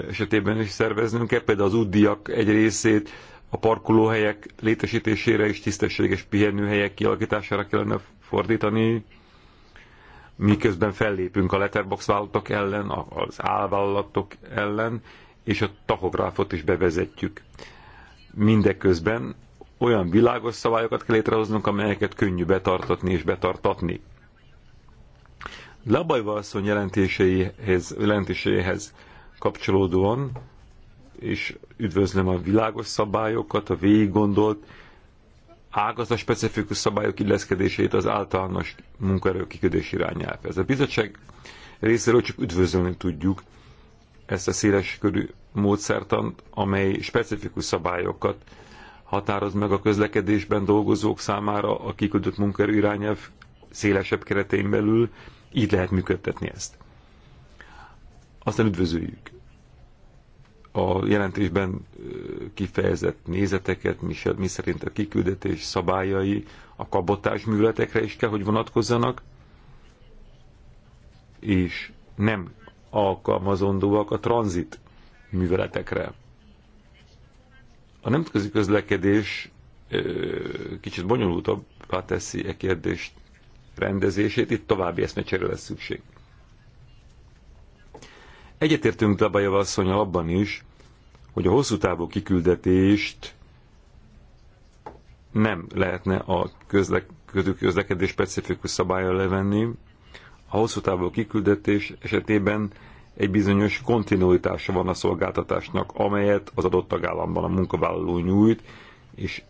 esetében is szerveznünk kell, például az útdíjak egy részét a parkolóhelyek létesítésére és tisztességes pihenőhelyek kialakítására kellene fordítani, miközben fellépünk a letterbox vállalatok ellen, az állvállalatok ellen, és a tahográfot is bevezetjük. Mindeközben olyan világos szabályokat kell létrehoznunk, amelyeket könnyű betartatni és betartatni. Labajva asszony jelentéséhez, jelentéséhez kapcsolódóan, és üdvözlöm a világos szabályokat, a végig gondolt ágazat specifikus szabályok illeszkedését az általános munkaerő kiködés Ez A bizottság részéről csak üdvözölni tudjuk ezt a széleskörű módszertant, amely specifikus szabályokat határoz meg a közlekedésben dolgozók számára a kiküldött munkaerő irányelv szélesebb keretein belül, így lehet működtetni ezt. Aztán üdvözöljük a jelentésben kifejezett nézeteket, mi, mi szerint a kiküldetés szabályai a kabotás műletekre is kell, hogy vonatkozzanak, és nem alkalmazandóak a tranzit műveletekre. A nemzetközi közlekedés kicsit bonyolultabbá teszi e kérdést rendezését, itt további eszmecsere lesz szükség. Egyetértünk Dabajava asszonyal abban is, hogy a hosszú távú kiküldetést nem lehetne a közle közlekedés specifikus szabályra levenni, a hosszú távú kiküldetés esetében egy bizonyos kontinuitása van a szolgáltatásnak, amelyet az adott tagállamban a munkavállaló nyújt, és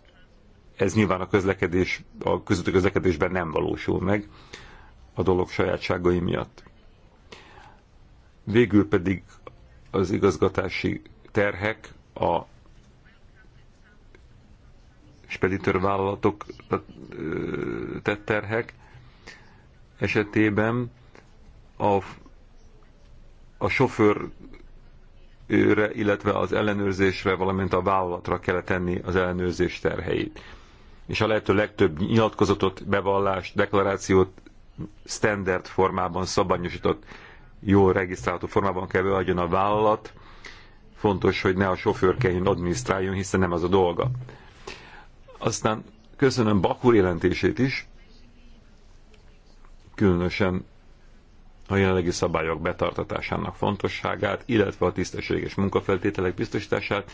ez nyilván a közlekedés, a közötti közlekedésben nem valósul meg a dolog sajátságai miatt. Végül pedig az igazgatási terhek a speditőrvállalatok tett terhek, esetében a, a sofőr őre, illetve az ellenőrzésre, valamint a vállalatra kell tenni az ellenőrzés terheit. És a lehető legtöbb nyilatkozatot, bevallást, deklarációt standard formában, szabványosított, jól regisztrálható formában kell beadjon a vállalat. Fontos, hogy ne a sofőr kelljen adminisztráljon, hiszen nem az a dolga. Aztán köszönöm Bakur jelentését is, különösen a jelenlegi szabályok betartatásának fontosságát, illetve a tisztességes munkafeltételek biztosítását,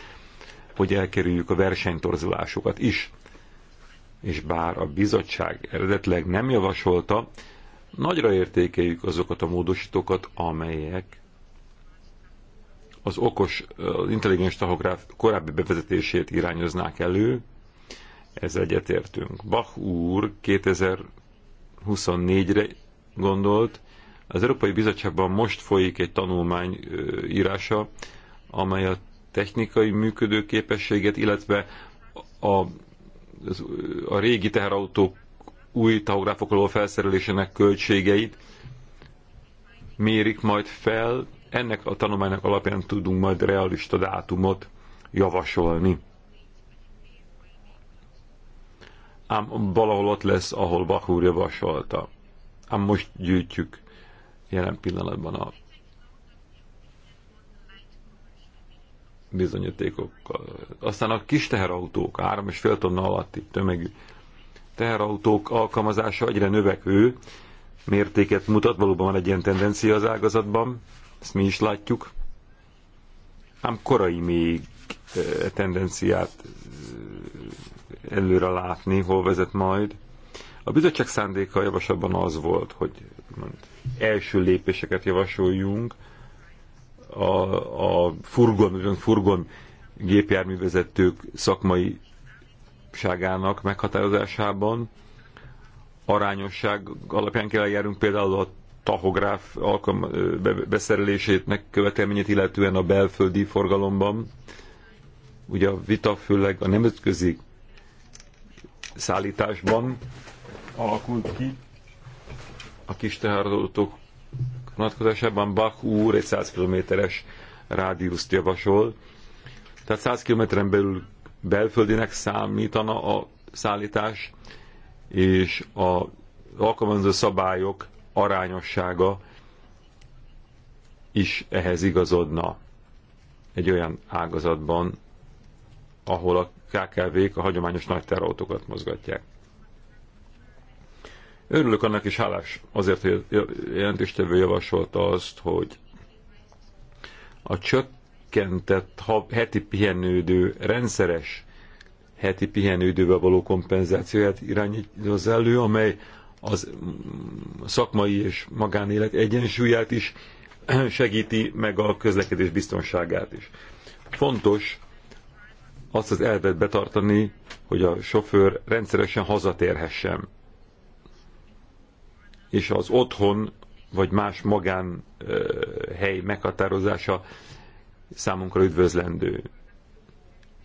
hogy elkerüljük a versenytorzulásokat is. És bár a bizottság eredetleg nem javasolta, nagyra értékeljük azokat a módosítókat, amelyek az okos, az intelligens tahográf korábbi bevezetését irányoznák elő, ez egyetértünk. Bach úr 2000 2024 re gondolt. Az Európai Bizottságban most folyik egy tanulmány írása, amely a technikai működőképességet, illetve a, a régi teherautók új tahográfokoló felszerelésének költségeit mérik majd fel. Ennek a tanulmánynak alapján tudunk majd realista dátumot javasolni. ám valahol ott lesz, ahol Bakúr javasolta. Ám most gyűjtjük jelen pillanatban a bizonyítékokkal. Aztán a kis teherautók, 3,5 tonna alatti tömegű teherautók alkalmazása egyre növekvő mértéket mutat, valóban van egy ilyen tendencia az ágazatban, ezt mi is látjuk. Ám korai még eh, tendenciát eh, előre látni, hol vezet majd. A bizottság szándéka javaslatban az volt, hogy első lépéseket javasoljunk a, a furgon, furgon gépjárművezetők szakmai ságának meghatározásában. Arányosság alapján kell eljárnunk például a tahográf alkalma, beszerelésének követelményét, illetően a belföldi forgalomban. Ugye a vita főleg a nemzetközi szállításban alakult ki. A kis teherautók vonatkozásában Bach úr egy 100 kilométeres rádiuszt javasol. Tehát 100 kilométeren belül belföldinek számítana a szállítás, és a alkalmazó szabályok arányossága is ehhez igazodna egy olyan ágazatban, ahol a KKV-k a hagyományos nagy terautokat mozgatják. Örülök annak is hálás azért, hogy jelentéstevő javasolta azt, hogy a csökkentett heti pihenődő, rendszeres heti pihenődőbe való kompenzációját az elő, amely az szakmai és magánélet egyensúlyát is segíti, meg a közlekedés biztonságát is. Fontos, azt az elvet betartani, hogy a sofőr rendszeresen hazatérhessen. És az otthon vagy más magán ö, hely meghatározása számunkra üdvözlendő.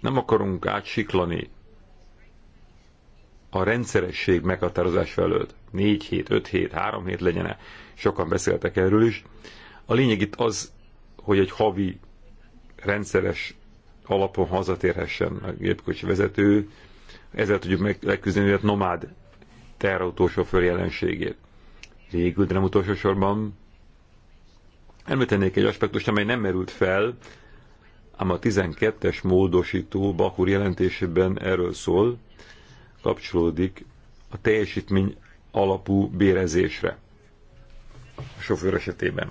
Nem akarunk átsiklani a rendszeresség meghatározás felől. Négy hét, öt hét, három hét legyen Sokan beszéltek erről is. A lényeg itt az, hogy egy havi rendszeres alapon hazatérhessen a gépkocsi vezető, ezzel tudjuk meg, legküzdeni a nomád teherautósofőr jelenségét. Végül, de nem utolsó sorban említenék egy aspektust, amely nem merült fel, ám a 12-es módosító Bakur jelentésében erről szól, kapcsolódik a teljesítmény alapú bérezésre a sofőr esetében.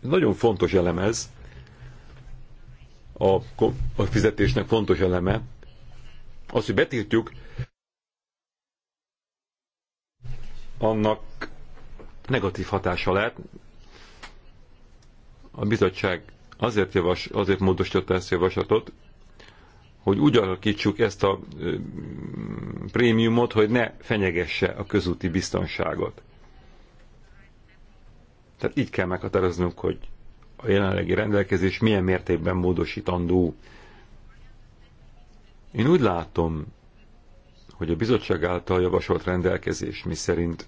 Nagyon fontos elem ez, a, a fizetésnek fontos eleme. Az, hogy betiltjuk, annak negatív hatása lehet. A bizottság azért, javas, azért módosította ezt a javaslatot, hogy úgy alakítsuk ezt a prémiumot, hogy ne fenyegesse a közúti biztonságot. Tehát így kell meghatároznunk, hogy a jelenlegi rendelkezés milyen mértékben módosítandó. Én úgy látom, hogy a bizottság által javasolt rendelkezés, mi szerint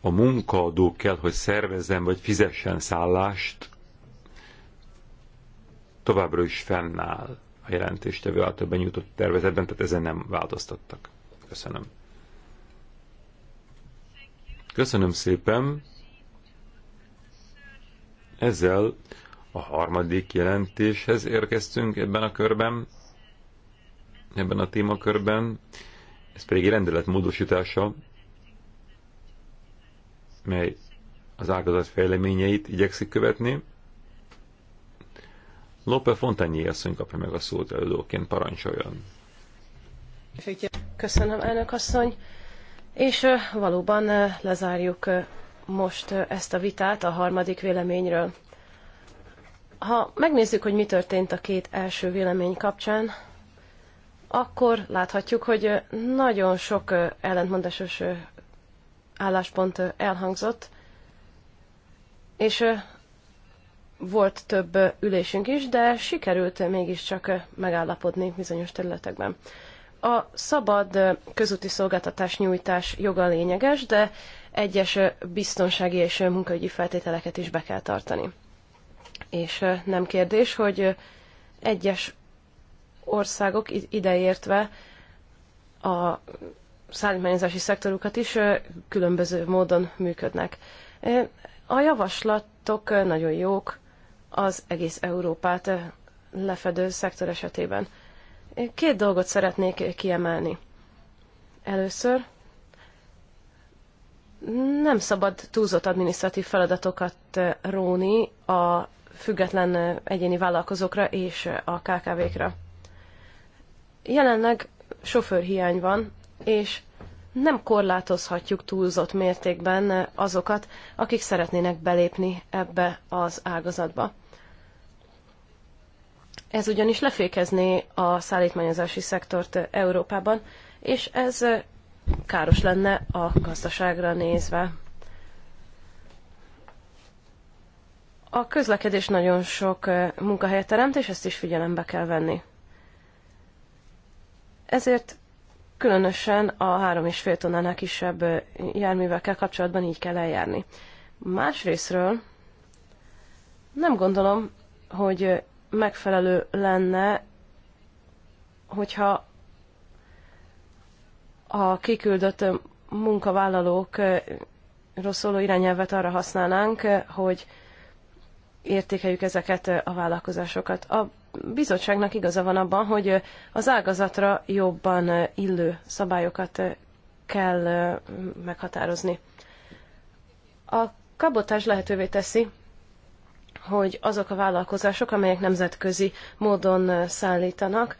a munkaadó kell, hogy szervezzen vagy fizessen szállást, továbbra is fennáll a jelentéstevő által benyújtott tervezetben, tehát ezen nem változtattak. Köszönöm. Köszönöm szépen. Ezzel a harmadik jelentéshez érkeztünk ebben a körben, ebben a témakörben, ez pedig rendelet módosítása, mely az ágazat fejleményeit igyekszik követni. Lope Fontanyi asszony kapja meg a szót előadóként, parancsoljon. Köszönöm, elnök asszony. És valóban lezárjuk most ezt a vitát a harmadik véleményről. Ha megnézzük, hogy mi történt a két első vélemény kapcsán, akkor láthatjuk, hogy nagyon sok ellentmondásos álláspont elhangzott, és volt több ülésünk is, de sikerült mégiscsak megállapodni bizonyos területekben. A szabad közúti szolgáltatás nyújtás joga lényeges, de egyes biztonsági és munkaügyi feltételeket is be kell tartani. És nem kérdés, hogy egyes országok ideértve a szállítmányozási szektorukat is különböző módon működnek. A javaslatok nagyon jók az egész Európát lefedő szektor esetében. Két dolgot szeretnék kiemelni. Először nem szabad túlzott adminisztratív feladatokat eh, róni a független eh, egyéni vállalkozókra és eh, a KKV-kra. Jelenleg sofőrhiány van, és nem korlátozhatjuk túlzott mértékben azokat, akik szeretnének belépni ebbe az ágazatba. Ez ugyanis lefékezné a szállítmányozási szektort Európában, és ez káros lenne a gazdaságra nézve. A közlekedés nagyon sok munkahelyet teremt, és ezt is figyelembe kell venni. Ezért különösen a három és fél tonnánál kisebb járművekkel kapcsolatban így kell eljárni. Másrésztről nem gondolom, hogy megfelelő lenne, hogyha a kiküldött munkavállalók eh, rosszoló irányelvet arra használnánk, eh, hogy értékeljük ezeket eh, a vállalkozásokat. A bizottságnak igaza van abban, hogy az ágazatra jobban illő szabályokat kell meghatározni. A kabotás lehetővé teszi, hogy azok a vállalkozások, amelyek nemzetközi módon szállítanak,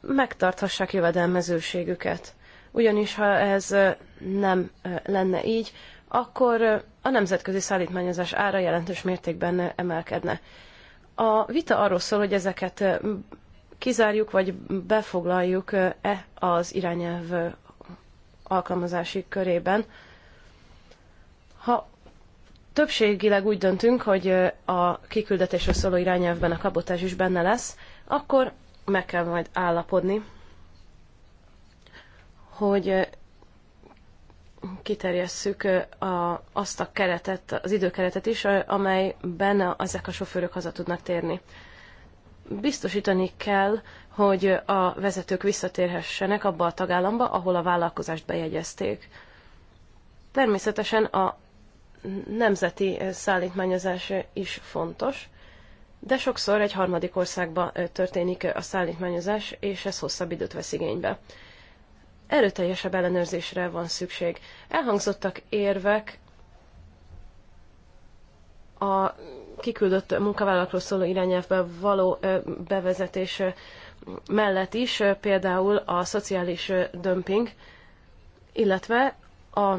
megtarthassák jövedelmezőségüket ugyanis ha ez nem lenne így, akkor a nemzetközi szállítmányozás ára jelentős mértékben emelkedne. A vita arról szól, hogy ezeket kizárjuk vagy befoglaljuk-e az irányelv alkalmazási körében. Ha többségileg úgy döntünk, hogy a kiküldetésről szóló irányelvben a kabotás is benne lesz, akkor meg kell majd állapodni hogy kiterjesszük a, azt a keretet, az időkeretet is, amelyben ezek a sofőrök haza tudnak térni. Biztosítani kell, hogy a vezetők visszatérhessenek abba a tagállamba, ahol a vállalkozást bejegyezték. Természetesen a nemzeti szállítmányozás is fontos, de sokszor egy harmadik országba történik a szállítmányozás, és ez hosszabb időt vesz igénybe erőteljesebb ellenőrzésre van szükség. Elhangzottak érvek a kiküldött munkavállalókról szóló irányelvbe való bevezetés mellett is, például a szociális dömping, illetve a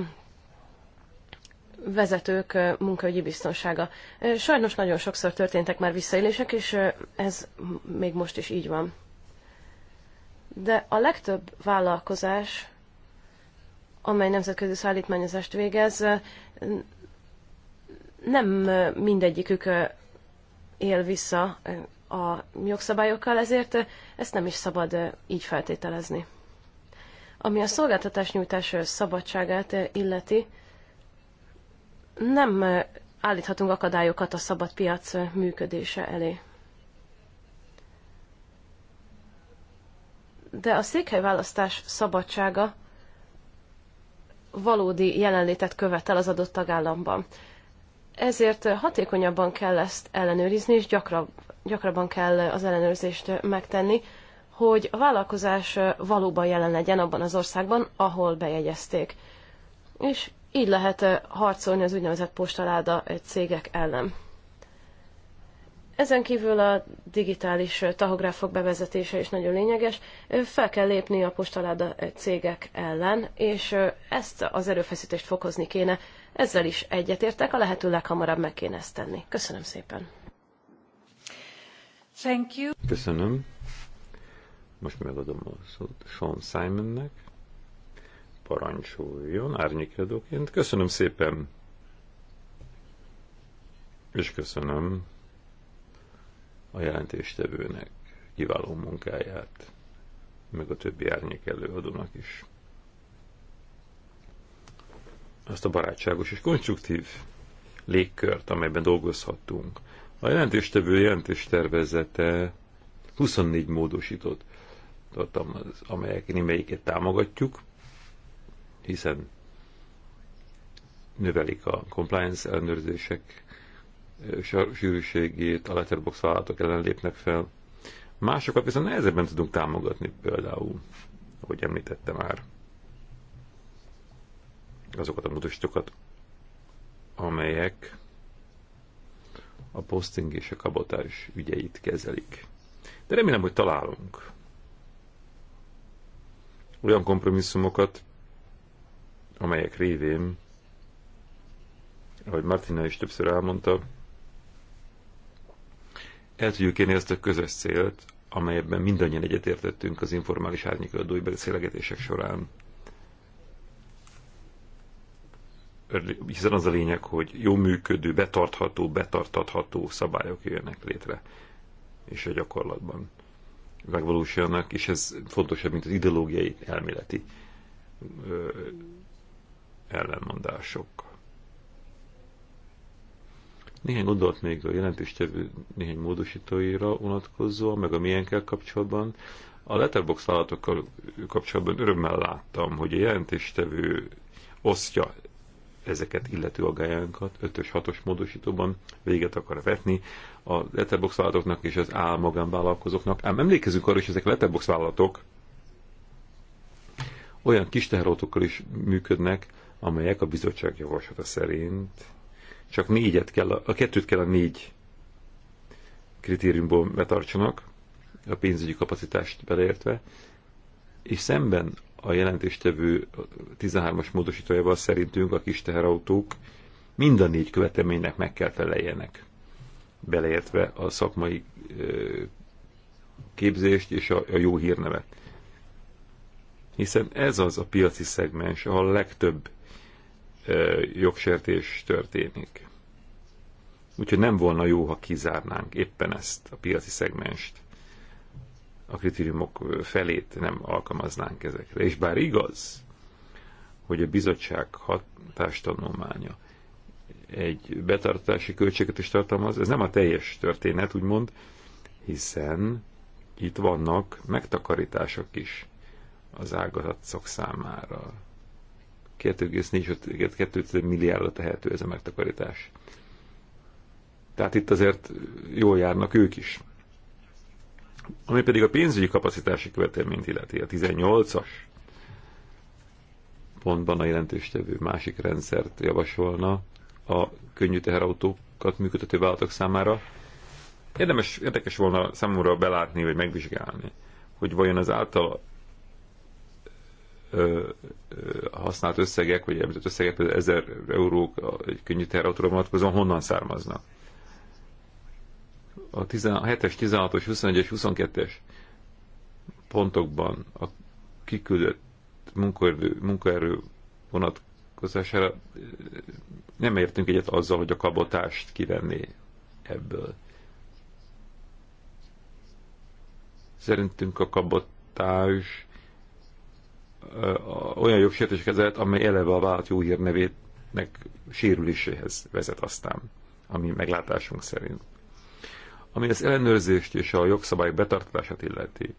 vezetők munkaügyi biztonsága. Sajnos nagyon sokszor történtek már visszaélések, és ez még most is így van de a legtöbb vállalkozás, amely nemzetközi szállítmányozást végez, nem mindegyikük él vissza a jogszabályokkal, ezért ezt nem is szabad így feltételezni. Ami a szolgáltatás nyújtás szabadságát illeti, nem állíthatunk akadályokat a szabad piac működése elé. de a székhelyválasztás szabadsága valódi jelenlétet követel az adott tagállamban. Ezért hatékonyabban kell ezt ellenőrizni, és gyakrab, gyakrabban kell az ellenőrzést megtenni, hogy a vállalkozás valóban jelen legyen abban az országban, ahol bejegyezték. És így lehet harcolni az úgynevezett postaláda cégek ellen. Ezen kívül a digitális tahográfok bevezetése is nagyon lényeges. Fel kell lépni a postaláda cégek ellen, és ezt az erőfeszítést fokozni kéne. Ezzel is egyetértek, a lehető leghamarabb meg kéne ezt tenni. Köszönöm szépen. Thank you. Köszönöm. Most megadom a szót Sean Simonnek. Parancsoljon, árnyékedóként. Köszönöm szépen. És köszönöm a jelentéstevőnek kiváló munkáját, meg a többi árnyék előadónak is. Azt a barátságos és konstruktív légkört, amelyben dolgozhattunk. A jelentéstevő jelentéstervezete 24 módosított tartalmaz, amelyek némelyiket támogatjuk, hiszen növelik a compliance ellenőrzések sűrűségét a letterbox vállalatok ellen lépnek fel. Másokat viszont nehezebben tudunk támogatni például, ahogy említette már azokat a mutatókat, amelyek a posting és a kabotás ügyeit kezelik. De remélem, hogy találunk olyan kompromisszumokat, amelyek révén, ahogy Martina is többször elmondta, el tudjuk érni ezt a közös célt, amelyben mindannyian egyetértettünk az informális árnyékadói beszélgetések során. Hiszen az a lényeg, hogy jó működő, betartható, betartatható szabályok jönnek létre, és a gyakorlatban megvalósulnak, és ez fontosabb, mint az ideológiai, elméleti ö, ellenmondások. Néhány gondolat még a jelentéstevő néhány módosítóira vonatkozóan, meg a milyenkel kapcsolatban. A letterbox állatokkal kapcsolatban örömmel láttam, hogy a jelentéstevő osztja ezeket illető agályánkat 5-ös, 6-os módosítóban véget akar vetni a letterbox vállalatoknak és az áll magánvállalkozóknak. Ám emlékezünk arra, hogy ezek a letterbox vállalatok olyan kis teherautókkal is működnek, amelyek a bizottság javaslata szerint csak négyet kell, a, kettőt kell a négy kritériumból betartsanak, a pénzügyi kapacitást beleértve, és szemben a jelentéstevő 13-as módosítójával szerintünk a kis teherautók mind a négy követelménynek meg kell feleljenek, beleértve a szakmai képzést és a, a jó hírnevet. Hiszen ez az a piaci szegmens, ahol a legtöbb jogsértés történik. Úgyhogy nem volna jó, ha kizárnánk éppen ezt a piaci szegmest. A kritériumok felét nem alkalmaznánk ezekre. És bár igaz, hogy a bizottság hatástanulmánya egy betartási költséget is tartalmaz, ez nem a teljes történet, úgymond, hiszen itt vannak megtakarítások is az ágazatok számára. 2,4 milliárdra tehető ez a megtakarítás. Tehát itt azért jól járnak ők is. Ami pedig a pénzügyi kapacitási követelményt illeti, a 18-as pontban a jelentéstevő másik rendszert javasolna a könnyű teherautókat működtető vállalatok számára. Érdemes, érdekes volna számomra belátni, vagy megvizsgálni, hogy vajon az által használt összegek, vagy említett összegek, például 1000 eurók egy könnyű terautóra vonatkozóan honnan származnak? A 17-es, 16-os, 21-es, 22-es pontokban a kiküldött munkaerő, munkaerő vonatkozására nem értünk egyet azzal, hogy a kabotást kivenni ebből. Szerintünk a kabotás olyan jogsértéseket kezelt, amely eleve a vállalat jó hírnevének sérüléséhez vezet aztán, ami meglátásunk szerint. Ami az ellenőrzést és a jogszabály betartását illeti,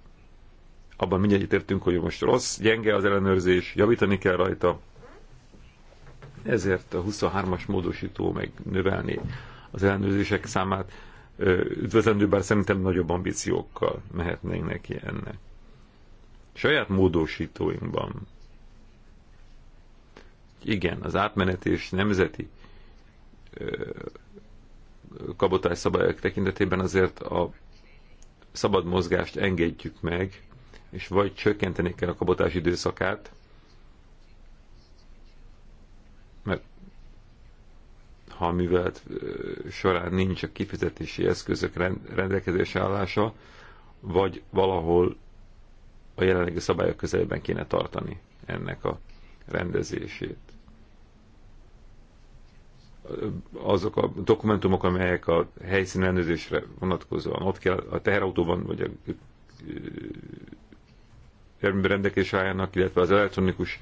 abban mindegyit értünk, hogy most rossz, gyenge az ellenőrzés, javítani kell rajta, ezért a 23-as módosító meg növelni az ellenőrzések számát, üdvözlendő, bár szerintem nagyobb ambíciókkal mehetnénk neki ennek saját módosítóinkban. Igen, az átmenet és nemzeti kabotás szabályok tekintetében azért a szabad mozgást engedjük meg, és vagy csökkenteni kell a kabotás időszakát, mert ha a művelet során nincs a kifizetési eszközök rendelkezés állása, vagy valahol a jelenlegi szabályok közelében kéne tartani ennek a rendezését. Azok a dokumentumok, amelyek a helyszín rendezésre vonatkozóan ott kell, a teherautóban vagy a rendelkezés álljanak, illetve az elektronikus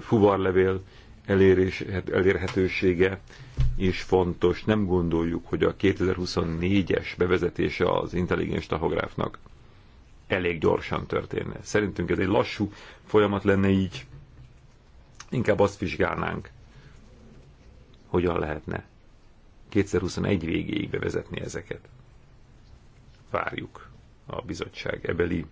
fuvarlevél elérés, hát elérhetősége is fontos. Nem gondoljuk, hogy a 2024-es bevezetése az intelligens tahográfnak elég gyorsan történne. Szerintünk ez egy lassú folyamat lenne így. Inkább azt vizsgálnánk, hogyan lehetne 2021 végéig bevezetni ezeket. Várjuk a bizottság ebeli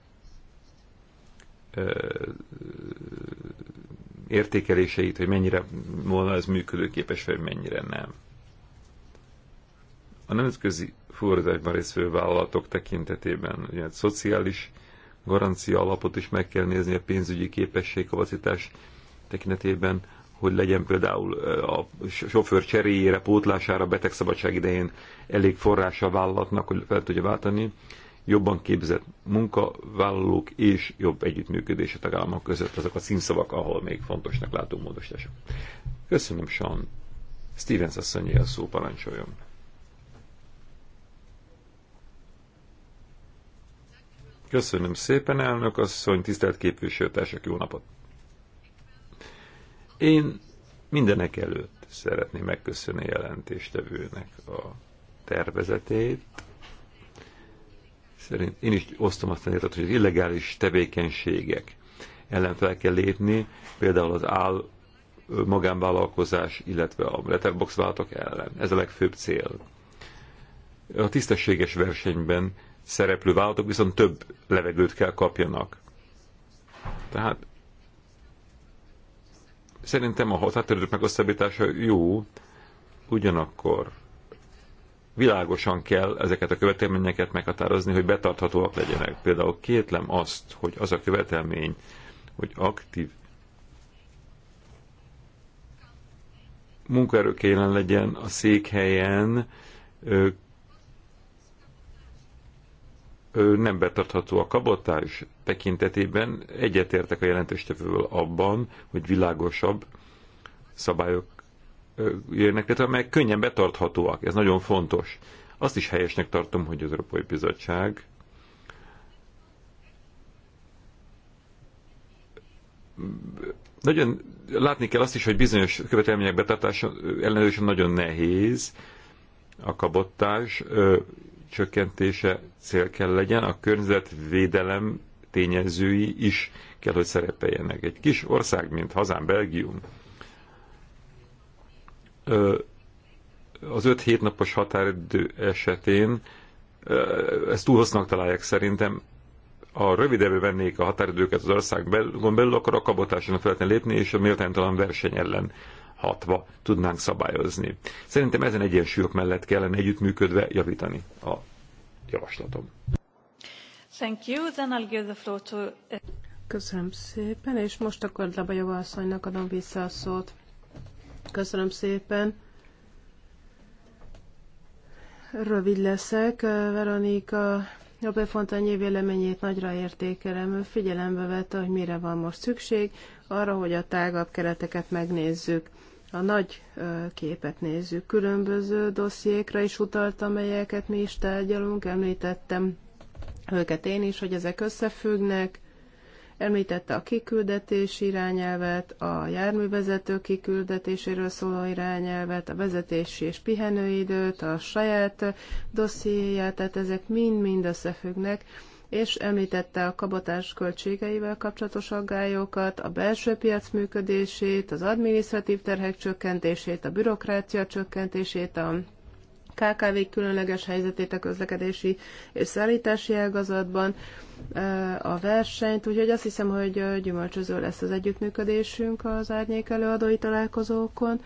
értékeléseit, hogy mennyire volna ez működőképes, vagy mennyire nem. A nemzetközi fordításban részvő vállalatok tekintetében ugye, hát szociális garancia alapot is meg kell nézni a pénzügyi képességkapacitás tekintetében, hogy legyen például a sofőr cseréjére, pótlására, betegszabadság idején elég forrása a vállalatnak, hogy fel tudja váltani, jobban képzett munkavállalók és jobb együttműködés a tagállamok között, azok a színszavak, ahol még fontosnak látó módosítások. Köszönöm, Sean. Stevens asszonyi a szó parancsoljon. Köszönöm szépen, elnök asszony, tisztelt képviselőtársak, jó napot! Én mindenek előtt szeretném megköszönni jelentéstevőnek a tervezetét. Szerint én is osztom azt a nézetet, hogy az illegális tevékenységek ellen fel kell lépni, például az áll magánvállalkozás, illetve a letterbox váltok ellen. Ez a legfőbb cél. A tisztességes versenyben szereplő vállalatok viszont több levegőt kell kapjanak. Tehát szerintem a határidők megosztabítása jó, ugyanakkor világosan kell ezeket a követelményeket meghatározni, hogy betarthatóak legyenek. Például kétlem azt, hogy az a követelmény, hogy aktív munkaerő kéne legyen a székhelyen, nem betartható a kabotás tekintetében. Egyetértek a jelentéstevővel abban, hogy világosabb szabályok jönnek tehát amelyek könnyen betarthatóak. Ez nagyon fontos. Azt is helyesnek tartom, hogy az Európai Bizottság nagyon látni kell azt is, hogy bizonyos követelmények betartása ellenőrzése nagyon nehéz, a kabottás csökkentése cél kell legyen, a környezetvédelem tényezői is kell, hogy szerepeljenek. Egy kis ország, mint hazán Belgium, az 5-7 napos határidő esetén ezt túl hossznak találják szerintem, ha rövidebbre vennék a határidőket az ország belül, akkor a kabotáson lehetne lépni, és a méltánytalan verseny ellen hatva tudnánk szabályozni. Szerintem ezen egyensúlyok mellett kellene együttműködve javítani a javaslatom. Thank you. Then I'll give the floor to... Uh, Köszönöm szépen, és most akkor Labajova asszonynak adom vissza a szót. Köszönöm szépen. Rövid leszek. Veronika a befontányi véleményét nagyra értékelem. figyelembe vette, hogy mire van most szükség, arra, hogy a tágabb kereteket megnézzük a nagy képet nézzük, különböző dossziékra is utalt, amelyeket mi is tárgyalunk, említettem őket én is, hogy ezek összefüggnek, említette a kiküldetés irányelvet, a járművezető kiküldetéséről szóló irányelvet, a vezetési és pihenőidőt, a saját dossziéját, tehát ezek mind-mind összefüggnek, és említette a kabotás költségeivel kapcsolatos aggályokat, a belső piac működését, az adminisztratív terhek csökkentését, a bürokrácia csökkentését, a KKV különleges helyzetét a közlekedési és szállítási ágazatban, a versenyt, úgyhogy azt hiszem, hogy gyümölcsöző lesz az együttműködésünk az árnyék előadói találkozókon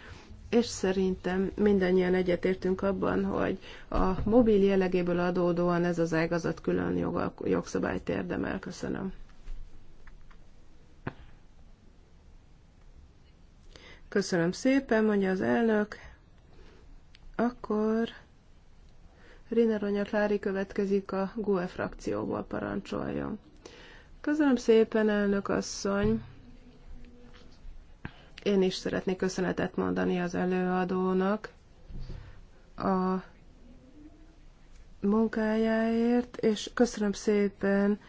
és szerintem mindannyian egyetértünk abban, hogy a mobil jellegéből adódóan ez az ágazat külön jog, jogszabályt érdemel. Köszönöm. Köszönöm szépen, mondja az elnök. Akkor Rineronya Klári következik a GUE frakcióból, parancsoljon. Köszönöm szépen, elnök asszony. Én is szeretnék köszönetet mondani az előadónak a munkájáért, és köszönöm szépen,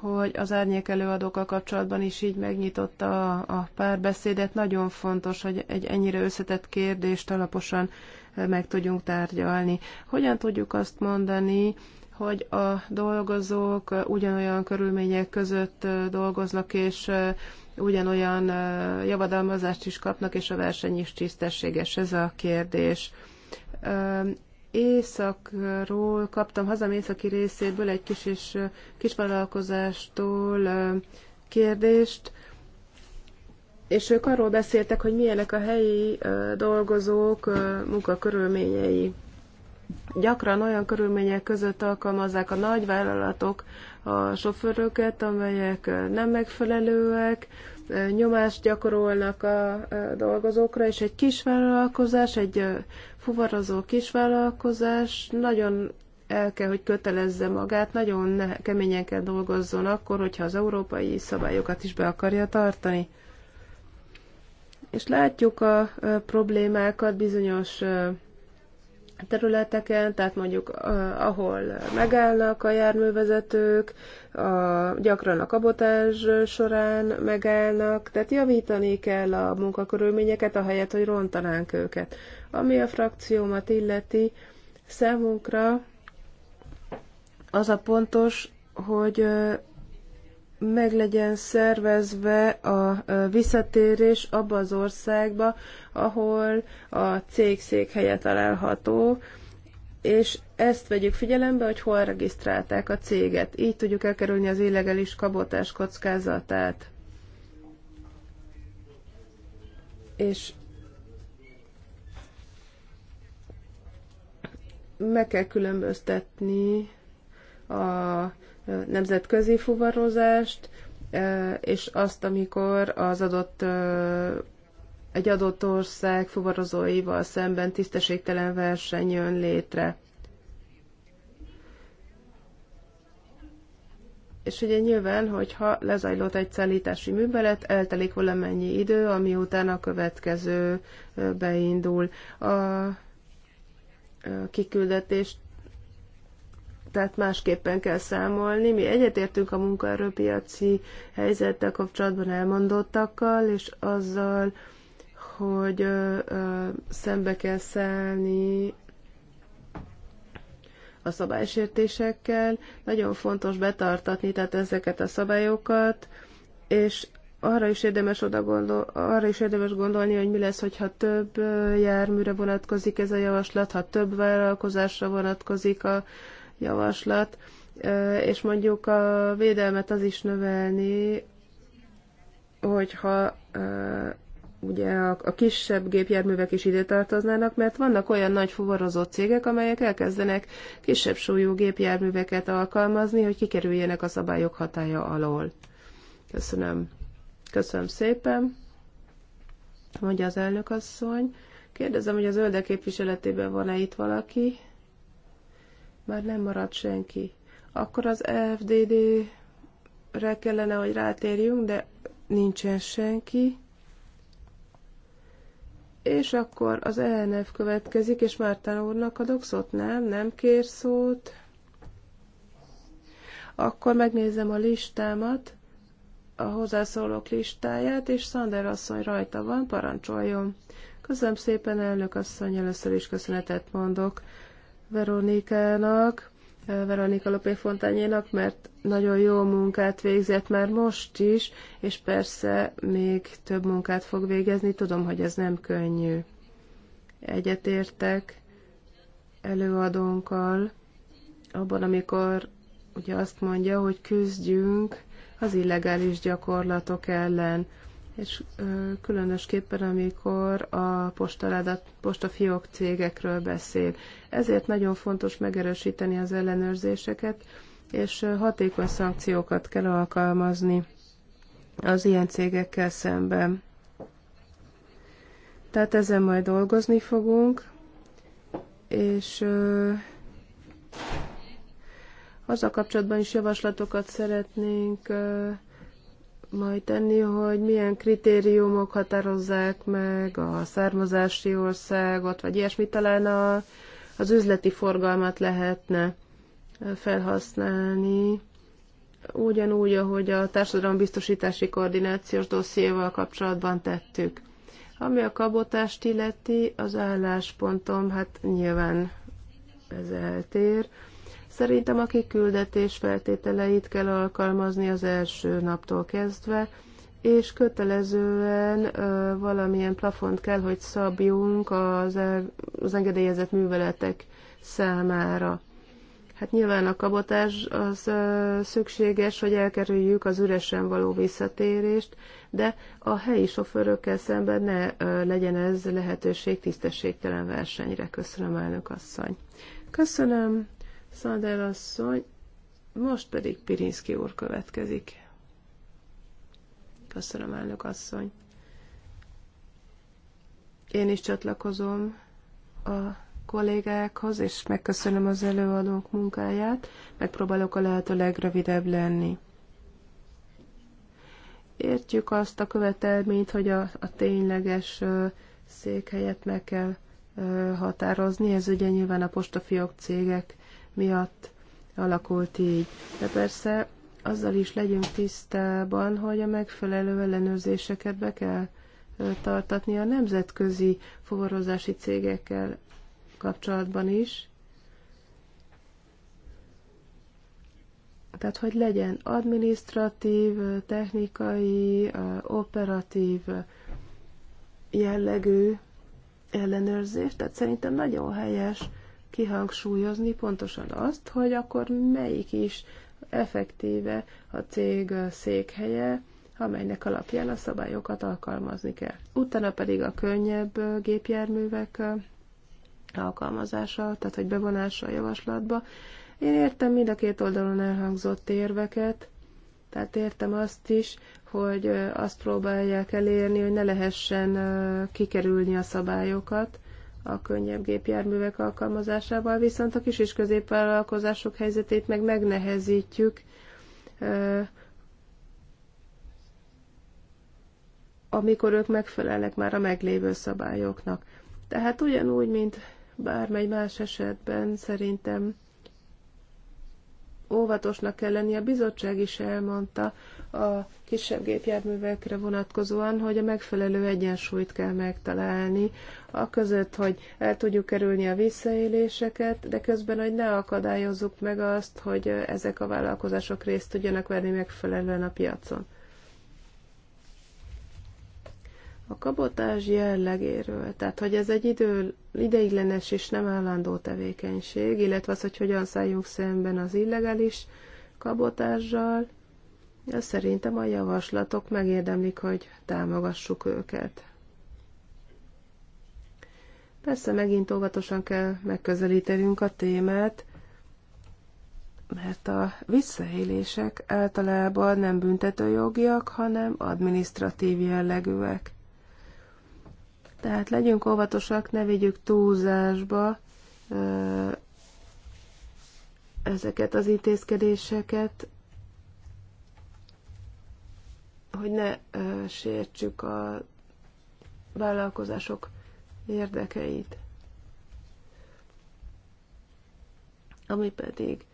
hogy az árnyék előadókkal kapcsolatban is így megnyitotta a, a párbeszédet. Nagyon fontos, hogy egy ennyire összetett kérdést alaposan meg tudjunk tárgyalni. Hogyan tudjuk azt mondani, hogy a dolgozók ugyanolyan körülmények között dolgoznak, és ugyanolyan javadalmazást is kapnak, és a verseny is tisztességes, ez a kérdés. Északról kaptam hazam északi részéből egy kis és vállalkozástól kérdést, és ők arról beszéltek, hogy milyenek a helyi dolgozók munkakörülményei. Gyakran olyan körülmények között alkalmazzák a nagyvállalatok a sofőröket, amelyek nem megfelelőek, nyomást gyakorolnak a dolgozókra, és egy kisvállalkozás, egy fuvarozó kisvállalkozás nagyon el kell, hogy kötelezze magát, nagyon keményen kell dolgozzon akkor, hogyha az európai szabályokat is be akarja tartani. És látjuk a problémákat bizonyos területeken, tehát mondjuk ahol megállnak a járművezetők, a, gyakran a kabotás során megállnak, tehát javítani kell a munkakörülményeket, ahelyett, hogy rontanánk őket. Ami a frakciómat illeti, számunkra az a pontos, hogy meg legyen szervezve a visszatérés abba az országba, ahol a cég székhelye található, és ezt vegyük figyelembe, hogy hol regisztrálták a céget. Így tudjuk elkerülni az illegális kabotás kockázatát. És meg kell különböztetni a nemzetközi fuvarozást, és azt, amikor az adott egy adott ország fuvarozóival szemben tisztességtelen verseny jön létre. És ugye nyilván, hogyha lezajlott egy szállítási művelet, eltelik valamennyi idő, ami után a következő beindul. A kiküldetés tehát másképpen kell számolni. Mi egyetértünk a munkaerőpiaci helyzettel kapcsolatban elmondottakkal, és azzal, hogy ö, ö, szembe kell szállni a szabálysértésekkel. Nagyon fontos betartatni tehát ezeket a szabályokat, és arra is érdemes oda gondol, arra is érdemes gondolni, hogy mi lesz, hogyha több járműre vonatkozik ez a javaslat, ha több vállalkozásra vonatkozik a, javaslat, és mondjuk a védelmet az is növelni, hogyha ugye a, kisebb gépjárművek is ide tartoznának, mert vannak olyan nagy fuvarozó cégek, amelyek elkezdenek kisebb súlyú gépjárműveket alkalmazni, hogy kikerüljenek a szabályok hatája alól. Köszönöm. Köszönöm szépen, mondja az elnök asszony. Kérdezem, hogy az ölde képviseletében van-e itt valaki? már nem marad senki. Akkor az FDD-re kellene, hogy rátérjünk, de nincsen senki. És akkor az ENF következik, és Mártán úrnak adok szót? Nem, nem kér szót. Akkor megnézem a listámat, a hozzászólók listáját, és Szander asszony rajta van, parancsoljon. Köszönöm szépen, elnök asszony, először is köszönetet mondok Veronikának, Veronika Lopé Fontányénak, mert nagyon jó munkát végzett már most is, és persze még több munkát fog végezni, tudom, hogy ez nem könnyű. Egyetértek előadónkkal abban, amikor ugye azt mondja, hogy küzdjünk az illegális gyakorlatok ellen és különösképpen, amikor a postaládat, postafiók cégekről beszél. Ezért nagyon fontos megerősíteni az ellenőrzéseket, és hatékony szankciókat kell alkalmazni az ilyen cégekkel szemben. Tehát ezen majd dolgozni fogunk, és az kapcsolatban is javaslatokat szeretnénk majd tenni, hogy milyen kritériumok határozzák meg a származási országot, vagy ilyesmi talán a, az üzleti forgalmat lehetne felhasználni. Ugyanúgy, ahogy a társadalombiztosítási koordinációs dossziéval kapcsolatban tettük. Ami a kabotást illeti, az álláspontom, hát nyilván ez eltér. Szerintem a kiküldetés feltételeit kell alkalmazni az első naptól kezdve, és kötelezően ö, valamilyen plafont kell, hogy szabjunk az, az engedélyezett műveletek számára. Hát nyilván a kabotás az ö, szükséges, hogy elkerüljük az üresen való visszatérést, de a helyi sofőrökkel szemben ne ö, legyen ez lehetőség tisztességtelen versenyre. Köszönöm, elnök asszony. Köszönöm. Szander asszony, most pedig Pirinszki úr következik. Köszönöm, elnök asszony. Én is csatlakozom a kollégákhoz, és megköszönöm az előadók munkáját. Megpróbálok a lehető legrövidebb lenni. Értjük azt a követelményt, hogy a, a tényleges ö, székhelyet meg kell ö, határozni. Ez ugye nyilván a postafiók cégek miatt alakult így. De persze azzal is legyünk tisztában, hogy a megfelelő ellenőrzéseket be kell tartatni a nemzetközi fuvarozási cégekkel kapcsolatban is. Tehát, hogy legyen administratív, technikai, operatív jellegű ellenőrzés. Tehát szerintem nagyon helyes kihangsúlyozni pontosan azt, hogy akkor melyik is effektíve a cég székhelye, amelynek alapján a szabályokat alkalmazni kell. Utána pedig a könnyebb gépjárművek alkalmazása, tehát hogy bevonása a javaslatba. Én értem mind a két oldalon elhangzott érveket, tehát értem azt is, hogy azt próbálják elérni, hogy ne lehessen kikerülni a szabályokat, a könnyebb gépjárművek alkalmazásával, viszont a kis és középvállalkozások helyzetét meg megnehezítjük, amikor ők megfelelnek már a meglévő szabályoknak. Tehát ugyanúgy, mint bármely más esetben szerintem óvatosnak kell lenni. A bizottság is elmondta, a kisebb gépjárművekre vonatkozóan, hogy a megfelelő egyensúlyt kell megtalálni, a között, hogy el tudjuk kerülni a visszaéléseket, de közben, hogy ne akadályozzuk meg azt, hogy ezek a vállalkozások részt tudjanak venni megfelelően a piacon. A kabotás jellegéről, tehát hogy ez egy idő, ideiglenes és nem állandó tevékenység, illetve az, hogy hogyan szálljunk szemben az illegális kabotással, Ja, szerintem a javaslatok megérdemlik, hogy támogassuk őket. Persze megint óvatosan kell megközelítenünk a témát, mert a visszaélések általában nem büntetőjogiak, hanem administratív jellegűek. Tehát legyünk óvatosak, ne vigyük túlzásba ezeket az intézkedéseket, hogy ne sértsük a vállalkozások érdekeit. Ami pedig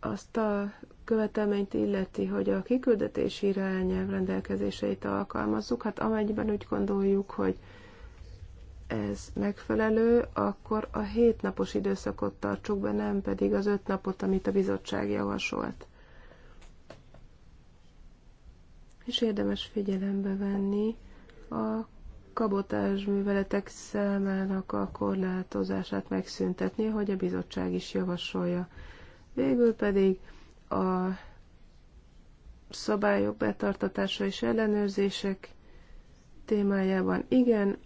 azt a követelményt illeti, hogy a kiküldetési irányelv rendelkezéseit alkalmazzuk, hát amennyiben úgy gondoljuk, hogy ez megfelelő, akkor a hét napos időszakot tartsuk be, nem pedig az öt napot, amit a bizottság javasolt. és érdemes figyelembe venni a kabotás műveletek számának a korlátozását megszüntetni, hogy a bizottság is javasolja. Végül pedig a szabályok betartatása és ellenőrzések témájában igen,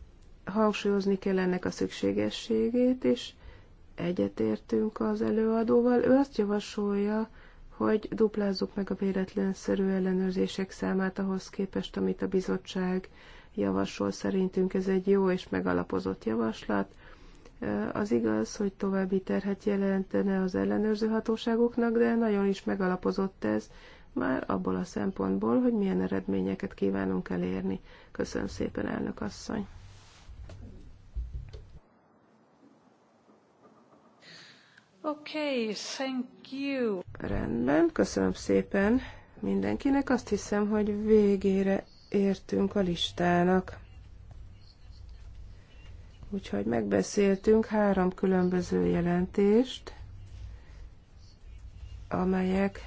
hangsúlyozni kell ennek a szükségességét, és egyetértünk az előadóval. Ő azt javasolja, hogy duplázzuk meg a véletlenszerű ellenőrzések számát ahhoz képest, amit a bizottság javasol. Szerintünk ez egy jó és megalapozott javaslat. Az igaz, hogy további terhet jelentene az ellenőrző hatóságoknak, de nagyon is megalapozott ez, már abból a szempontból, hogy milyen eredményeket kívánunk elérni. Köszönöm szépen, elnök asszony! Okay, thank you. Rendben, köszönöm szépen mindenkinek. Azt hiszem, hogy végére értünk a listának. Úgyhogy megbeszéltünk három különböző jelentést, amelyek,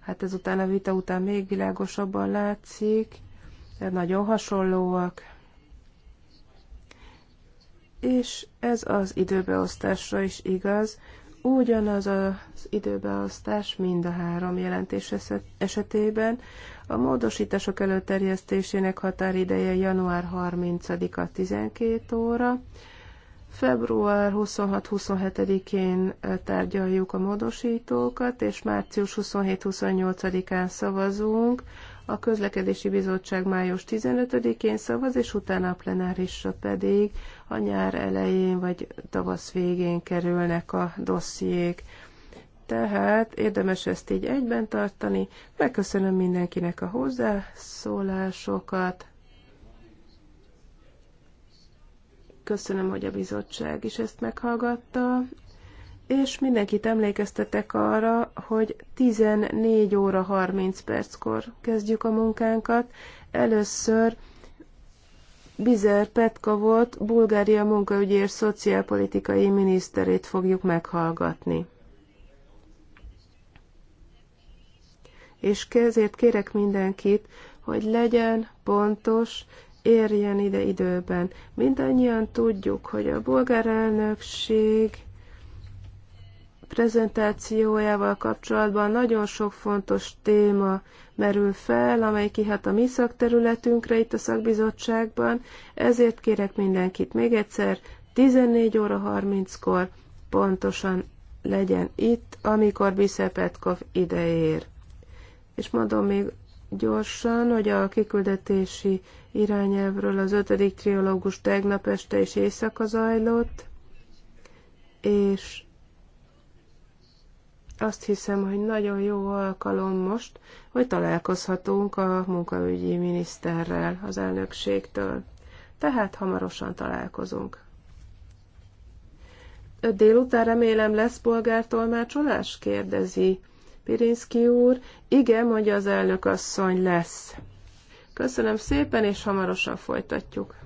hát ezután a vita után még világosabban látszik, de nagyon hasonlóak. És ez az időbeosztásra is igaz, ugyanaz az időbeosztás mind a három jelentés esetében. A módosítások előterjesztésének határideje január 30-a 12 óra. Február 26-27-én tárgyaljuk a módosítókat, és március 27-28-án szavazunk a közlekedési bizottság május 15-én szavaz, és utána a plenárisra pedig a nyár elején vagy tavasz végén kerülnek a dossziék. Tehát érdemes ezt így egyben tartani. Megköszönöm mindenkinek a hozzászólásokat. Köszönöm, hogy a bizottság is ezt meghallgatta és mindenkit emlékeztetek arra, hogy 14 óra 30 perckor kezdjük a munkánkat. Először Bizer Petka volt, Bulgária munkaügyi és szociálpolitikai miniszterét fogjuk meghallgatni. És ezért kérek mindenkit, hogy legyen pontos, érjen ide időben. Mindannyian tudjuk, hogy a bulgár elnökség prezentációjával kapcsolatban nagyon sok fontos téma merül fel, amely kihat a mi szakterületünkre itt a szakbizottságban, ezért kérek mindenkit még egyszer, 14 óra 30-kor pontosan legyen itt, amikor Biszepetkov ideér. És mondom még gyorsan, hogy a kiküldetési irányelvről az ötödik triológus tegnap este és éjszaka zajlott, és azt hiszem, hogy nagyon jó alkalom most, hogy találkozhatunk a munkaügyi miniszterrel az elnökségtől. Tehát hamarosan találkozunk. Délután remélem lesz polgártolmácsolás? kérdezi Pirinszki úr. Igen, mondja az elnök asszony, lesz. Köszönöm szépen, és hamarosan folytatjuk.